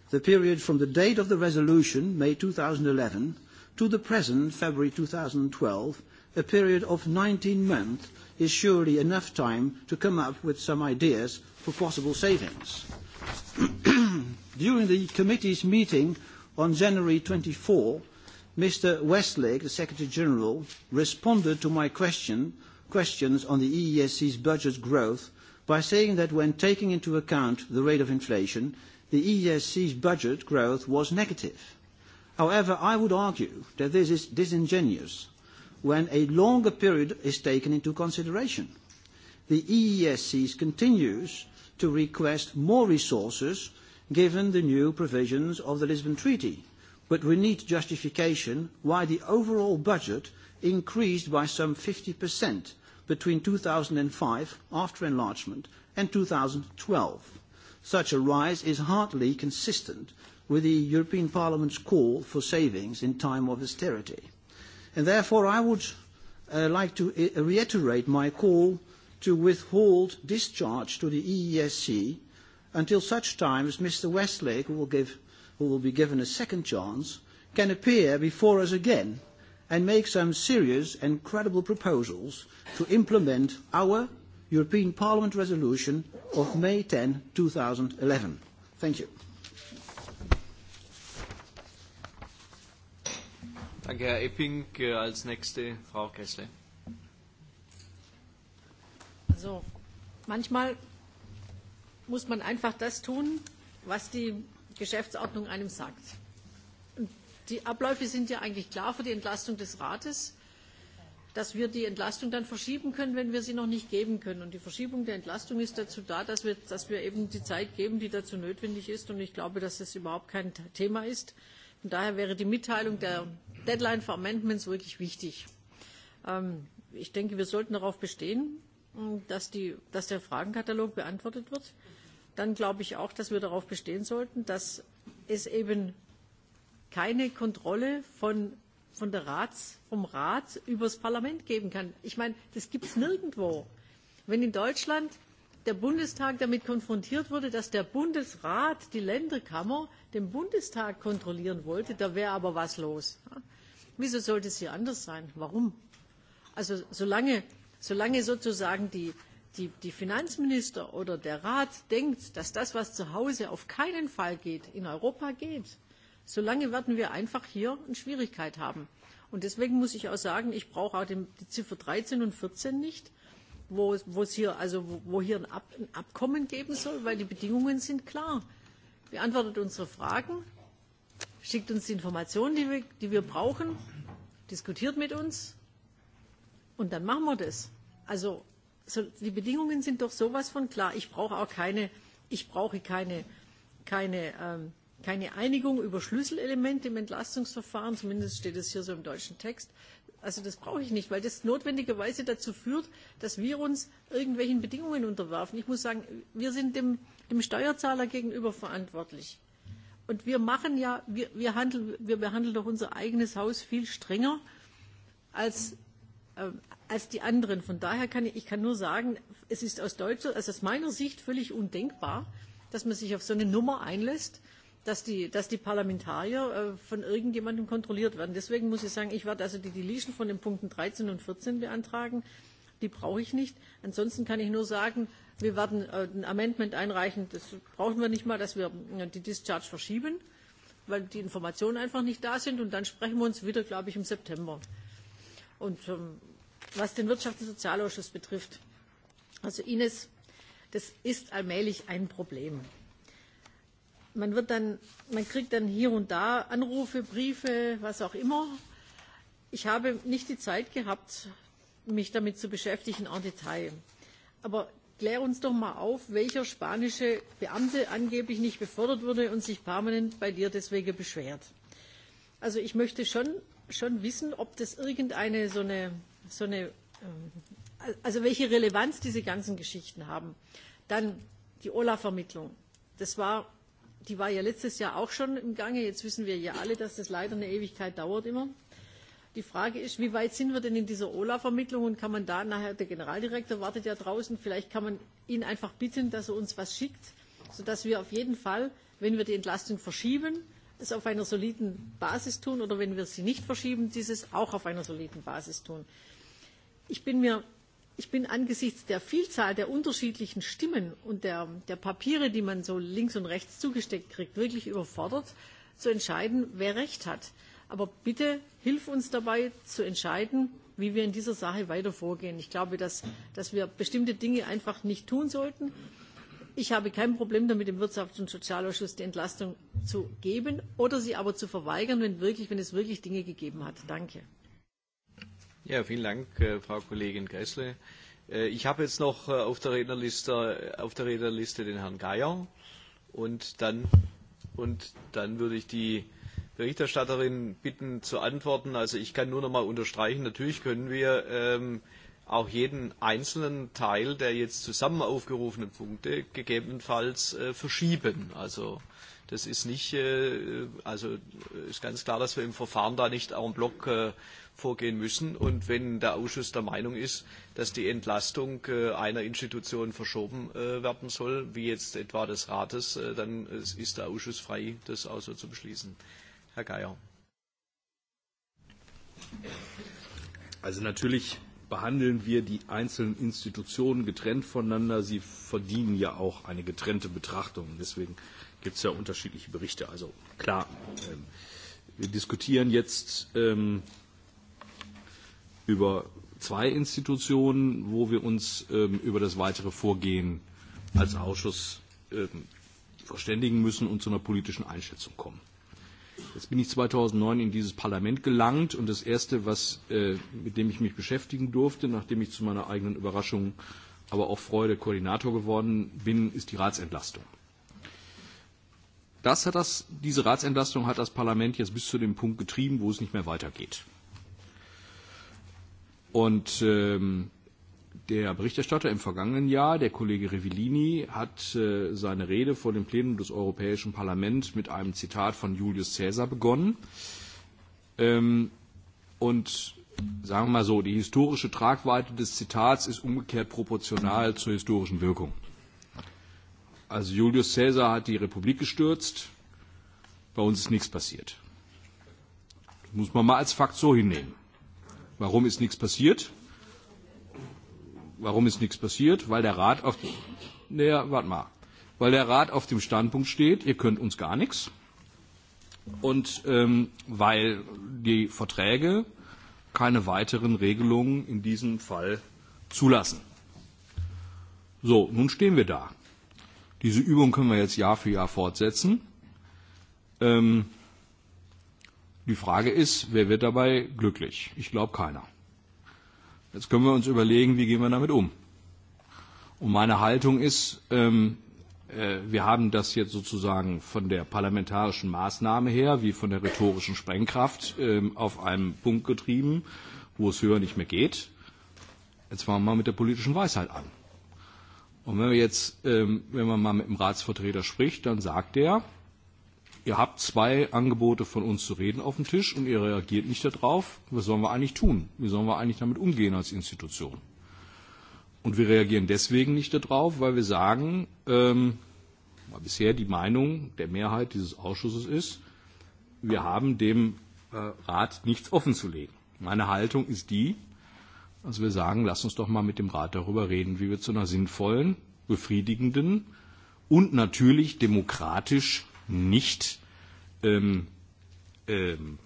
The period from the date of the resolution, May 2011, to the present, February 2012, a period of 19 months, is surely enough time to come up with some ideas for possible savings. *clears throat* During the committee's meeting on January 24, Mr. Westlake, the Secretary General, responded to my question questions on the EESC's budget growth by saying that when taking into account the rate of inflation, the EESC's budget growth was negative. However, I would argue that this is disingenuous when a longer period is taken into consideration. The EESC continues to request more resources given the new provisions of the Lisbon Treaty, but we need justification why the overall budget increased by some 50% between 2005, after enlargement, and 2012. Such a rise is hardly consistent with the European Parliament's call for savings in time of austerity. And therefore, I would uh, like to uh, reiterate my call to withhold discharge to the EESC until such time as Mr. Westlake, who will, give, who will be given a second chance, can appear before us again and make some serious and credible proposals to implement our European Parliament resolution of May 10, 2011. Thank you. Danke, Herr Epping. Als nächste Frau Kessler. Also, manchmal muss man einfach das tun, was die Geschäftsordnung einem sagt die Abläufe sind ja eigentlich klar für die Entlastung des Rates, dass wir die Entlastung dann verschieben können, wenn wir sie noch nicht geben können. Und die Verschiebung der Entlastung ist dazu da, dass wir, dass wir eben die Zeit geben, die dazu notwendig ist. Und ich glaube, dass das überhaupt kein Thema ist. Von daher wäre die Mitteilung der Deadline for Amendments wirklich wichtig. Ähm, ich denke, wir sollten darauf bestehen, ähm, dass, die, dass der Fragenkatalog beantwortet wird. Dann glaube ich auch, dass wir darauf bestehen sollten, dass es eben keine Kontrolle von, von der Rats, vom Rat über das Parlament geben kann. Ich meine, das gibt es nirgendwo. Wenn in Deutschland der Bundestag damit konfrontiert wurde, dass der Bundesrat, die Länderkammer, den Bundestag kontrollieren wollte, da wäre aber was los. Wieso sollte es hier anders sein? Warum? Also solange, solange sozusagen die, die, die Finanzminister oder der Rat denkt, dass das, was zu Hause auf keinen Fall geht, in Europa geht, Solange werden wir einfach hier eine Schwierigkeit haben. Und deswegen muss ich auch sagen, ich brauche auch die Ziffer 13 und 14 nicht, wo, wo, es hier, also wo, wo hier ein, Ab, ein Abkommen geben soll, weil die Bedingungen sind klar. Beantwortet unsere Fragen, schickt uns die Informationen, die wir, die wir brauchen, diskutiert mit uns und dann machen wir das. Also so, die Bedingungen sind doch sowas von klar. Ich brauche auch keine, ich brauche keine, keine ähm, keine Einigung über Schlüsselelemente im Entlastungsverfahren, zumindest steht es hier so im deutschen Text. Also das brauche ich nicht, weil das notwendigerweise dazu führt, dass wir uns irgendwelchen Bedingungen unterwerfen. Ich muss sagen, wir sind dem, dem Steuerzahler gegenüber verantwortlich. Und wir machen ja, wir, wir, handeln, wir behandeln doch unser eigenes Haus viel strenger als, äh, als die anderen. Von daher kann ich, ich kann nur sagen, es ist aus, deutscher, also aus meiner Sicht völlig undenkbar, dass man sich auf so eine Nummer einlässt dass die, dass die Parlamentarier äh, von irgendjemandem kontrolliert werden. Deswegen muss ich sagen, ich werde also die Deletion von den Punkten 13 und 14 beantragen. Die brauche ich nicht. Ansonsten kann ich nur sagen, wir werden äh, ein Amendment einreichen. Das brauchen wir nicht mal, dass wir äh, die Discharge verschieben, weil die Informationen einfach nicht da sind. Und dann sprechen wir uns wieder, glaube ich, im September. Und ähm, was den Wirtschafts- und Sozialausschuss betrifft, also Ines, das ist allmählich ein Problem man wird dann, man kriegt dann hier und da Anrufe, Briefe, was auch immer. Ich habe nicht die Zeit gehabt, mich damit zu beschäftigen en Detail. Aber klär uns doch mal auf, welcher spanische Beamte angeblich nicht befördert wurde und sich permanent bei dir deswegen beschwert. Also ich möchte schon, schon wissen, ob das irgendeine so eine, so eine, ähm, also welche Relevanz diese ganzen Geschichten haben. Dann die Olaf-Vermittlung. Das war die war ja letztes Jahr auch schon im Gange. Jetzt wissen wir ja alle, dass das leider eine Ewigkeit dauert immer. Die Frage ist, wie weit sind wir denn in dieser olaf vermittlung und kann man da nachher, der Generaldirektor wartet ja draußen, vielleicht kann man ihn einfach bitten, dass er uns was schickt, sodass wir auf jeden Fall, wenn wir die Entlastung verschieben, es auf einer soliden Basis tun oder wenn wir sie nicht verschieben, dieses auch auf einer soliden Basis tun. Ich bin mir ich bin angesichts der Vielzahl der unterschiedlichen Stimmen und der, der Papiere, die man so links und rechts zugesteckt kriegt, wirklich überfordert, zu entscheiden, wer recht hat. Aber bitte hilf uns dabei zu entscheiden, wie wir in dieser Sache weiter vorgehen. Ich glaube, dass, dass wir bestimmte Dinge einfach nicht tun sollten. Ich habe kein Problem damit, dem Wirtschafts- und Sozialausschuss die Entlastung zu geben oder sie aber zu verweigern, wenn, wirklich, wenn es wirklich Dinge gegeben hat. Danke. Ja, vielen Dank, äh, Frau Kollegin Gressle. Äh, ich habe jetzt noch äh, auf der Rednerliste, auf der Rednerliste den Herrn Geier und dann, und dann würde ich die Berichterstatterin bitten zu antworten. Also ich kann nur noch mal unterstreichen, natürlich können wir ähm, auch jeden einzelnen Teil der jetzt zusammen aufgerufenen Punkte gegebenenfalls äh, verschieben. Also das ist nicht, äh, also ist ganz klar, dass wir im Verfahren da nicht auch einen Block äh, vorgehen müssen. Und wenn der Ausschuss der Meinung ist, dass die Entlastung äh, einer Institution verschoben äh, werden soll, wie jetzt etwa des Rates, äh, dann ist der Ausschuss frei, das auch so zu beschließen. Herr Geier. Also natürlich behandeln wir die einzelnen Institutionen getrennt voneinander. Sie verdienen ja auch eine getrennte Betrachtung. Deswegen gibt es ja unterschiedliche Berichte. Also klar, ähm, wir diskutieren jetzt ähm, über zwei Institutionen, wo wir uns ähm, über das weitere Vorgehen als Ausschuss ähm, verständigen müssen und zu einer politischen Einschätzung kommen. Jetzt bin ich 2009 in dieses Parlament gelangt und das Erste, was, äh, mit dem ich mich beschäftigen durfte, nachdem ich zu meiner eigenen Überraschung, aber auch Freude Koordinator geworden bin, ist die Ratsentlastung. Das hat das, diese Ratsentlastung hat das Parlament jetzt bis zu dem Punkt getrieben, wo es nicht mehr weitergeht. Und ähm, der Berichterstatter im vergangenen Jahr, der Kollege Revellini, hat äh, seine Rede vor dem Plenum des Europäischen Parlaments mit einem Zitat von Julius Caesar begonnen. Ähm, und sagen wir mal so, die historische Tragweite des Zitats ist umgekehrt proportional zur historischen Wirkung. Also Julius Caesar hat die Republik gestürzt, bei uns ist nichts passiert. Das muss man mal als Fakt so hinnehmen. Warum ist nichts passiert? Warum ist nichts passiert? Weil der Rat auf, naja, warte mal, weil der Rat auf dem Standpunkt steht, ihr könnt uns gar nichts. Und ähm, weil die Verträge keine weiteren Regelungen in diesem Fall zulassen. So, nun stehen wir da. Diese Übung können wir jetzt Jahr für Jahr fortsetzen. Ähm, Die Frage ist, wer wird dabei glücklich? Ich glaube keiner. Jetzt können wir uns überlegen, wie gehen wir damit um. Und meine Haltung ist, ähm, äh, wir haben das jetzt sozusagen von der parlamentarischen Maßnahme her, wie von der rhetorischen Sprengkraft, ähm, auf einen Punkt getrieben, wo es höher nicht mehr geht. Jetzt fangen wir mal mit der politischen Weisheit an. Und wenn wir jetzt, ähm, wenn man mal mit dem Ratsvertreter spricht, dann sagt er, ihr habt zwei Angebote von uns zu reden auf dem Tisch und ihr reagiert nicht darauf. Was sollen wir eigentlich tun? Wie sollen wir eigentlich damit umgehen als Institution? Und wir reagieren deswegen nicht darauf, weil wir sagen, ähm, weil bisher die Meinung der Mehrheit dieses Ausschusses ist, wir haben dem äh, Rat nichts offenzulegen. Meine Haltung ist die, dass wir sagen, lass uns doch mal mit dem Rat darüber reden, wie wir zu einer sinnvollen, befriedigenden und natürlich demokratisch nicht ähm, ähm,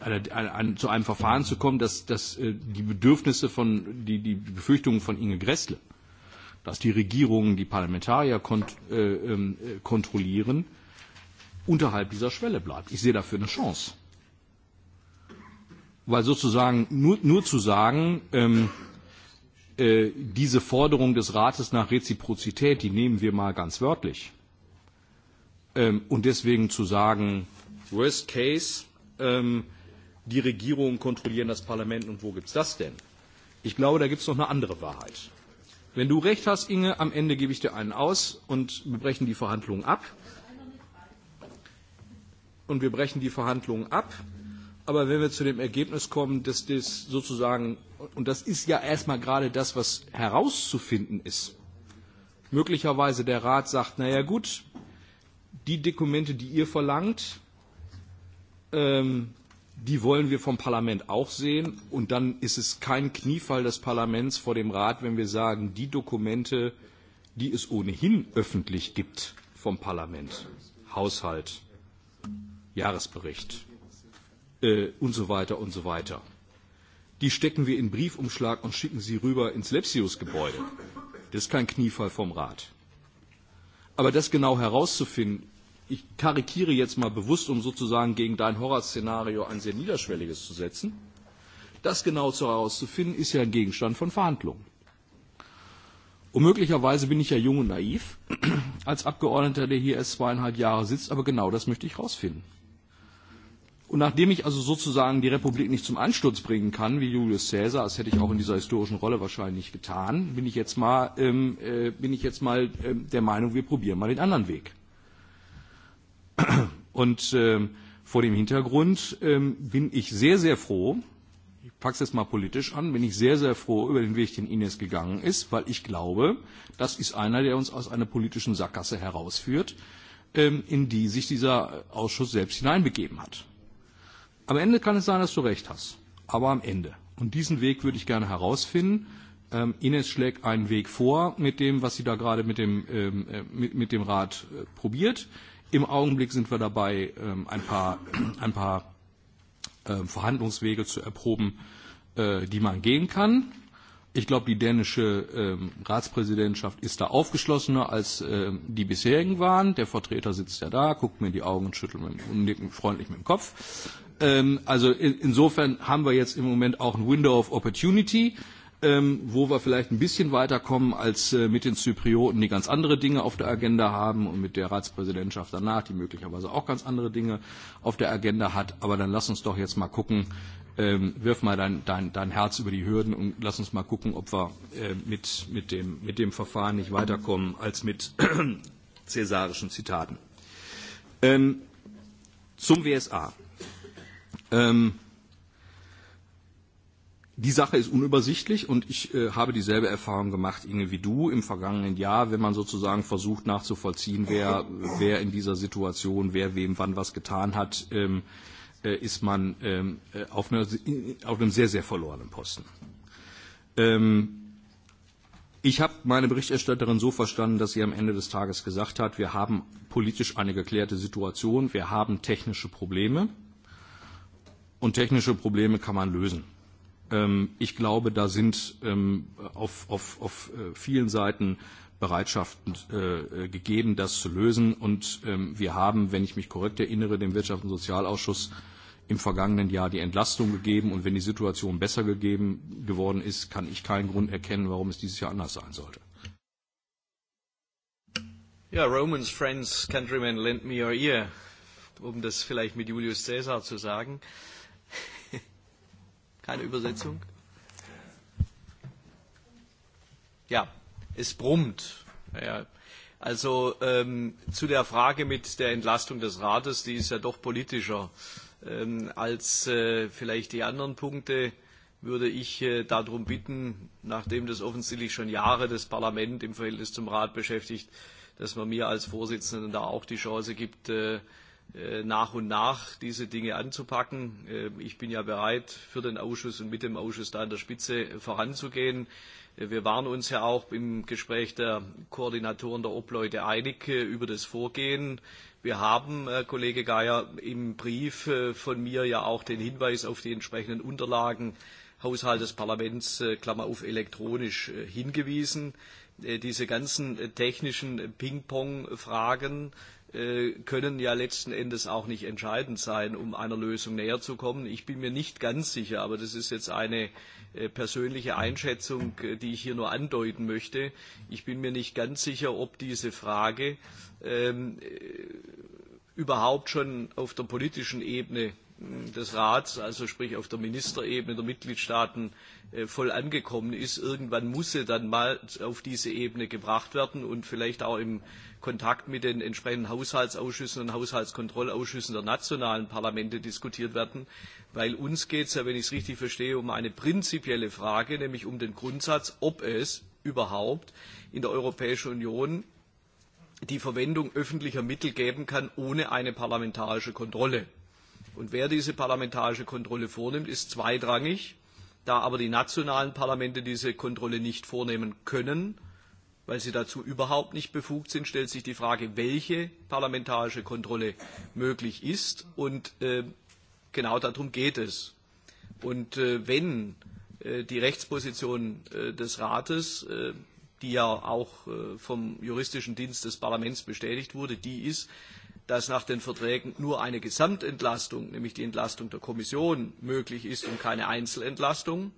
an, zu einem Verfahren zu kommen, dass, dass äh, die Bedürfnisse von, die, die Befürchtungen von Inge Gressle, dass die Regierungen die Parlamentarier kont äh, ähm, äh, kontrollieren, unterhalb dieser Schwelle bleibt. Ich sehe dafür eine Chance. Weil sozusagen nur, nur zu sagen, ähm, äh, diese Forderung des Rates nach Reziprozität, die nehmen wir mal ganz wörtlich, Ähm, und deswegen zu sagen, worst case, ähm, die Regierungen kontrollieren das Parlament und wo gibt es das denn? Ich glaube, da gibt es noch eine andere Wahrheit. Wenn du recht hast, Inge, am Ende gebe ich dir einen aus und wir brechen die Verhandlungen ab. Und wir brechen die Verhandlungen ab. Aber wenn wir zu dem Ergebnis kommen, dass das sozusagen, und das ist ja erstmal gerade das, was herauszufinden ist, möglicherweise der Rat sagt, naja gut, die Dokumente, die ihr verlangt, ähm, die wollen wir vom Parlament auch sehen. Und dann ist es kein Kniefall des Parlaments vor dem Rat, wenn wir sagen, die Dokumente, die es ohnehin öffentlich gibt vom Parlament, Haushalt, Jahresbericht äh, und so weiter und so weiter, die stecken wir in Briefumschlag und schicken sie rüber ins Lepsius-Gebäude. Das ist kein Kniefall vom Rat. Aber das genau herauszufinden, ich karikiere jetzt mal bewusst, um sozusagen gegen dein Horrorszenario ein sehr niederschwelliges zu setzen, das genau zu herauszufinden, ist ja ein Gegenstand von Verhandlungen. Und möglicherweise bin ich ja jung und naiv *clears throat* als Abgeordneter, der hier erst zweieinhalb Jahre sitzt, aber genau das möchte ich herausfinden. Und nachdem ich also sozusagen die Republik nicht zum Ansturz bringen kann, wie Julius Caesar, das hätte ich auch in dieser historischen Rolle wahrscheinlich nicht getan, bin ich jetzt mal, ähm, äh, bin ich jetzt mal äh, der Meinung, wir probieren mal den anderen Weg. *clears throat* Und äh, vor dem Hintergrund äh, bin ich sehr, sehr froh, ich packe es jetzt mal politisch an, bin ich sehr, sehr froh über den Weg, den Ines gegangen ist, weil ich glaube, das ist einer, der uns aus einer politischen Sackgasse herausführt, ähm, in die sich dieser Ausschuss selbst hineinbegeben hat. Am Ende kann es sein, dass du recht hast, aber am Ende. Und diesen Weg würde ich gerne herausfinden. Ähm, Ines schlägt einen Weg vor mit dem, was sie da gerade mit dem, ähm, äh, mit, mit dem Rat äh, probiert. Äh, Im Augenblick sind wir dabei, ähm, ein paar, *clears throat* ein paar ähm, Verhandlungswege zu erproben, äh, die man gehen kann. Ich glaube, die dänische ähm, Ratspräsidentschaft ist da aufgeschlossener als die bisherigen waren. Der Vertreter sitzt ja da, guckt mir in die Augen und schüttelt mit, und nickt freundlich mit dem Kopf. also insofern haben wir jetzt im Moment auch ein Window of Opportunity ähm, wo wir vielleicht ein bisschen weiterkommen als äh, mit den Zyprioten, die ganz andere Dinge auf der Agenda haben und mit der Ratspräsidentschaft danach, die möglicherweise auch ganz andere Dinge auf der Agenda hat. Aber dann lass uns doch jetzt mal gucken, ähm, wirf mal dein, dein, dein Herz über die Hürden und lass uns mal gucken, ob wir äh, mit, mit, dem, mit dem Verfahren nicht weiterkommen als mit cäsarischen *clears throat* Zitaten. Ähm, zum WSA. Ähm, Die Sache ist unübersichtlich und ich äh, habe dieselbe Erfahrung gemacht, Inge, wie du im vergangenen Jahr, wenn man sozusagen versucht nachzuvollziehen, wer, wer in dieser Situation, wer wem wann was getan hat, ähm, äh, ist man ähm, äh, auf, einer, auf einem sehr, sehr verlorenen Posten. Ähm, ich habe meine Berichterstatterin so verstanden, dass sie am Ende des Tages gesagt hat, wir haben politisch eine geklärte Situation, wir haben technische Probleme und technische Probleme kann man lösen. Ähm, ich glaube, da sind ähm, auf, auf, auf äh, vielen Seiten Bereitschaften äh, äh, gegeben, das zu lösen. Und ähm, wir haben, wenn ich mich korrekt erinnere, dem Wirtschafts- und Sozialausschuss im vergangenen Jahr die Entlastung gegeben. Und wenn die Situation besser gegeben geworden ist, kann ich keinen Grund erkennen, warum es dieses Jahr anders sein sollte. Ja, Romans, Friends, Countrymen, lend me your ear, um das vielleicht mit Julius Caesar zu sagen keine Übersetzung? Ja, es brummt. Ja. Also ähm, zu der Frage mit der Entlastung des Rates, die ist ja doch politischer ähm, als äh, vielleicht die anderen Punkte, würde ich äh, darum bitten, nachdem das offensichtlich schon Jahre das Parlament im Verhältnis zum Rat beschäftigt, dass man mir als Vorsitzenden da auch die Chance gibt, äh, Äh, nach und nach diese Dinge anzupacken. Ähm, ich bin ja bereit, für den Ausschuss und mit dem Ausschuss da an der Spitze äh, voranzugehen. Äh, wir waren uns ja auch im Gespräch der Koordinatoren der Obleute einig über das Vorgehen. Wir haben, Kollege Geier, im Brief von mir ja auch den Hinweis auf die entsprechenden Unterlagen Haushalt des Parlaments, Klammer auf, elektronisch hingewiesen. Diese ganzen technischen Ping-Pong-Fragen Äh, können ja letzten Endes auch nicht entscheidend sein, um einer Lösung näher zu kommen. Ich bin mir nicht ganz sicher, aber das ist jetzt eine äh, persönliche Einschätzung, äh, die ich hier nur andeuten möchte. Ich bin mir nicht ganz sicher, ob diese Frage ähm, überhaupt schon auf der politischen Ebene hm, des Rats, also sprich auf der Ministerebene der Mitgliedstaaten, voll angekommen ist. Irgendwann muss sie dann mal auf diese Ebene gebracht werden und vielleicht auch im Kontakt mit den entsprechenden Haushaltsausschüssen und Haushaltskontrollausschüssen der nationalen Parlamente diskutiert werden, weil uns geht es ja, wenn ich es richtig verstehe, um eine prinzipielle Frage, nämlich um den Grundsatz, ob es überhaupt in der Europäischen Union die Verwendung öffentlicher Mittel geben kann ohne eine parlamentarische Kontrolle. Und wer diese parlamentarische Kontrolle vornimmt, ist zweitrangig. Da aber die nationalen Parlamente diese Kontrolle nicht vornehmen können, weil sie dazu überhaupt nicht befugt sind, stellt sich die Frage, welche parlamentarische Kontrolle möglich ist. Und äh, genau darum geht es. Und äh, wenn äh, die Rechtsposition äh, des Rates, äh, die ja auch äh, vom juristischen Dienst des Parlaments bestätigt wurde, die ist, dass nach den Verträgen nur eine Gesamtentlastung, nämlich die Entlastung der Kommission, möglich ist und keine Einzelentlastung,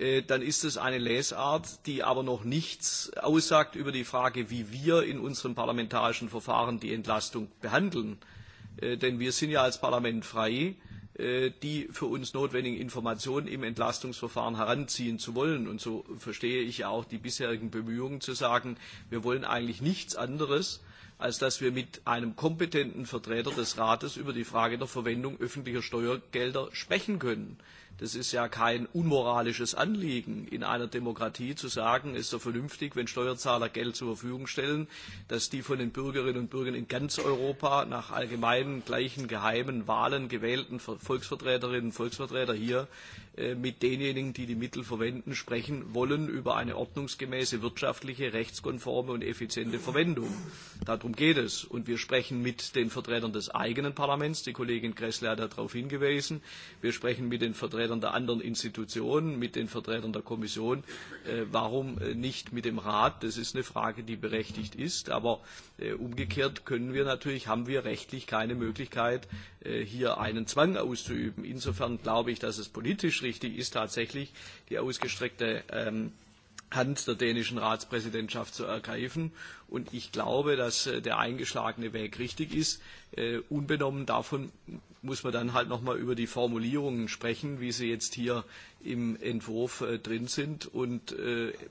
Äh, dann ist es eine Lesart, die aber noch nichts aussagt über die Frage, wie wir in unserem parlamentarischen Verfahren die Entlastung behandeln. Äh, denn wir sind ja als Parlament frei, äh, die für uns notwendigen Informationen im Entlastungsverfahren heranziehen zu wollen. Und so verstehe ich ja auch die bisherigen Bemühungen zu sagen, wir wollen eigentlich nichts anderes, als dass wir mit einem kompetenten Vertreter des Rates über die Frage der Verwendung öffentlicher Steuergelder sprechen können. Das ist ja kein unmoralisches Anliegen in einer Demokratie zu sagen, ist doch vernünftig, wenn Steuerzahler Geld zur Verfügung stellen, dass die von den Bürgerinnen und Bürgern in ganz Europa nach allgemeinen, gleichen, geheimen Wahlen gewählten Volksvertreterinnen und Volksvertreter hier Äh, mit denjenigen, die die Mittel verwenden, sprechen wollen über eine ordnungsgemäße, wirtschaftliche, rechtskonforme und effiziente Verwendung. Darum geht es. Und wir sprechen mit den Vertretern des eigenen Parlaments. Die Kollegin Gressler hat darauf hingewiesen. Wir sprechen mit den Vertretern der anderen Institutionen, mit den Vertretern der Kommission. Äh, warum äh, nicht mit dem Rat? Das ist eine Frage, die berechtigt ist. Aber umgekehrt können wir natürlich, haben wir rechtlich keine Möglichkeit, Äh, hier einen Zwang auszuüben. Insofern glaube ich, dass es politisch richtig ist, tatsächlich die ausgestreckte ähm, Hand der dänischen Ratspräsidentschaft zu ergreifen. Und ich glaube, dass äh, der eingeschlagene Weg richtig ist. Äh, unbenommen davon muss man dann halt nochmal über die Formulierungen sprechen, wie sie jetzt hier im Entwurf drin sind und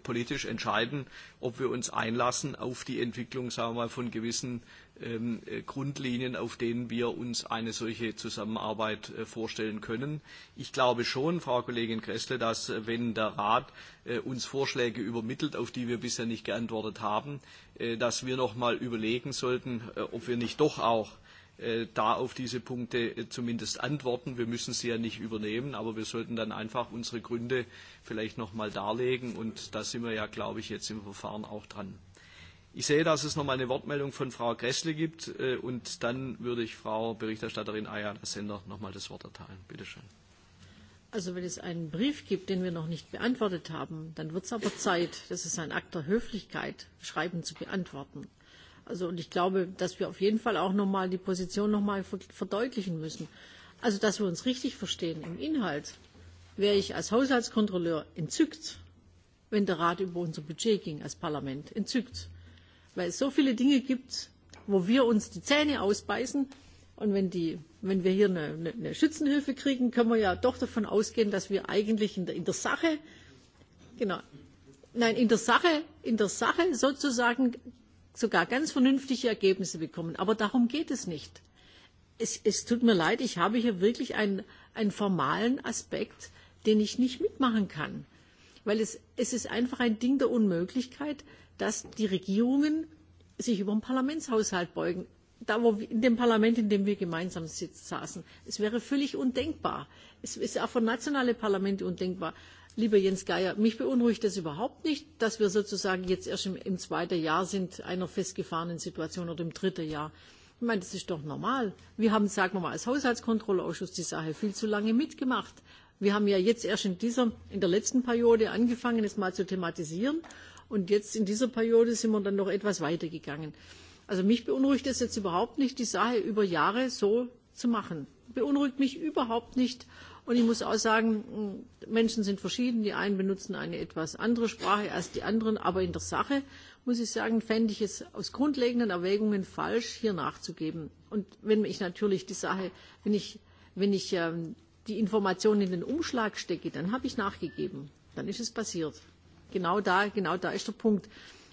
politisch entscheiden, ob wir uns einlassen auf die Entwicklung, sagen wir mal, von gewissen ähm, äh, Grundlinien, auf denen wir uns eine solche Zusammenarbeit äh, vorstellen können. Ich glaube schon, Frau Kollegin Kressle, dass äh, wenn der Rat äh, uns Vorschläge übermittelt, auf die wir bisher nicht geantwortet haben, äh, dass wir noch mal überlegen sollten, äh, ob wir nicht doch auch äh, da auf diese Punkte äh, zumindest antworten. Wir müssen sie ja nicht übernehmen, aber wir sollten dann einfach unsere Gründe vielleicht noch mal darlegen. Und da sind wir ja, glaube ich, jetzt im Verfahren auch dran. Ich sehe, dass es nochmal eine Wortmeldung von Frau Gressle gibt äh, und dann würde ich Frau Berichterstatterin Ayala Sender nochmal das Wort erteilen. Bitte schön. Also wenn es einen Brief gibt, den wir noch nicht beantwortet haben, dann wird es aber Zeit. Das ist ein Akt der Höflichkeit, Schreiben zu beantworten. Also und ich glaube, dass wir auf jeden Fall auch nochmal die Position nochmal verdeutlichen müssen. Also dass wir uns richtig verstehen im Inhalt, wäre ich als Haushaltskontrolleur entzückt, wenn der Rat über unser Budget ging, als Parlament entzückt. Weil es so viele Dinge gibt, wo wir uns die Zähne ausbeißen. Und wenn, die, wenn wir hier eine, eine, eine Schützenhilfe kriegen, können wir ja doch davon ausgehen, dass wir eigentlich in der, in der Sache, genau, nein, in der Sache, in der Sache sozusagen sogar ganz vernünftige Ergebnisse bekommen. Aber darum geht es nicht. Es, es tut mir leid, ich habe hier wirklich einen, einen formalen Aspekt, den ich nicht mitmachen kann. Weil es, es ist einfach ein Ding der Unmöglichkeit, dass die Regierungen sich über den Parlamentshaushalt beugen. Da, wo wir, in dem Parlament, in dem wir gemeinsam sitz, saßen. Es wäre völlig undenkbar. Es ist auch für nationale Parlamente undenkbar. Lieber Jens Geier, mich beunruhigt das überhaupt nicht, dass wir sozusagen jetzt erst im, im zweiten Jahr sind einer festgefahrenen Situation oder im dritten Jahr. Ich meine, das ist doch normal. Wir haben, sagen wir mal, als Haushaltskontrollausschuss die Sache viel zu lange mitgemacht. Wir haben ja jetzt erst in, dieser, in der letzten Periode angefangen, es mal zu thematisieren. Und jetzt in dieser Periode sind wir dann noch etwas weitergegangen. Also mich beunruhigt es jetzt überhaupt nicht, die Sache über Jahre so zu machen. Beunruhigt mich überhaupt nicht. Und ich muss auch sagen, hm, Menschen sind verschieden. Die einen benutzen eine etwas andere Sprache als die anderen. Aber in der Sache, muss ich sagen, fände ich es aus grundlegenden Erwägungen falsch, hier nachzugeben. Und wenn ich natürlich die Sache, wenn ich, wenn ich ähm, die Information in den Umschlag stecke, dann habe ich nachgegeben. Dann ist es passiert. Genau da, genau da ist der Punkt.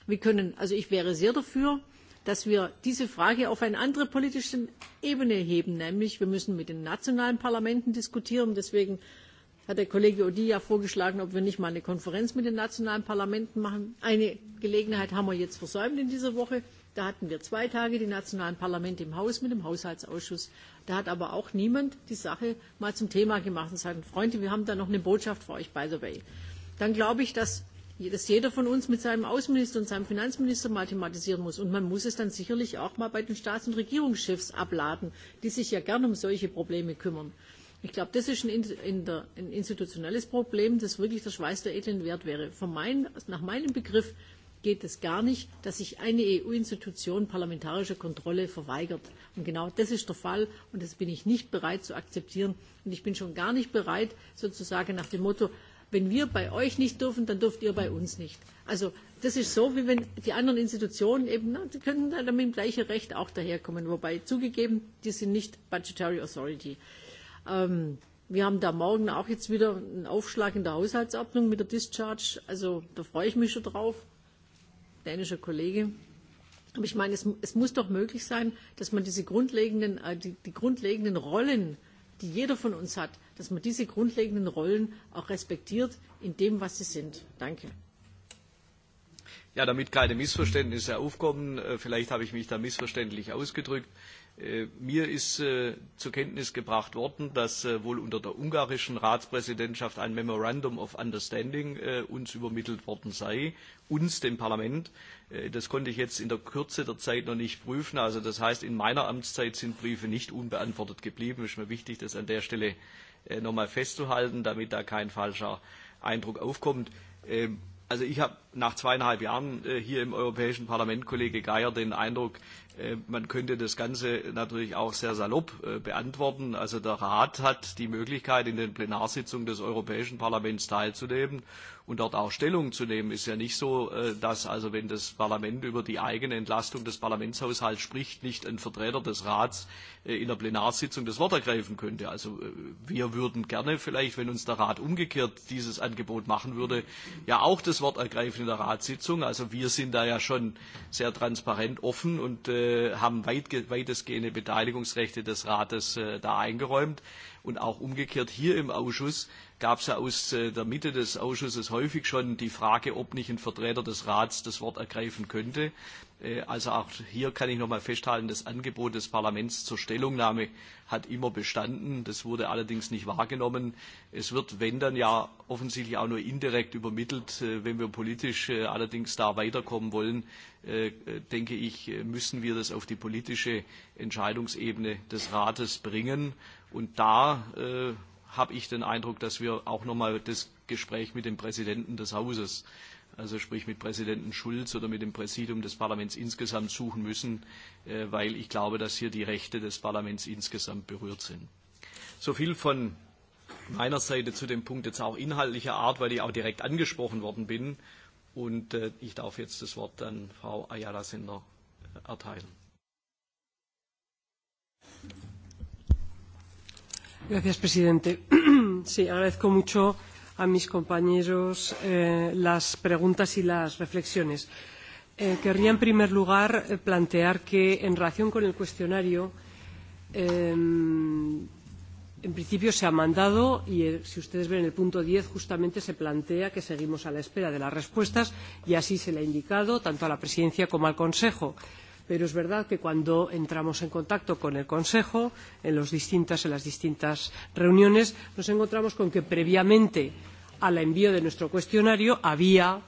Wir können, also ich wäre sehr dafür, dass wir diese Frage auf eine andere politische Ebene heben, nämlich wir müssen mit den nationalen Parlamenten diskutieren. Deswegen hat der Kollege Odi ja vorgeschlagen, ob wir nicht mal eine Konferenz mit den nationalen Parlamenten machen. Eine Gelegenheit haben wir jetzt versäumt in dieser Woche. Da hatten wir zwei Tage die nationalen Parlamente im Haus mit dem Haushaltsausschuss. Da hat aber auch niemand die Sache mal zum Thema gemacht und sagt, Freunde, wir haben da noch eine Botschaft für euch, by the way. Dann glaube ich, dass dass jeder von uns mit seinem Außenminister und seinem Finanzminister mal thematisieren muss. Und man muss es dann sicherlich auch mal bei den Staats- und Regierungschefs abladen, die sich ja gerne um solche Probleme kümmern. Ich glaube, das ist ein, in der, ein institutionelles Problem, das wirklich der Schweiß der edlen Wert wäre. Von mein, nach meinem Begriff geht es gar nicht, dass sich eine EU-Institution parlamentarische Kontrolle verweigert. Und genau das ist der Fall und das bin ich nicht bereit zu akzeptieren. Und ich bin schon gar nicht bereit, sozusagen nach dem Motto, wenn wir bei euch nicht dürfen, dann dürft ihr bei uns nicht. Also das ist so, wie wenn die anderen Institutionen eben, na, die könnten dann mit dem gleichen Recht auch daherkommen. Wobei zugegeben, die sind nicht Budgetary Authority. Ähm, wir haben da morgen auch jetzt wieder einen Aufschlag in der Haushaltsordnung mit der Discharge. Also da freue ich mich schon drauf dänischer Kollege. Aber ich meine, es, es muss doch möglich sein, dass man diese grundlegenden, äh, die, die grundlegenden Rollen, die jeder von uns hat, dass man diese grundlegenden Rollen auch respektiert in dem, was sie sind. Danke. Ja, damit keine Missverständnisse aufkommen, äh, vielleicht habe ich mich da missverständlich ausgedrückt. Äh, mir ist äh, zur Kenntnis gebracht worden, dass äh, wohl unter der ungarischen Ratspräsidentschaft ein Memorandum of Understanding uns übermittelt worden sei, uns, dem Parlament. Das konnte ich jetzt in der Kürze der Zeit noch nicht prüfen. Also das heißt, in meiner Amtszeit sind Briefe nicht unbeantwortet geblieben. Es ist mir wichtig, das an der Stelle noch mal festzuhalten, damit da kein falscher Eindruck aufkommt. Ähm, also ich habe nach zweieinhalb Jahren hier im Europäischen Parlament, Kollege Geier, den Eindruck, Äh, man könnte das Ganze natürlich auch sehr salopp äh, beantworten. Also der Rat hat die Möglichkeit, in den Plenarsitzungen des Europäischen Parlaments teilzunehmen und dort auch Stellung zu nehmen. Ist ja nicht so, äh, dass also wenn das Parlament über die eigene Entlastung des Parlamentshaushalts spricht, nicht ein Vertreter des Rats in der Plenarsitzung das Wort ergreifen könnte. Also wir würden gerne vielleicht, wenn uns der Rat umgekehrt dieses Angebot machen würde, ja auch das Wort ergreifen in der Ratssitzung. Also wir sind da ja schon sehr transparent, offen und äh, Äh, haben weit, weitestgehende Beteiligungsrechte des Rates äh, da eingeräumt. Und auch umgekehrt hier im Ausschuss gab es ja aus äh, der Mitte des Ausschusses häufig schon die Frage, ob nicht ein Vertreter des Rats das Wort ergreifen könnte. Also auch hier kann ich noch mal festhalten, das Angebot des Parlaments zur Stellungnahme hat immer bestanden. Das wurde allerdings nicht wahrgenommen. Es wird, wenn dann ja offensichtlich auch nur indirekt übermittelt, wenn wir politisch allerdings da weiterkommen wollen, Äh, äh, denke ich, äh, müssen wir das auf die politische Entscheidungsebene des Rates bringen. Und da äh, habe ich den Eindruck, dass wir auch nochmal das Gespräch mit dem Präsidenten des Hauses, also sprich mit Präsidenten Schulz oder mit dem Präsidium des Parlaments insgesamt suchen müssen, äh, weil ich glaube, dass hier die Rechte des Parlaments insgesamt berührt sind. So viel von meiner Seite zu dem Punkt jetzt auch inhaltlicher Art, weil ich auch direkt angesprochen worden bin. Und äh, ich darf jetzt das Wort an Frau Ayala Sender äh, erteilen. Gracias, presidente. *clears throat* sí, agradezco mucho a mis compañeros eh, las preguntas y las reflexiones. Eh, querría, en primer lugar, eh, plantear que, en relación con el cuestionario, eh, en principio se ha mandado y eh, si ustedes ven el punto 10 justamente se plantea que seguimos a la espera de las respuestas y así se le ha indicado tanto a la presidencia como al consejo. Pero es verdad que cuando entramos en contacto con el Consejo en, los distintas, en las distintas reuniones nos encontramos con que previamente al envío de nuestro cuestionario había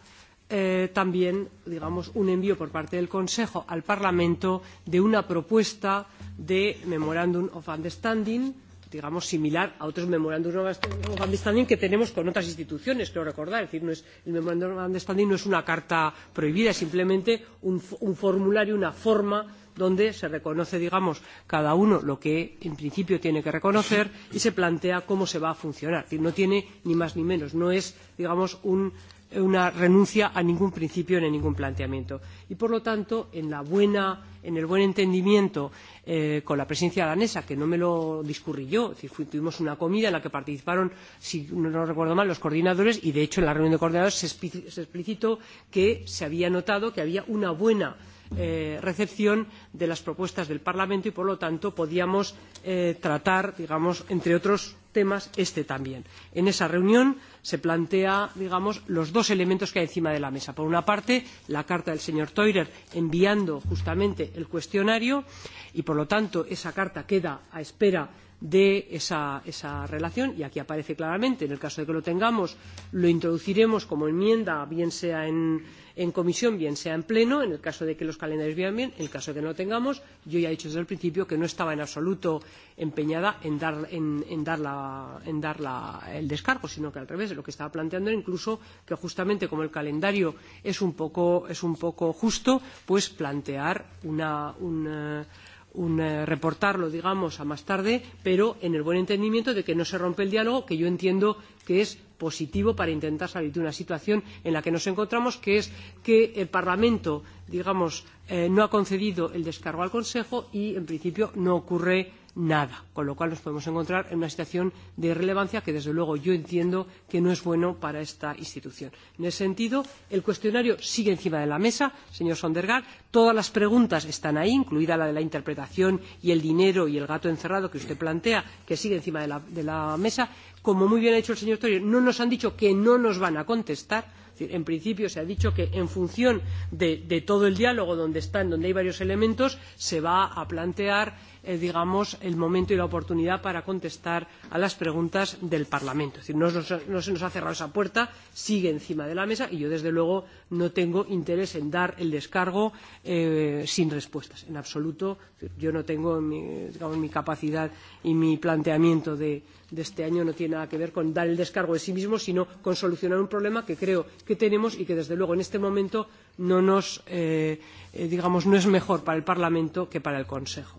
eh, también digamos, un envío por parte del Consejo al Parlamento de una propuesta de Memorandum of Understanding digamos, similar a otros memorándums of understanding que tenemos con otras instituciones, creo recordar. Es decir, no es, el memorándum of understanding no es una carta prohibida, es simplemente un, un formulario, una forma donde se reconoce, digamos, cada uno lo que en principio tiene que reconocer y se plantea cómo se va a funcionar. Es decir, no tiene ni más ni menos, no es, digamos, un una renuncia a ningún principio ni a ningún planteamiento. Y, por lo tanto, en, la buena, en el buen entendimiento eh, con la presidencia danesa, que no me lo discurrí yo, es decir, fui, tuvimos una comida en la que participaron, si no lo recuerdo mal, los coordinadores y, de hecho, en la reunión de coordinadores se explicitó que se había notado que había una buena Eh, recepción de las propuestas del Parlamento y, por lo tanto, podíamos eh, tratar, digamos, entre otros temas, este también. En esa reunión se plantea, digamos, los dos elementos que hay encima de la mesa. Por una parte, la carta del señor Teurer enviando justamente el cuestionario y, por lo tanto, esa carta queda a espera de esa, esa relación y aquí aparece claramente en el caso de que lo tengamos lo introduciremos como enmienda bien sea en, en comisión bien sea en pleno en el caso de que los calendarios vayan bien en el caso de que no lo tengamos yo ya he dicho desde el principio que no estaba en absoluto empeñada en dar, en, en dar, la, en dar la, el descargo sino que al revés lo que estaba planteando era incluso que justamente como el calendario es un poco, es un poco justo pues plantear una, una un, eh, reportarlo, digamos, a más tarde, pero en el buen entendimiento de que no se rompe el diálogo, que yo entiendo que es positivo para intentar salir de una situación en la que nos encontramos, que es que el Parlamento, digamos, eh, no ha concedido el descargo al Consejo y, en principio, no ocurre nada, con lo cual nos podemos encontrar en una situación de irrelevancia que, desde luego, yo entiendo que no es bueno para esta institución. En ese sentido, el cuestionario sigue encima de la mesa, señor Sondergaard. Todas las preguntas están ahí, incluida la de la interpretación y el dinero y el gato encerrado que usted plantea, que sigue encima de la, de la mesa. Como muy bien ha dicho el señor Torio, no nos han dicho que no nos van a contestar decir, en principio se ha dicho que en función de, de todo el diálogo donde están, donde hay varios elementos, se va a plantear Eh, digamos, el momento y la oportunidad para contestar a las preguntas del Parlamento. Es decir, no, no, no se nos ha cerrado esa puerta, sigue encima de la mesa y yo, desde luego, no tengo interés en dar el descargo eh, sin respuestas, en absoluto. Decir, yo no tengo, mi, digamos, mi capacidad y mi planteamiento de, de este año no tiene nada que ver con dar el descargo de sí mismo, sino con solucionar un problema que creo que tenemos y que, desde luego, en este momento no nos, eh, eh digamos, no es mejor para el Parlamento que para el Consejo.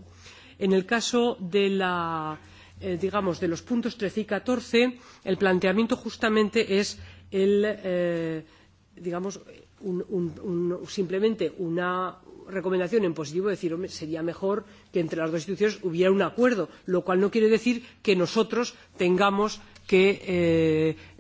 En el caso de la, eh, digamos, de los puntos 13 y 14, el planteamiento justamente es el, eh, digamos, un, un, un, simplemente una recomendación en positivo, decir, hombre, sería mejor que entre las dos instituciones hubiera un acuerdo, lo cual no quiere decir que nosotros tengamos que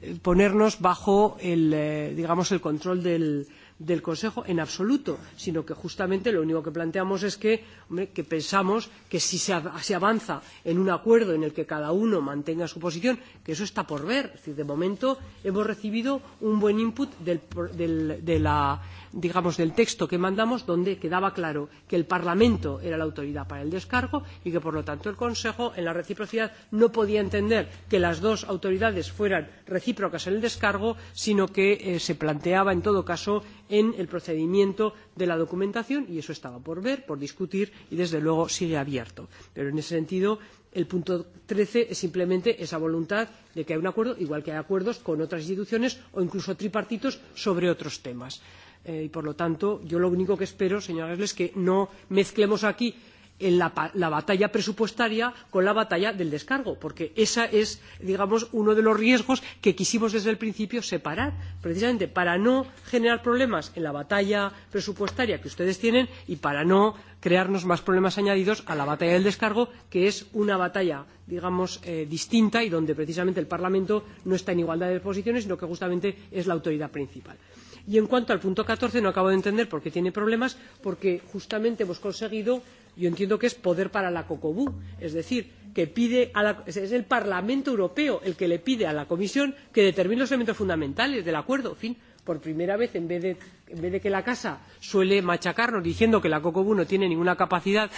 eh, ponernos bajo el, eh, digamos, el control del, del Consejo en absoluto, sino que justamente lo único que planteamos es que, hombre, que pensamos que si se, se avanza en un acuerdo en el que cada uno mantenga su posición, que eso está por ver. Es decir, de momento hemos recibido un buen input del, del, de la digamos, del texto que mandamos, donde quedaba claro que el Parlamento era la autoridad para el descargo y que, por lo tanto, el Consejo, en la reciprocidad, no podía entender que las dos autoridades fueran recíprocas en el descargo, sino que eh, se planteaba, en todo caso, en el procedimiento de la documentación y eso estaba por ver, por discutir y, desde luego, sigue abierto. Pero, en ese sentido, el punto 13 es simplemente esa voluntad de que hay un acuerdo, igual que hay acuerdos con otras instituciones o incluso tripartitos sobre otros temas. Eh, y por lo tanto, yo lo único que espero, señora Gressle, es que no mezclemos aquí en la, la batalla presupuestaria con la batalla del descargo, porque ese es, digamos, uno de los riesgos que quisimos desde el principio separar, precisamente para no generar problemas en la batalla presupuestaria que ustedes tienen y para no crearnos más problemas añadidos a la batalla del descargo, que es una batalla, digamos, eh, distinta y donde precisamente el Parlamento no está en igualdad de posiciones, sino que justamente es la autoridad principal. Y en cuanto al punto catorce no acabo de entender por qué tiene problemas, porque justamente hemos conseguido, yo entiendo que es poder para la COCOBU, es decir, que pide a la, es el Parlamento Europeo el que le pide a la Comisión que determine los elementos fundamentales del acuerdo. En fin, por primera vez, en vez de, en vez de que la casa suele machacarnos diciendo que la COCOBU no tiene ninguna capacidad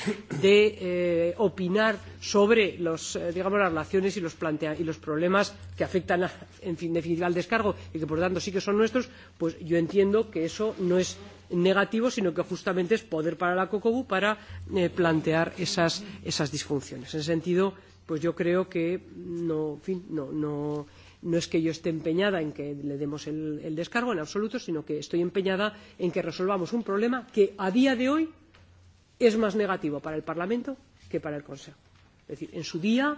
de eh, opinar sobre los, eh, digamos, las relaciones y los, plantea y los problemas que afectan, a, en fin, definitiva al descargo y que por tanto sí que son nuestros, pues yo entiendo que eso no es negativo, sino que justamente es poder para la COCOBU para eh, plantear esas, esas disfunciones. En ese sentido, pues yo creo que no, en fin, no, no no es que yo esté empeñada en que le demos el, el descargo en absoluto, sino que estoy empeñada en que resolvamos un problema que a día de hoy es más negativo para el Parlamento que para el Consejo. Es decir, en su día,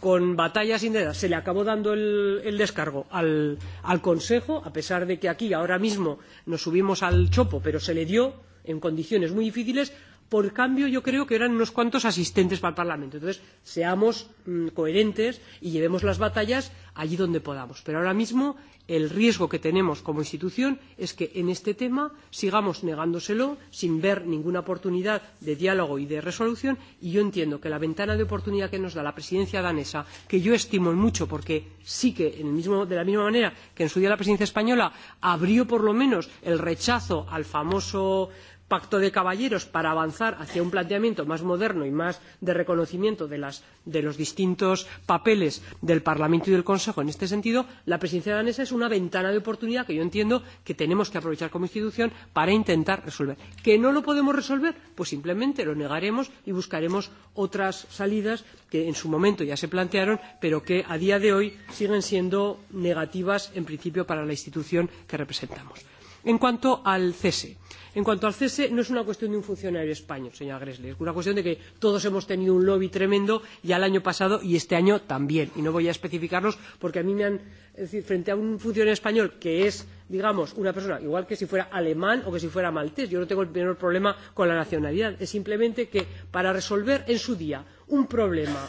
con batallas sin se le acabó dando el, el descargo al, al Consejo, a pesar de que aquí ahora mismo nos subimos al chopo, pero se le dio en condiciones muy difíciles Por cambio, yo creo que eran unos cuantos asistentes para el Parlamento. Entonces, seamos mm, coherentes y llevemos las batallas allí donde podamos. Pero ahora mismo el riesgo que tenemos como institución es que en este tema sigamos negándoselo sin ver ninguna oportunidad de diálogo y de resolución y yo entiendo que la ventana de oportunidad que nos da la presidencia danesa que yo estimo mucho porque sí que en el mismo, de la misma manera que en su día la presidencia española abrió por lo menos el rechazo al famoso pacto de caballeros para avanzar hacia un planteamiento más moderno y más de reconocimiento de, las, de los distintos papeles del Parlamento y del Consejo en este sentido, la presidencia danesa es una ventana de oportunidad que yo entiendo que tenemos que aprovechar como institución para intentar resolver. ¿Que no lo podemos resolver? Pues simplemente lo negaremos y buscaremos otras salidas que en su momento ya se plantearon, pero que a día de hoy siguen siendo negativas en principio para la institución que representamos. En cuanto al cese, en cuanto al cese, no es una cuestión de un funcionario español, señora Gressler, es una cuestión de que todos hemos tenido un lobby tremendo ya el año pasado y este año también. Y no voy a especificarlos porque a mí me han, es decir, frente a un funcionario español que es, digamos, una persona, igual que si fuera alemán o que si fuera maltés, yo no tengo el menor problema con la nacionalidad, es simplemente que para resolver en su día un problema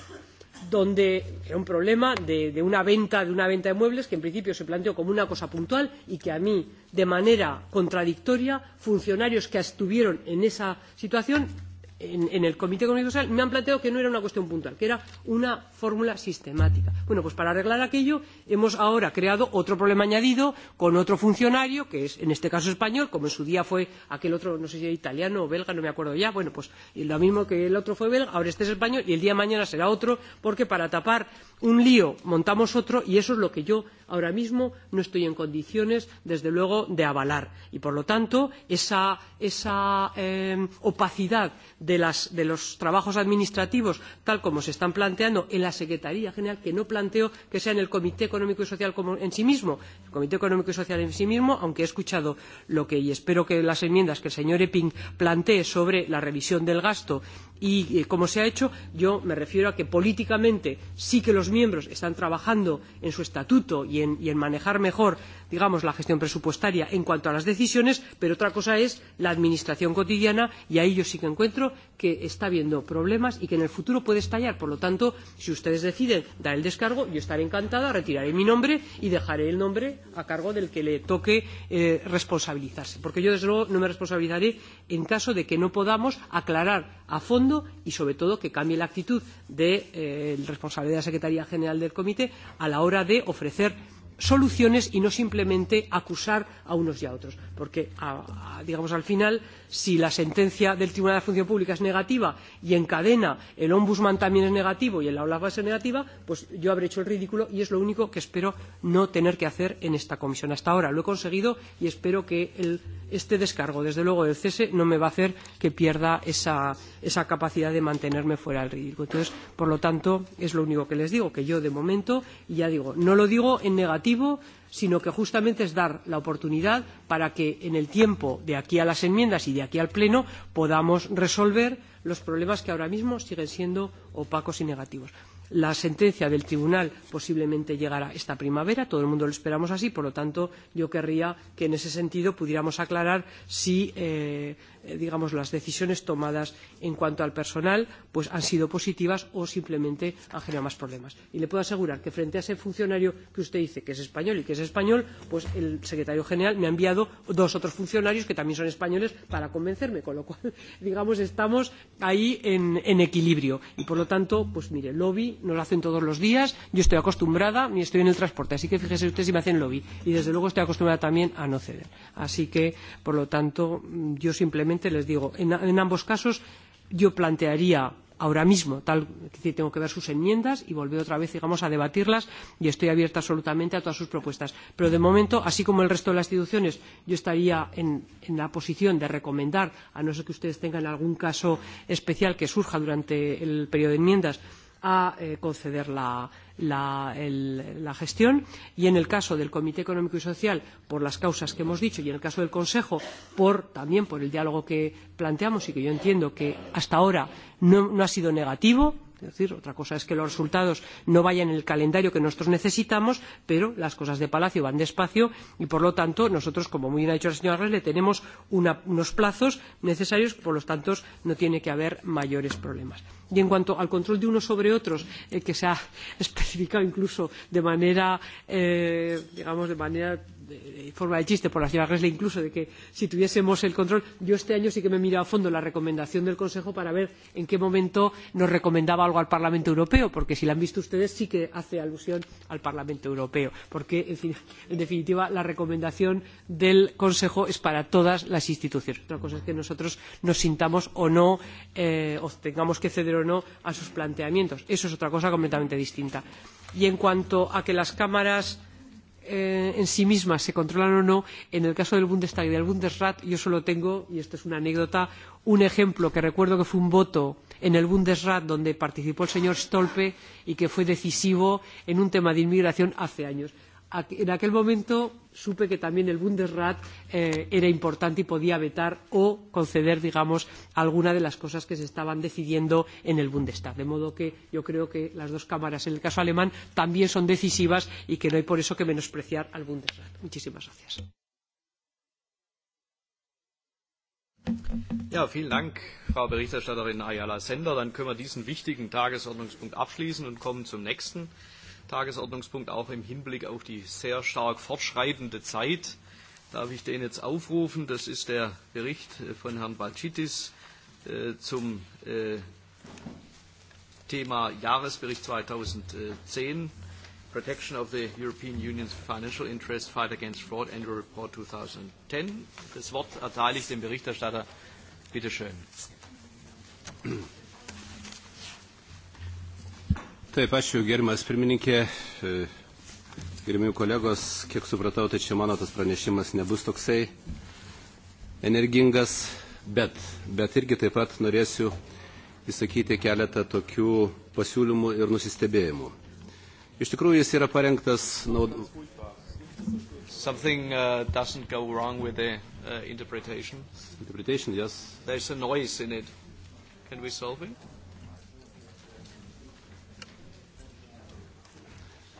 donde era un problema de, de, una venta de una venta de muebles que en principio se planteó como una cosa puntual y que a mí de manera contradictoria funcionarios que estuvieron en esa situación en, en el Comité Económico Social me han planteado que no era una cuestión puntual, que era una fórmula sistemática. Bueno, pues para arreglar aquello hemos ahora creado otro problema añadido con otro funcionario, que es en este caso español, como en su día fue aquel otro, no sé si era italiano o belga, no me acuerdo ya. Bueno, pues lo mismo que el otro fue belga, ahora este es español y el día de mañana será otro, porque para tapar un lío montamos otro y eso es lo que yo ahora mismo no estoy en condiciones, desde luego, de avalar. Y por lo tanto, esa, esa eh, opacidad de, las, de los trabajos administrativos, tal como se están planteando en la Secretaría General, que no planteo que sea en el Comité Económico y Social como en sí mismo. El Comité Económico y Social en sí mismo, aunque he escuchado lo que y espero que las enmiendas que el señor eppink plantee sobre la revisión del gasto Y eh, como se ha hecho, yo me refiero a que políticamente sí que los miembros están trabajando en su estatuto y en, y en manejar mejor, digamos, la gestión presupuestaria en cuanto a las decisiones, pero otra cosa es la administración cotidiana y ahí yo sí que encuentro que está habiendo problemas y que en el futuro puede estallar. Por lo tanto, si ustedes deciden dar el descargo, yo estaré encantada, retiraré mi nombre y dejaré el nombre a cargo del que le toque eh, responsabilizarse. Porque yo, desde luego, no me responsabilizaré en caso de que no podamos aclarar a fondo fondo y, sobre todo, que cambie la actitud del de, eh, responsable de la Secretaría General del Comité a la hora de ofrecer soluciones y no simplemente acusar a unos y a otros. Porque, a, a, digamos, al final, si la sentencia del Tribunal de la Función Pública es negativa y en cadena el Ombudsman también es negativo y el aula va a ser negativa, pues yo habré hecho el ridículo y es lo único que espero no tener que hacer en esta comisión. Hasta ahora lo he conseguido y espero que el, este descargo, desde luego del cese, no me va a hacer que pierda esa, esa capacidad de mantenerme fuera del ridículo. Entonces, por lo tanto, es lo único que les digo, que yo de momento, y ya digo, no lo digo en negativo, normativo, sino que justamente es dar la oportunidad para que en el tiempo de aquí a las enmiendas y de aquí al Pleno podamos resolver los problemas que ahora mismo siguen siendo opacos y negativos la sentencia del tribunal posiblemente llegará esta primavera, todo el mundo lo esperamos así, por lo tanto, yo querría que en ese sentido pudiéramos aclarar si eh, eh, digamos, las decisiones tomadas en cuanto al personal pues, han sido positivas o simplemente han generado más problemas. Y le puedo asegurar que frente a ese funcionario que usted dice que es español y que es español, pues el secretario general me ha enviado dos otros funcionarios que también son españoles para convencerme, con lo cual, *laughs* digamos, estamos ahí en, en equilibrio. Y por lo tanto, pues mire, lobby no lo hacen todos los días yo estoy acostumbrada y estoy en el transporte así que fíjese usted si me hacen lobby y desde luego estoy acostumbrada también a no ceder así que por lo tanto yo simplemente les digo en, en ambos casos yo plantearía ahora mismo tal es decir tengo que ver sus enmiendas y volver otra vez digamos a debatirlas y estoy abierta absolutamente a todas sus propuestas pero de momento así como el resto de las instituciones yo estaría en, en la posición de recomendar a no ser que ustedes tengan algún caso especial que surja durante el periodo de enmiendas a eh, conceder la, la, el, la gestión y en el caso del Comité Económico y Social por las causas que hemos dicho y en el caso del Consejo por, también por el diálogo que planteamos y que yo entiendo que hasta ahora no, no ha sido negativo Es decir, otra cosa es que los resultados no vayan en el calendario que nosotros necesitamos, pero las cosas de Palacio van despacio y, por lo tanto, nosotros, como muy bien ha dicho la señora Gressle, tenemos una, unos plazos necesarios, por lo tanto, no tiene que haber mayores problemas. Y en cuanto al control de unos sobre otros, eh, que se ha *laughs* especificado incluso de manera, eh, digamos, de manera de forma de chiste por la señora Gressle incluso de que si tuviésemos el control yo este año sí que me he mirado a fondo la recomendación del Consejo para ver en qué momento nos recomendaba algo al Parlamento Europeo porque si la han visto ustedes sí que hace alusión al Parlamento Europeo porque en, fin, en definitiva la recomendación del Consejo es para todas las instituciones otra cosa es que nosotros nos sintamos o no eh, o tengamos que ceder o no a sus planteamientos eso es otra cosa completamente distinta y en cuanto a que las cámaras eh, en sí mismas se controlan o no. En el caso del Bundestag y del Bundesrat, yo solo tengo, y esto es una anécdota, un ejemplo que recuerdo que fue un voto en el Bundesrat donde participó el señor Stolpe y que fue decisivo en un tema de inmigración hace años en aquel momento supe que también el Bundesrat eh, era importante y podía vetar o conceder, digamos, alguna de las cosas que se estaban decidiendo en el Bundestag. De modo que yo creo que las dos cámaras, en el caso alemán, también son decisivas y que no hay por eso que menospreciar al Bundesrat. Muchísimas gracias. Ja, vielen Dank, Frau Berichterstatterin Ayala Sender. Dann können wir diesen wichtigen Tagesordnungspunkt abschließen und kommen zum nächsten. Tagesordnungspunkt auch im Hinblick auf die sehr stark fortschreitende Zeit. Darf ich den jetzt aufrufen? Das ist der Bericht von Herrn Balcitis äh, zum äh, Thema Jahresbericht 2010, Protection of the European Union's Financial Interest, Fight Against Fraud, Annual Report 2010. Das Wort erteile ich dem Berichterstatter. Bitte schön. Taip, ačiū, gerimas pirmininkė. E, Gerimiai kolegos, kiek supratau, tai čia mano tas pranešimas nebus toksai energingas, bet, bet irgi taip pat norėsiu įsakyti keletą tokių pasiūlymų ir nusistebėjimų. Iš tikrųjų, jis yra parengtas naud... Something uh, doesn't go wrong with the uh, interpretation. Interpretation, yes. There's a noise in it. Can we solve it?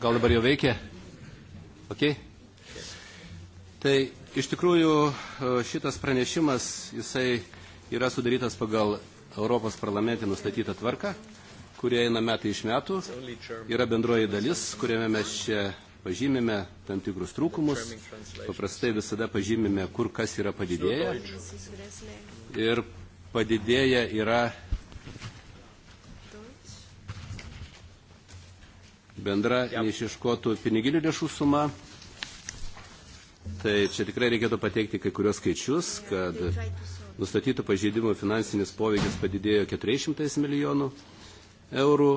Gal dabar jau veikia? Ok? Tai iš tikrųjų e, šitas pranešimas, jisai yra sudarytas pagal Europos parlamentį nustatytą tvarką, kurie eina metai iš metų. Yra bendroji dalis, kuriame mes čia pažymime tam tikrus trūkumus. Paprastai visada pažymime, kur kas yra padidėję. Ir padidėję yra bendra neišiškotų piniginių lėšų suma. Tai čia tikrai reikėtų pateikti kai kurios skaičius, kad nustatytų pažeidimų finansinis poveikis padidėjo 400 milijonų eurų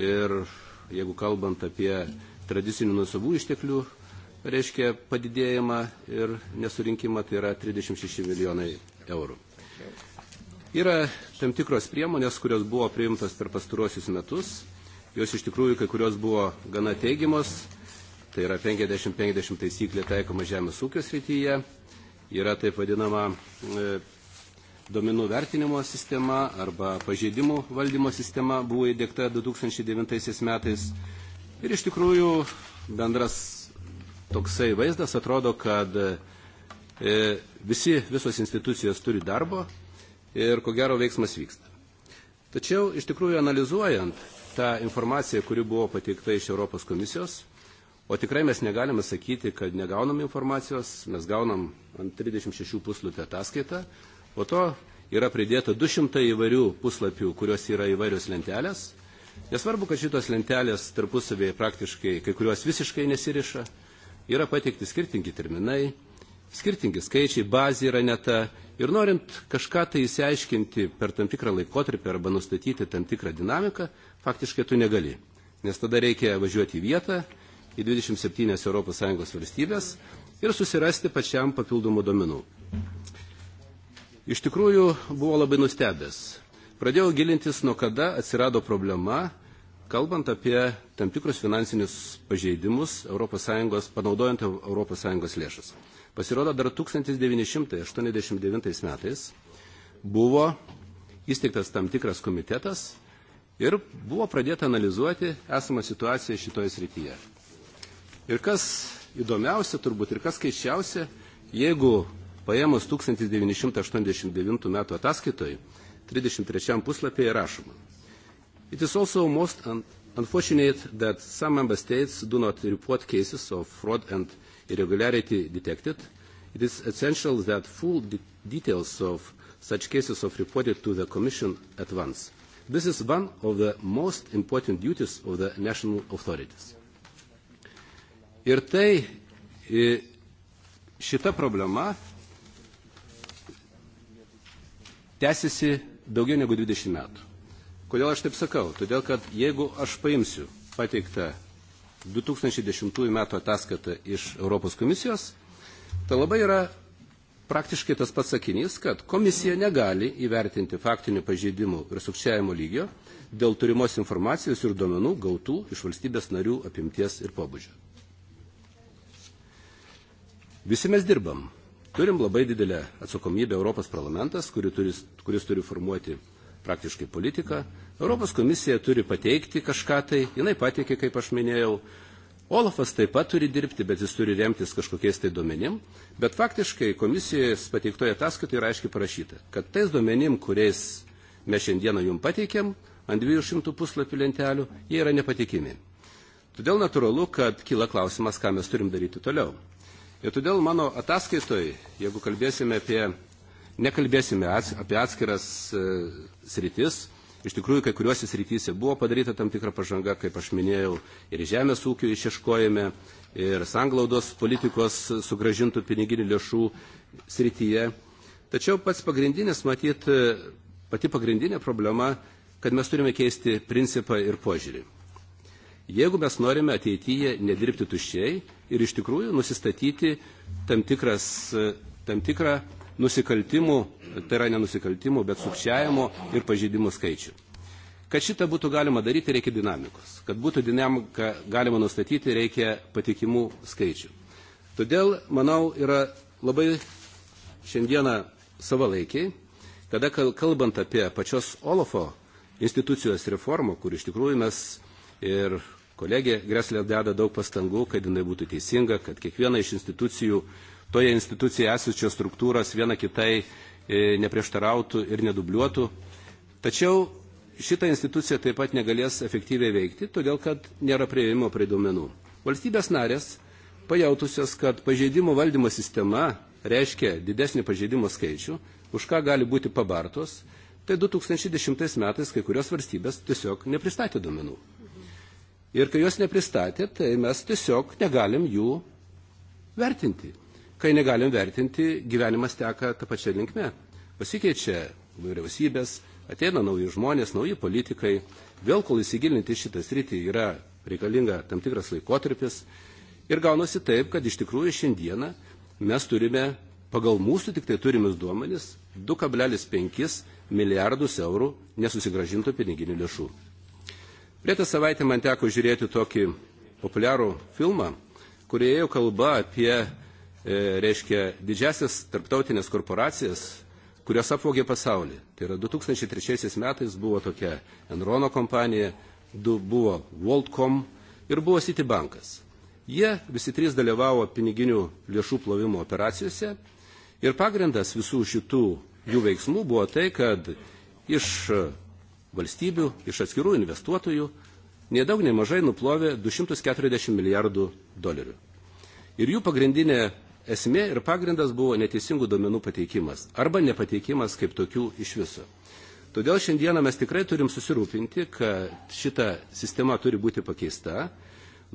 ir jeigu kalbant apie tradicinių nusavų išteklių, reiškia padidėjimą ir nesurinkimą, tai yra 36 milijonai eurų. Yra tam tikros priemonės, kurios buvo priimtos per pastaruosius metus jos iš tikrųjų kai kurios buvo gana teigiamos, tai yra 50-50 taisyklė taikoma žemės ūkio srityje, yra taip vadinama e, duomenų vertinimo sistema arba pažeidimų valdymo sistema buvo įdėkta 2009 metais. Ir iš tikrųjų bendras toksai vaizdas atrodo, kad e, visi, visos institucijos turi darbo ir ko gero veiksmas vyksta. Tačiau iš tikrųjų analizuojant tą informaciją, kuri buvo pateikta iš Europos komisijos, o tikrai mes negalime sakyti, kad negaunam informacijos, mes gaunam ant 36 puslapio ataskaitą, po to yra pridėta 200 įvairių puslapių, kurios yra įvairios lentelės. Nesvarbu, kad šitos lentelės tarpusavėje praktiškai kai kurios visiškai nesiriša, yra pateikti skirtingi terminai, skirtingi skaičiai, bazė yra neta. Ir norint kažką tai įsiaiškinti per tam tikrą laikotarpį arba nustatyti tam tikrą dinamiką, faktiškai tu negali. Nes tada reikia važiuoti į vietą, į 27 ES valstybės ir susirasti pačiam papildomų domenų. Iš tikrųjų, buvo labai nustebęs. Pradėjau gilintis, nuo kada atsirado problema, kalbant apie tam tikrus finansinius pažeidimus ES, panaudojant ES lėšas. Pasirodo, dar 1989 metais buvo įsteigtas tam tikras komitetas, ir buvo pradėta analizuoti esamą situaciją šitoje srityje. Ir kas įdomiausia turbūt ir kas keiščiausia, jeigu paėmus 1989 metų ataskaitoj, 33 puslapyje rašoma. It is also most unfortunate that some member states do not report cases of fraud and irregularity detected. It is essential that full details of such cases of reported to the Commission at once This is one of the most important duties of the national authorities. Ir tai e, šita problema tęsiasi daugiau negu 20 metų. Kodėl aš taip sakau? Todėl, kad jeigu aš paimsiu pateiktą 2010 metų ataskaitą iš Europos komisijos, tai labai yra praktiškai tas pats sakinys, kad komisija negali įvertinti faktinių pažeidimų ir sukčiavimo lygio dėl turimos informacijos ir duomenų gautų iš valstybės narių apimties ir pobūdžio. Visi mes dirbam. Turim labai didelę atsakomybę Europos parlamentas, kuris turi, kuris turi formuoti praktiškai politiką. Europos komisija turi pateikti kažką tai, jinai pateikė, kaip aš minėjau, Olafas taip pat turi dirbti, bet jis turi remtis kažkokiais tai duomenim, bet faktiškai komisijos pateiktoje ataskaitoje yra aiškiai parašyta, kad tais duomenim, kuriais mes šiandieną jum pateikėm, ant 200 puslapių lentelių, jie yra nepatikimi. Todėl natūralu, kad kyla klausimas, ką mes turim daryti toliau. Ir todėl mano ataskaitoje, jeigu kalbėsime apie, nekalbėsime apie atskiras e, sritis, Iš tikrųjų, kai kuriuose srityse buvo padaryta tam tikra pažanga, kaip aš minėjau, ir žemės ūkio išieškojame, ir sanglaudos politikos sugražintų piniginių lėšų srityje. Tačiau pats pagrindinės, matyt, pati pagrindinė problema, kad mes turime keisti principą ir požiūrį. Jeigu mes norime ateityje nedirbti tuščiai ir iš tikrųjų nusistatyti tam, tikras, tam tikrą nusikaltimų tai yra ne nusikaltimų, bet sukčiavimo ir pažeidimų skaičių. Kad šitą būtų galima daryti, reikia dinamikos. Kad būtų dinamika galima nustatyti, reikia patikimų skaičių. Todėl, manau, yra labai šiandieną savalaikiai, kada kalbant apie pačios Olofo institucijos reformą, kur iš tikrųjų mes ir kolegė Greslė deda daug pastangų, kad jinai būtų teisinga, kad kiekviena iš institucijų, toje institucijoje esančios struktūros viena kitai E, neprieštarautų ir nedubliuotų. Tačiau šita institucija taip pat negalės efektyviai veikti, todėl kad nėra prieimimo prie duomenų. Valstybės narės pajautusios, kad pažeidimo valdymo sistema reiškia didesnį pažeidimo skaičių, už ką gali būti pabartos, tai 2010 metais kai kurios valstybės tiesiog nepristatė duomenų. Ir kai jos nepristatė, tai mes tiesiog negalim jų vertinti kai negalim vertinti, gyvenimas teka tą pačią linkmę. Pasikeičia vyriausybės, ateina nauji žmonės, nauji politikai. Vėl, kol įsigilinti šitą sritį, yra reikalinga tam tikras laikotarpis. Ir gaunasi taip, kad iš tikrųjų šiandieną mes turime, pagal mūsų tik tai turimus duomenis, 2,5 milijardus eurų nesusigražintų piniginių lėšų. Prietą savaitę man teko žiūrėti tokį populiarų filmą, kurioje jau kalba apie reiškia didžiasias tarptautinės korporacijas, kurios apvogė pasaulį. Tai yra 2003 metais buvo tokia Enrono kompanija, du buvo WorldCom ir buvo Citibankas. Jie visi trys dalyvavo piniginių lėšų plovimo operacijose ir pagrindas visų šitų jų veiksmų buvo tai, kad iš valstybių, iš atskirų investuotojų nedaug nemažai nuplovė 240 milijardų dolerių. Ir jų pagrindinė Esmė ir pagrindas buvo neteisingų duomenų pateikimas arba nepateikimas kaip tokių iš viso. Todėl šiandieną mes tikrai turim susirūpinti, kad šita sistema turi būti pakeista.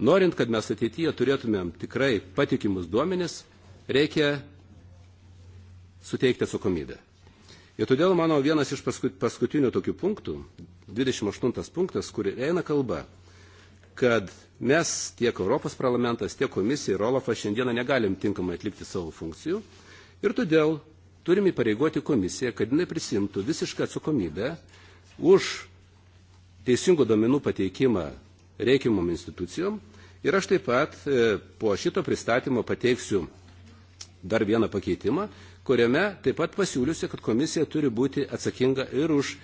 Norint, kad mes ateityje turėtumėm tikrai patikimus duomenis, reikia suteikti atsakomybę. Ir todėl mano vienas iš paskutinių tokių punktų, 28 punktas, kur eina kalba kad mes tiek Europos parlamentas, tiek komisija ir Olafas šiandieną negalim tinkamai atlikti savo funkcijų ir todėl turim įpareigoti komisiją, kad jinai prisimtų visišką atsakomybę už teisingų domenų pateikimą reikimom institucijom. Ir aš taip pat e, po šito pristatymo pateiksiu dar vieną pakeitimą, kuriame taip pat pasiūliusi, kad komisija turi būti atsakinga ir už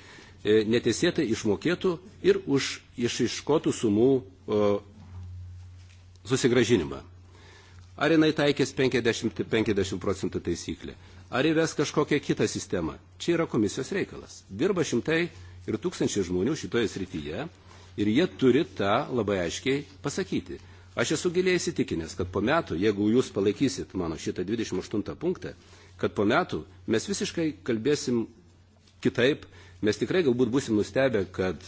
E, neteisėtai išmokėtų ir už išiškotų sumų e, susigražinimą. Ar jinai taikės 50-50 procentų taisyklę, ar įves kažkokią kitą sistemą. Čia yra komisijos reikalas. Dirba šimtai ir tūkstančiai žmonių šitoje srityje ir jie turi tą labai aiškiai pasakyti. Aš esu giliai įsitikinęs, kad po metų, jeigu jūs palaikysit mano šitą 28 punktą, kad po metų mes visiškai kalbėsim kitaip, mes tikrai galbūt busim nustebę, kad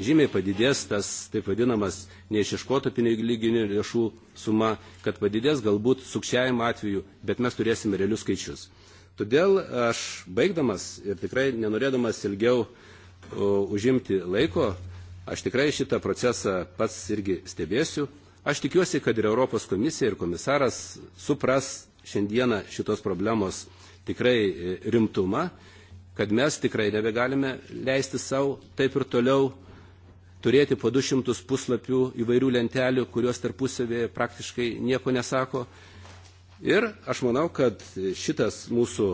žymiai padidės tas taip vadinamas neišiškoto piniginių lėšų suma, kad padidės galbūt sukčiavimo atveju, bet mes turėsime realius skaičius. Todėl aš baigdamas ir tikrai nenorėdamas ilgiau užimti laiko, aš tikrai šitą procesą pats irgi stebėsiu. Aš tikiuosi, kad ir Europos komisija ir komisaras supras šiandieną šitos problemos tikrai e, rimtumą kad mes tikrai nebegalime leisti savo taip ir toliau turėti po 200 puslapių įvairių lentelių, kurios tarpusavėje praktiškai nieko nesako. Ir aš manau, kad šitas mūsų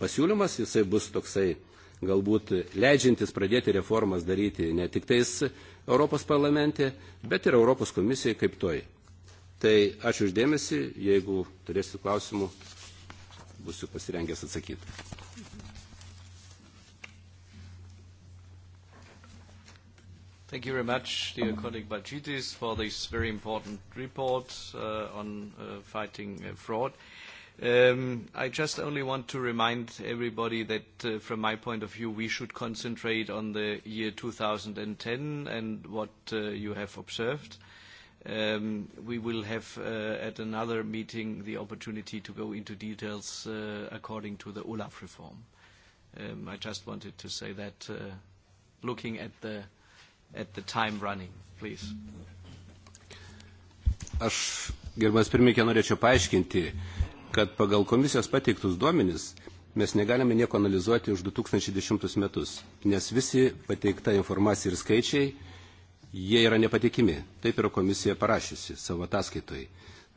pasiūlymas, jisai bus toksai galbūt leidžiantis pradėti reformas daryti ne tik tais Europos parlamente, bet ir Europos komisijai kaip toj. Tai ačiū uždėmesi, jeigu turėsiu klausimų, busiu pasirengęs atsakyti. Thank you very much, dear colleague Balchitis, for this very important report uh, on uh, fighting uh, fraud. Um, I just only want to remind everybody that from my point of view, we should concentrate on the year 2010 and what you have observed. Um, we will have at another meeting the opportunity to go into details according to the Olaf reform. Um, I just wanted to say that looking at the at the time running, please. Aš, gerbiamas pirmininkė, norėčiau paaiškinti, kad pagal komisijos pateiktus duomenis mes negalime nieko analizuoti už 2010 metus, nes visi pateikta informacija ir skaičiai, jie yra nepatikimi. Taip yra komisija parašysi savo ataskaitoj.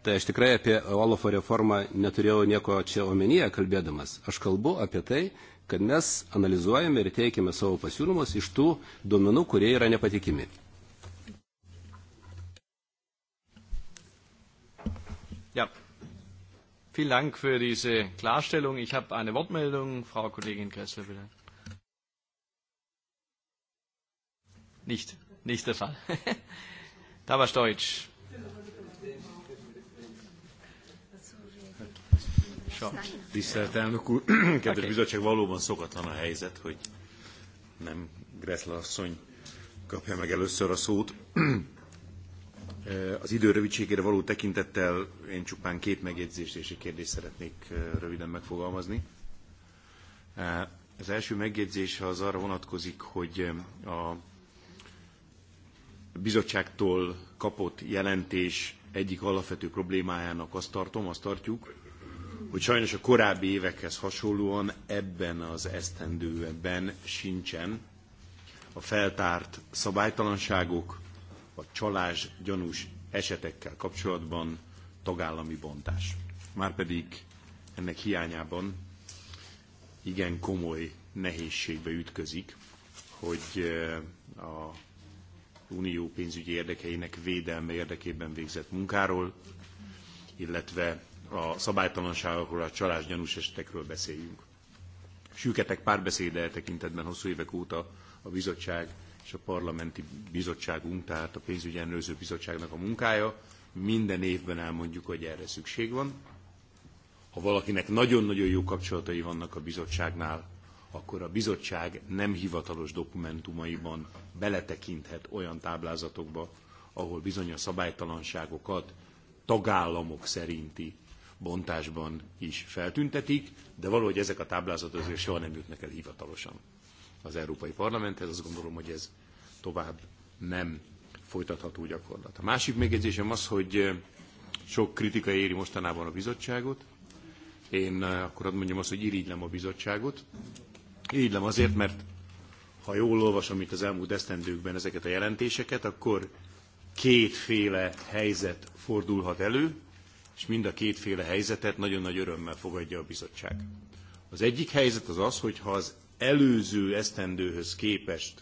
Tai aš tikrai apie Olofo reformą neturėjau nieko čia omenyje kalbėdamas. Aš kalbu apie tai, kad mes analizuojame ir teikiame savo pasiūlymus iš tų duomenų, kurie yra nepatikimi. Ja. Vielen Dank für diese Klarstellung. Ich habe eine Wortmeldung. Frau Kollegin Kressler, bitte. Nicht, nicht der Fall. *laughs* da war Deutsch. hatása. Tisztelt elnök úr, *clears throat* kedves okay. bizottság, valóban szokatlan a helyzet, hogy nem Greszle asszony kapja meg először a szót. *clears throat* E, az idő rövidségére való tekintettel én csupán két megjegyzést és egy kérdést szeretnék e, röviden megfogalmazni. E, az első megjegyzés az arra vonatkozik, hogy a bizottságtól kapott jelentés egyik alapvető problémájának azt tartom, azt tartjuk, hogy sajnos a korábbi évekhez hasonlóan ebben az esztendőben sincsen a feltárt szabálytalanságok, a csalás gyanús esetekkel kapcsolatban tagállami bontás. Márpedig ennek hiányában igen komoly nehézségbe ütközik, hogy eh, a unió pénzügyi érdekeinek védelme érdekében végzett munkáról, illetve a szabálytalanságokról, a csalás gyanús esetekről beszéljünk. Süketek párbeszéde tekintetben hosszú évek óta a bizottság és a parlamenti bizottságunk, tehát a pénzügyi ellenőrző bizottságnak a munkája. Minden évben elmondjuk, hogy erre szükség van. Ha valakinek nagyon-nagyon jó kapcsolatai vannak a bizottságnál, akkor a bizottság nem hivatalos dokumentumaiban beletekinthet olyan táblázatokba, ahol bizony a szabálytalanságokat tagállamok szerinti bontásban is feltüntetik, de valahogy ezek a táblázatok azért soha nem jutnak el hivatalosan az Európai Parlamenthez. Azt gondolom, hogy ez tovább nem folytatható gyakorlat. A másik megjegyzésem az, hogy sok kritika éri mostanában a bizottságot. Én akkor azt mondjam azt, hogy irigylem a bizottságot. Irigylem azért, mert ha jól olvasom itt az elmúlt esztendőkben ezeket a jelentéseket, akkor kétféle helyzet fordulhat elő és mind a kétféle helyzetet nagyon nagy örömmel fogadja a bizottság. Az egyik helyzet az az, hogy ha az előző esztendőhöz képest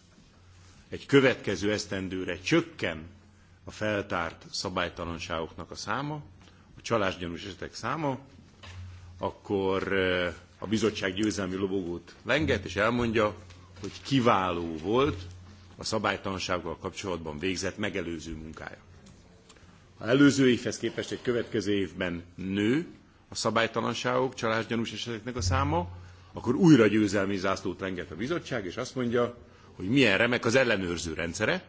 egy következő esztendőre csökken a feltárt szabálytalanságoknak a száma, a csalásgyanús esetek száma, akkor a bizottság győzelmi lobogót lenget, és elmondja, hogy kiváló volt a szabálytalansággal kapcsolatban végzett megelőző munkája. A előző évhez képest egy következő évben nő a szabálytalanságok, csalásgyanús eseteknek a száma, akkor újra győzelmi zászlót renget a bizottság, és azt mondja, hogy milyen remek az ellenőrző rendszere,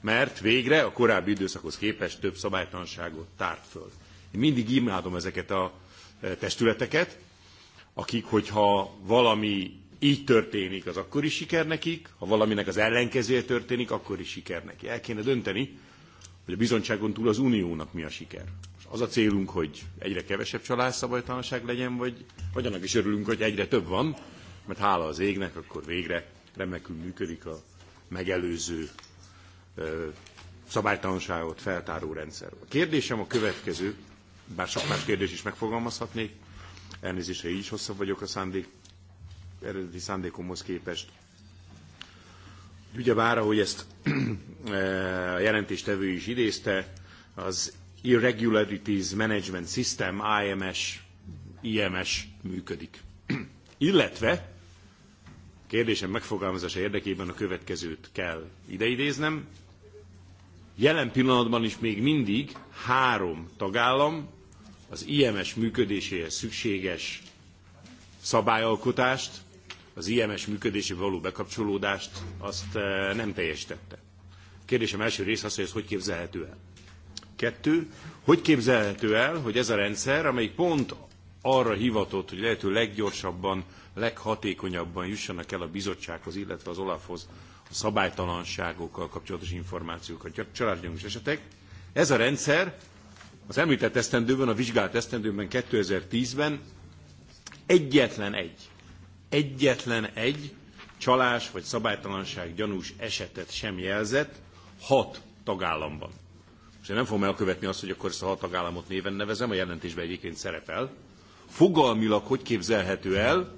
mert végre a korábbi időszakhoz képest több szabálytalanságot tárt föl. Én mindig imádom ezeket a e, testületeket, akik, hogyha valami így történik, az akkor is siker nekik, ha valaminek az ellenkezője történik, akkor is siker neki. El kéne dönteni, hogy a bizottságon túl az uniónak mi a siker. Most az a célunk, hogy egyre kevesebb családszabálytalanság legyen, vagy, vagy annak is örülünk, hogy egyre több van, mert hála az égnek, akkor végre remekül működik a megelőző ö, szabálytalanságot feltáró rendszer. A kérdésem a következő, bár sok más kérdés is megfogalmazhatnék, elnézésre így is hosszabb vagyok a szándék, eredeti szándékomhoz képest. Ugyebár, ahogy ezt *clears throat* e, a jelentéstevő is idézte, az Irregularities Management System, IMS, IMS működik. *clears throat* Illetve, kérdésem megfogalmazása érdekében a következőt kell ideidéznem, jelen pillanatban is még mindig három tagállam az IMS működéséhez szükséges szabályalkotást az IMS működésébe való bekapcsolódást azt eh, nem teljesítette. Kérdésem első rész az, hogy ez hogy képzelhető el. Kettő, hogy képzelhető el, hogy ez a rendszer, amely pont arra hivatott, hogy lehető leggyorsabban, leghatékonyabban jussanak el a bizottsághoz, illetve az Olafhoz a szabálytalanságokkal kapcsolatos információkat, a családgyanús esetek. Ez a rendszer az említett esztendőben, a vizsgált esztendőben 2010-ben egyetlen egy egyetlen egy csalás vagy szabálytalanság gyanús esetet sem jelzett hat tagállamban. És én nem fogom elkövetni azt, hogy akkor ezt a hat tagállamot néven nevezem, a jelentésben egyébként szerepel. Fogalmilag hogy képzelhető el,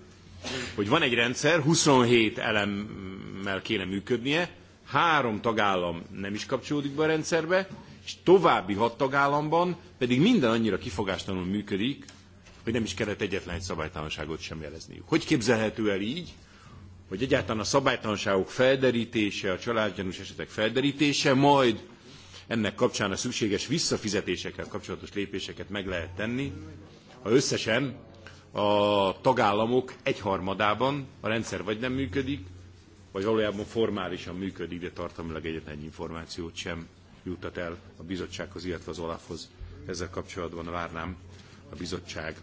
hogy van egy rendszer, 27 elemmel kéne működnie, három tagállam nem is kapcsolódik be a rendszerbe, és további hat tagállamban pedig minden annyira kifogástalanul működik, hogy nem is kellett egyetlen egy szabálytalanságot sem jelezniük. Hogy képzelhető el így, hogy egyáltalán a szabálytalanságok felderítése, a családgyanús esetek felderítése, majd ennek kapcsán a szükséges visszafizetésekkel kapcsolatos lépéseket meg lehet tenni, ha összesen a tagállamok egyharmadában a rendszer vagy nem működik, vagy valójában formálisan működik, de tartalmilag egyetlen információt sem juttat el a bizottsághoz, illetve az Olafhoz. Ezzel kapcsolatban várnám a bizottság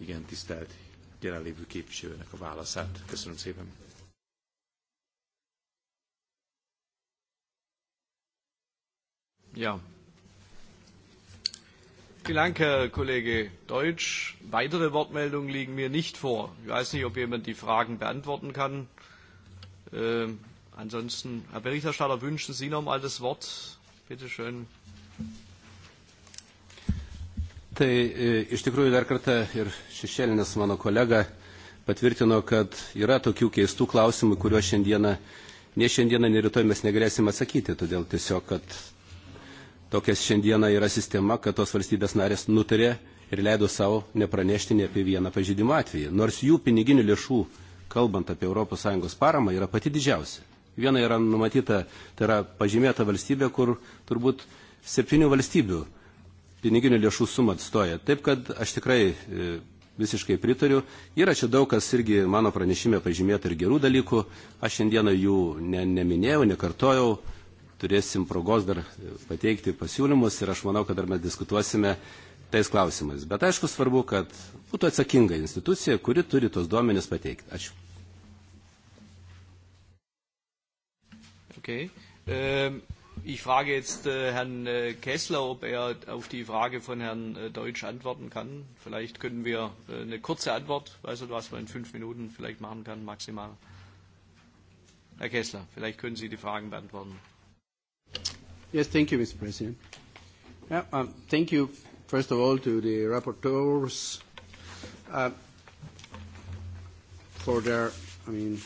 igen tisztelt jelenlévő képviselőnek a válaszát. Köszönöm szépen. Ja. Vielen Dank, Herr Kollege Deutsch. Weitere Wortmeldungen liegen mir nicht vor. Ich weiß nicht, ob jemand die Fragen beantworten kann. Äh, ansonsten, Herr Berichterstatter, wünschen Sie noch mal das Wort? Bitte schön. Tai e, iš tikrųjų dar kartą ir šešėlinis mano kolega patvirtino, kad yra tokių keistų klausimų, kuriuos šiandieną, ne šiandieną, ne rytoj mes negalėsim atsakyti. Todėl tiesiog, kad tokia šiandiena yra sistema, kad tos valstybės narės nutarė ir leido savo nepranešti ne apie vieną pažydimo atvejį. Nors jų piniginių lėšų, kalbant apie ES paramą, yra pati didžiausia. Viena yra numatyta, tai yra pažymėta valstybė, kur turbūt septynių valstybių piniginių lėšų sumą atstoja. Taip kad aš tikrai e, visiškai pritariu. Yra čia daug kas irgi mano pranešime pažymėta ir gerų dalykų. Aš šiandieną jų ne, neminėjau, nekartojau. Turėsim progos dar e, pateikti pasiūlymus ir aš manau, kad dar mes diskutuosime tais klausimais. Bet aišku svarbu, kad būtų atsakinga institucija, kuri turi tos duomenis pateikti. Ačiū. Okay. Um... Ich frage jetzt äh, Herrn äh, Kessler, ob er auf die Frage von Herrn äh, Deutsch antworten kann. Vielleicht können wir äh, eine kurze Antwort, also was man in fünf Minuten vielleicht machen kann, maximal. Herr Kessler, vielleicht können Sie die Fragen beantworten. Yes, thank you, Mr. President. Yeah, um, thank you, first of all, to the rapporteurs uh, for their, I mean,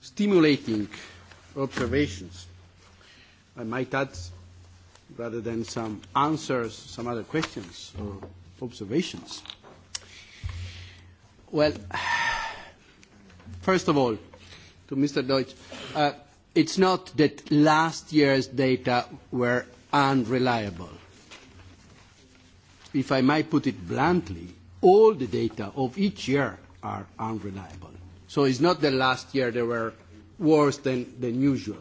stimulating observations. I might add, rather than some answers, some other questions or observations. Well, first of all, to Mr. Deutsch, uh, it's not that last year's data were unreliable. If I might put it bluntly, all the data of each year are unreliable. So it's not that last year they were worse than, than usual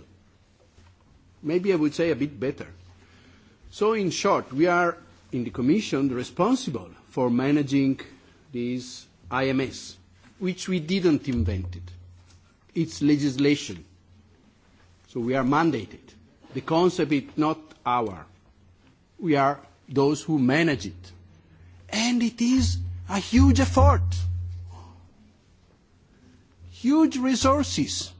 maybe I would say a bit better. So in short, we are in the Commission responsible for managing this IMS, which we didn't invent it. It's legislation. So we are mandated. The concept is not our. We are those who manage it. And it is a huge effort, huge resources,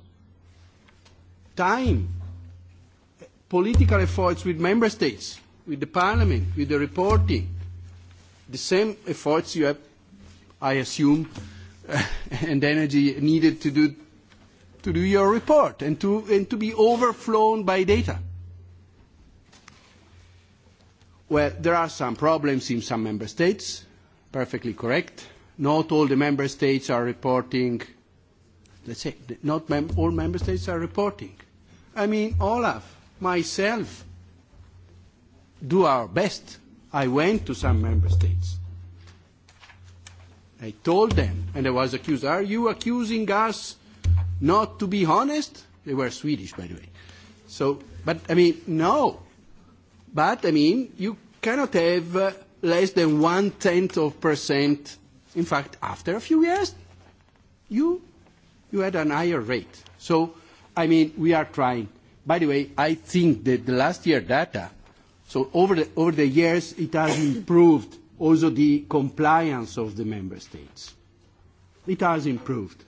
time, political efforts with member states, with the parliament, with the reporting, the same efforts you have, I assume, *laughs* and energy needed to do, to do your report and to, and to be overflown by data. Well, there are some problems in some member states, perfectly correct. Not all the member states are reporting, let's say, not mem all member states are reporting. I mean, Olaf, myself do our best. I went to some member states. I told them, and I was accused, are you accusing us not to be honest? They were Swedish, by the way. So, but I mean, no. But I mean, you cannot have uh, less than one tenth of percent. In fact, after a few years, you you had an higher rate. So, I mean, we are trying. By the way, I think that the last year data, so over the, over the years, it has improved also the compliance of the member states. It has improved.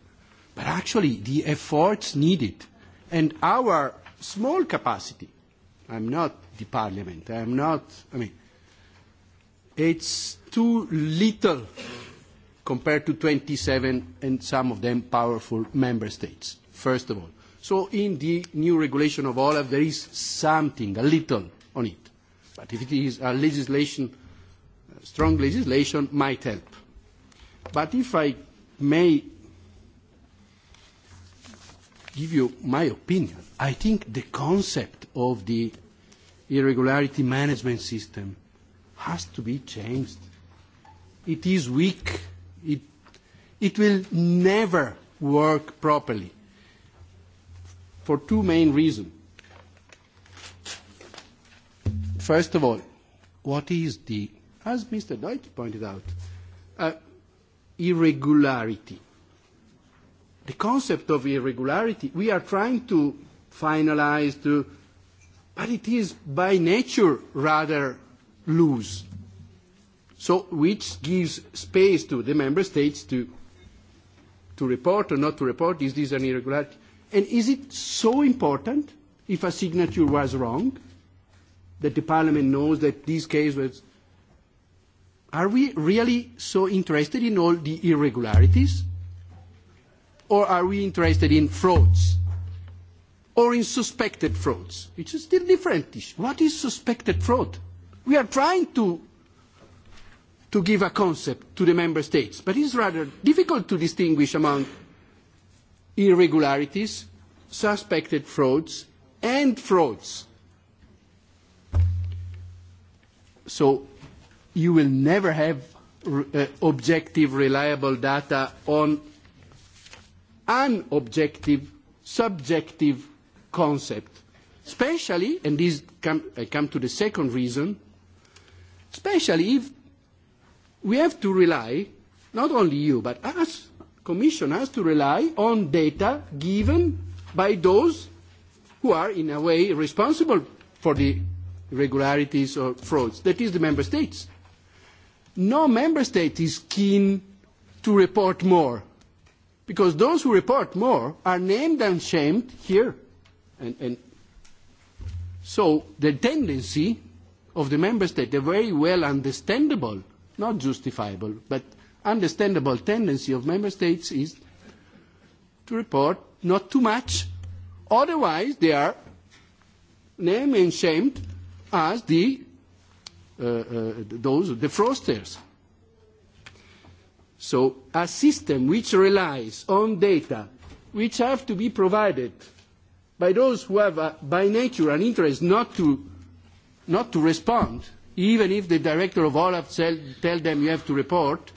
But actually, the efforts needed and our small capacity, I'm not the parliament, I'm not, I mean, it's too little compared to 27 and some of them powerful member states, first of all. So in the new regulation of OLAF, there is something, a little, on it. But if it is a legislation, strong legislation, might help. But if I may give you my opinion, I think the concept of the irregularity management system has to be changed. It is weak. it will never work properly for two main reasons. First of all, what is the, as Mr. Deutsch pointed out, uh, irregularity? The concept of irregularity, we are trying to finalize, to, but it is by nature rather loose. So, which gives space to the member states to, to report or not to report, is this an irregularity? And is it so important if a signature was wrong that the parliament knows that this case was? Are we really so interested in all the irregularities? Or are we interested in frauds? Or in suspected frauds? It's a still different issue. What is suspected fraud? We are trying to to give a concept to the member states, but it's rather difficult to distinguish among irregularities, suspected frauds, and frauds. So you will never have uh, objective, reliable data on an objective, subjective concept. Especially, and this come, I come to the second reason, especially if we have to rely, not only you, but us, Commission has to rely on data given by those who are in a way responsible for the irregularities or frauds, that is the member states. No member state is keen to report more, because those who report more are named and shamed here. And, and so the tendency of the member state, a very well understandable, not justifiable, but understandable tendency of member states is to report not too much. Otherwise, they are named and shamed as the uh, uh, those defrosters. So a system which relies on data which have to be provided by those who have, a, by nature, an interest not to, not to respond, even if the director of Olaf tell, tell them you have to report,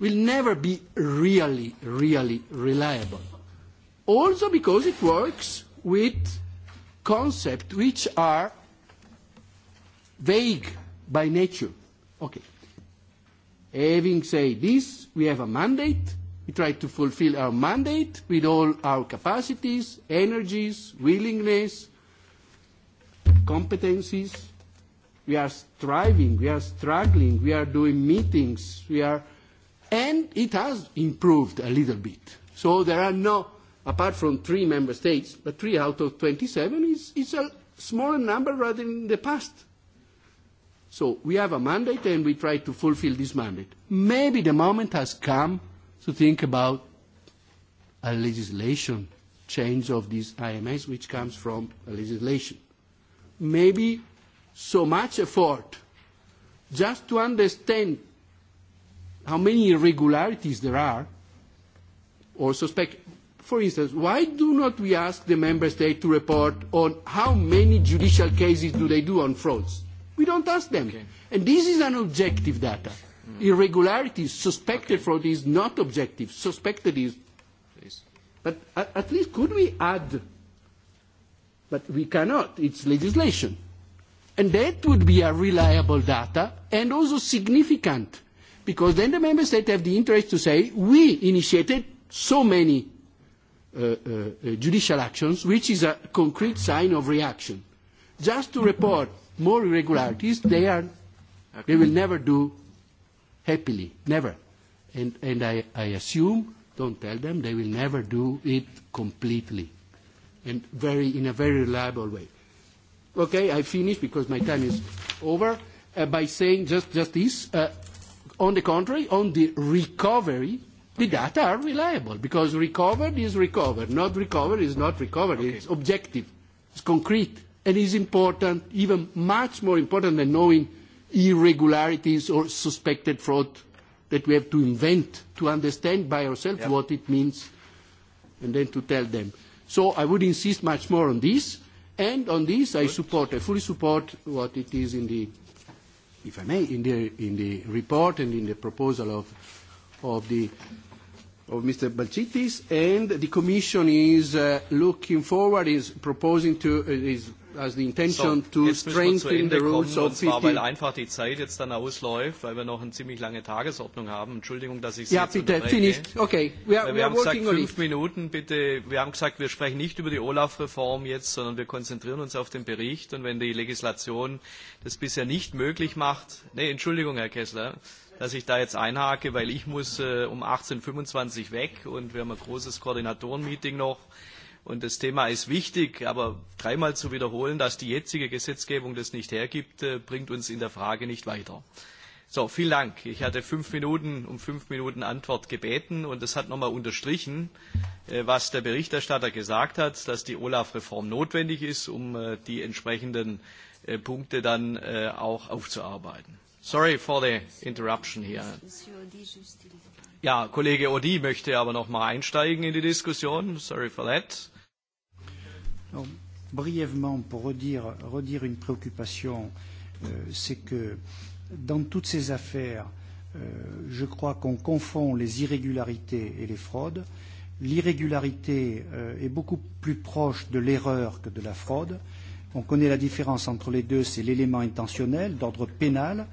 will never be really, really reliable. Also because it works with concepts which are vague by nature. Okay. Having said this, we have a mandate. We try to fulfill our mandate with all our capacities, energies, willingness, competencies. We are striving, we are struggling, we are doing meetings, we are and it has improved a little bit. So there are no, apart from three member states, but three out of 27 is, is a smaller number rather than in the past. So we have a mandate and we try to fulfill this mandate. Maybe the moment has come to think about a legislation change of these IMS which comes from a legislation. Maybe so much effort just to understand how many irregularities there are or suspect. For instance, why do not we ask the member state to report on how many judicial cases do they do on frauds? We don't ask them. Okay. And this is an objective data. Mm. Irregularities, suspected okay. fraud is not objective. Suspected is. Please. But at, at least could we add? But we cannot. It's legislation. And that would be a reliable data and also significant because then the member state have the interest to say, we initiated so many uh, uh, uh, judicial actions, which is a concrete sign of reaction. Just to report more irregularities, they, are, they will never do happily, never. And, and I, I assume, don't tell them, they will never do it completely and very, in a very reliable way. Okay, I finish because my time is over uh, by saying just, just this. Uh, on the contrary, on the recovery, the data are reliable because recovered is recovered, not recovered is not recovered. Okay. It's objective, it's concrete, and is important, even much more important than knowing irregularities or suspected fraud that we have to invent to understand by ourselves yep. what it means and then to tell them. So I would insist much more on this, and on this I support, I fully support what it is in the if I may, in the, in the report and in the proposal of, of, the, of Mr. Balcitis, and the Commission is uh, looking forward, is proposing to, uh, is has the intention so, to strengthen the rules of 50. Und zwar, weil einfach die Zeit jetzt dann ausläuft, weil wir noch eine ziemlich lange Tagesordnung haben. Entschuldigung, dass ich Sie ja, jetzt bitte, finished. Okay, we are, wir haben gesagt, fünf Minuten, bitte. Wir haben gesagt, wir sprechen nicht über die Olaf-Reform jetzt, sondern wir konzentrieren uns auf den Bericht. Und wenn die Legislation das bisher nicht möglich macht, nee, Entschuldigung, Herr Kessler, dass ich da jetzt einhake, weil ich muss äh, um 18.25 weg und wir haben ein großes Koordinatorenmeeting meeting noch Und das Thema ist wichtig, aber dreimal zu wiederholen, dass die jetzige Gesetzgebung das nicht hergibt, äh, bringt uns in der Frage nicht weiter. So, vielen Dank. Ich hatte fünf Minuten um fünf Minuten Antwort gebeten und das hat nochmal unterstrichen, äh, was der Berichterstatter gesagt hat, dass die Olaf-Reform notwendig ist, um äh, die entsprechenden Punkte dann auch aufzuarbeiten. Sorry for the interruption here. Ja, Kollege Odi möchte aber noch mal einsteigen in die Diskussion. Sorry for that. Non, brièvement, pour redire, redire une préoccupation, euh, c'est que dans toutes ces affaires, euh, je crois qu'on confond les irrégularités et les fraudes. L'irrégularité euh, est beaucoup plus proche de l'erreur que de la fraude. On connaît la différence entre les deux, c'est l'élément intentionnel d'ordre pénal.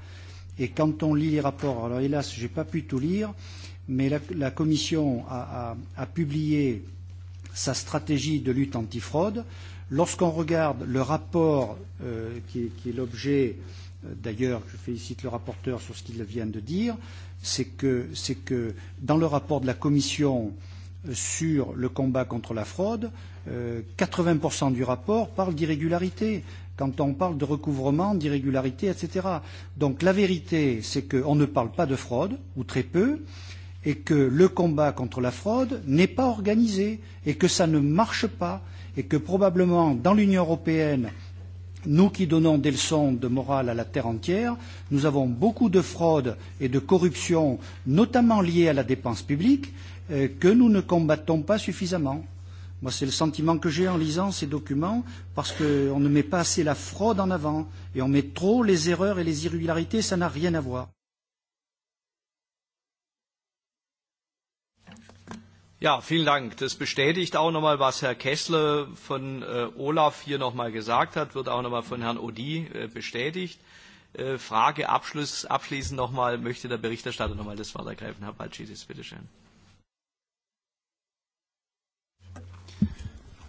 Et quand on lit les rapports, alors hélas, je n'ai pas pu tout lire, euh, mais la, la Commission a, a, a publié sa stratégie de lutte antifraude. Lorsqu'on regarde le rapport euh, qui est, qui est l'objet, euh, d'ailleurs je félicite le rapporteur sur ce qu'il vient de dire, c'est que, c'est que dans le rapport de la Commission euh, sur le combat contre la fraude, euh, 80% du rapport parle d'irrégularité quand on parle de recouvrement, d'irrégularité, etc. Donc la vérité, c'est qu'on ne parle pas de fraude, ou très peu, euh, et que le combat contre la fraude n'est pas organisé et que ça ne marche pas et que probablement dans l'Union européenne, nous qui donnons des leçons de morale à la terre entière, nous avons beaucoup de fraude et de corruption, notamment liées à la dépense publique, euh, que nous ne combattons pas suffisamment. Moi, c'est le sentiment que j'ai en lisant ces documents, parce qu'on ne met pas assez la fraude en avant et on met trop les erreurs et les irrégularités, ça n'a rien à voir. Ja, vielen Dank. Das bestätigt auch nochmal, was Herr Kessler von äh, Olaf hier nochmal gesagt hat, wird auch nochmal von Herrn Odi äh, bestätigt. Äh, Frage Abschluss, abschließend nochmal, möchte der Berichterstatter nochmal das Wort ergreifen? Herr Balcidis, bitteschön.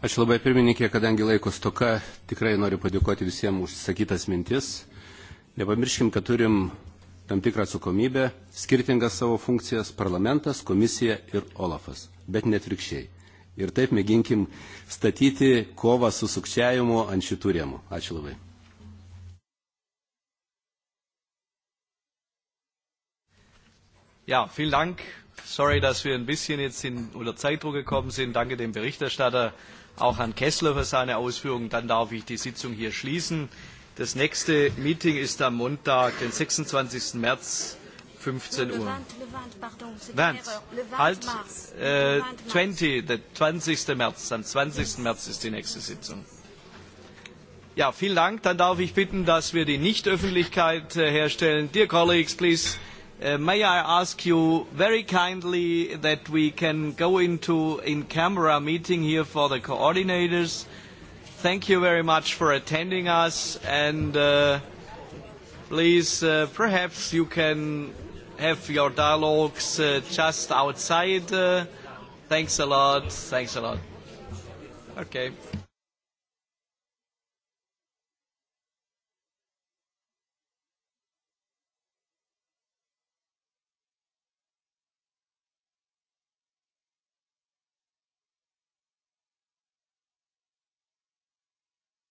Ačiū labai pirmininkė, kadangi laiko stoka, tikrai noriu padėkoti visiems už sakytas mintis. Nepamirškim, kad turim tam tikrą atsakomybę, skirtingas savo funkcijas parlamentas, komisija ir Olafas bet netvirkščiai. Ir taip mėginkim statyti kovą su sukčiavimu ant šitų rėmų. Ačiū labai. Ja, vielen Dank. Sorry, dass wir ein bisschen jetzt in, unter Zeitdruck gekommen sind. Danke dem Berichterstatter, auch Herrn Kessler für seine Ausführungen. Dann darf ich die Sitzung hier schließen. Das nächste Meeting ist am Montag, den 26. März 15 Uhr. Levant, halt, Äh, 20, der 20. März, am 20. März ist die nächste Sitzung. Ja, vielen Dank. Dann darf ich bitten, dass wir die Nichtöffentlichkeit äh, herstellen. Dear colleagues, please, uh, may I ask you very kindly that we can go into in-camera meeting here for the coordinators. Thank you very much for attending us and uh, please, uh, perhaps you can have your dialogues uh, just outside. Uh, thanks a lot. Thanks a lot. Okay.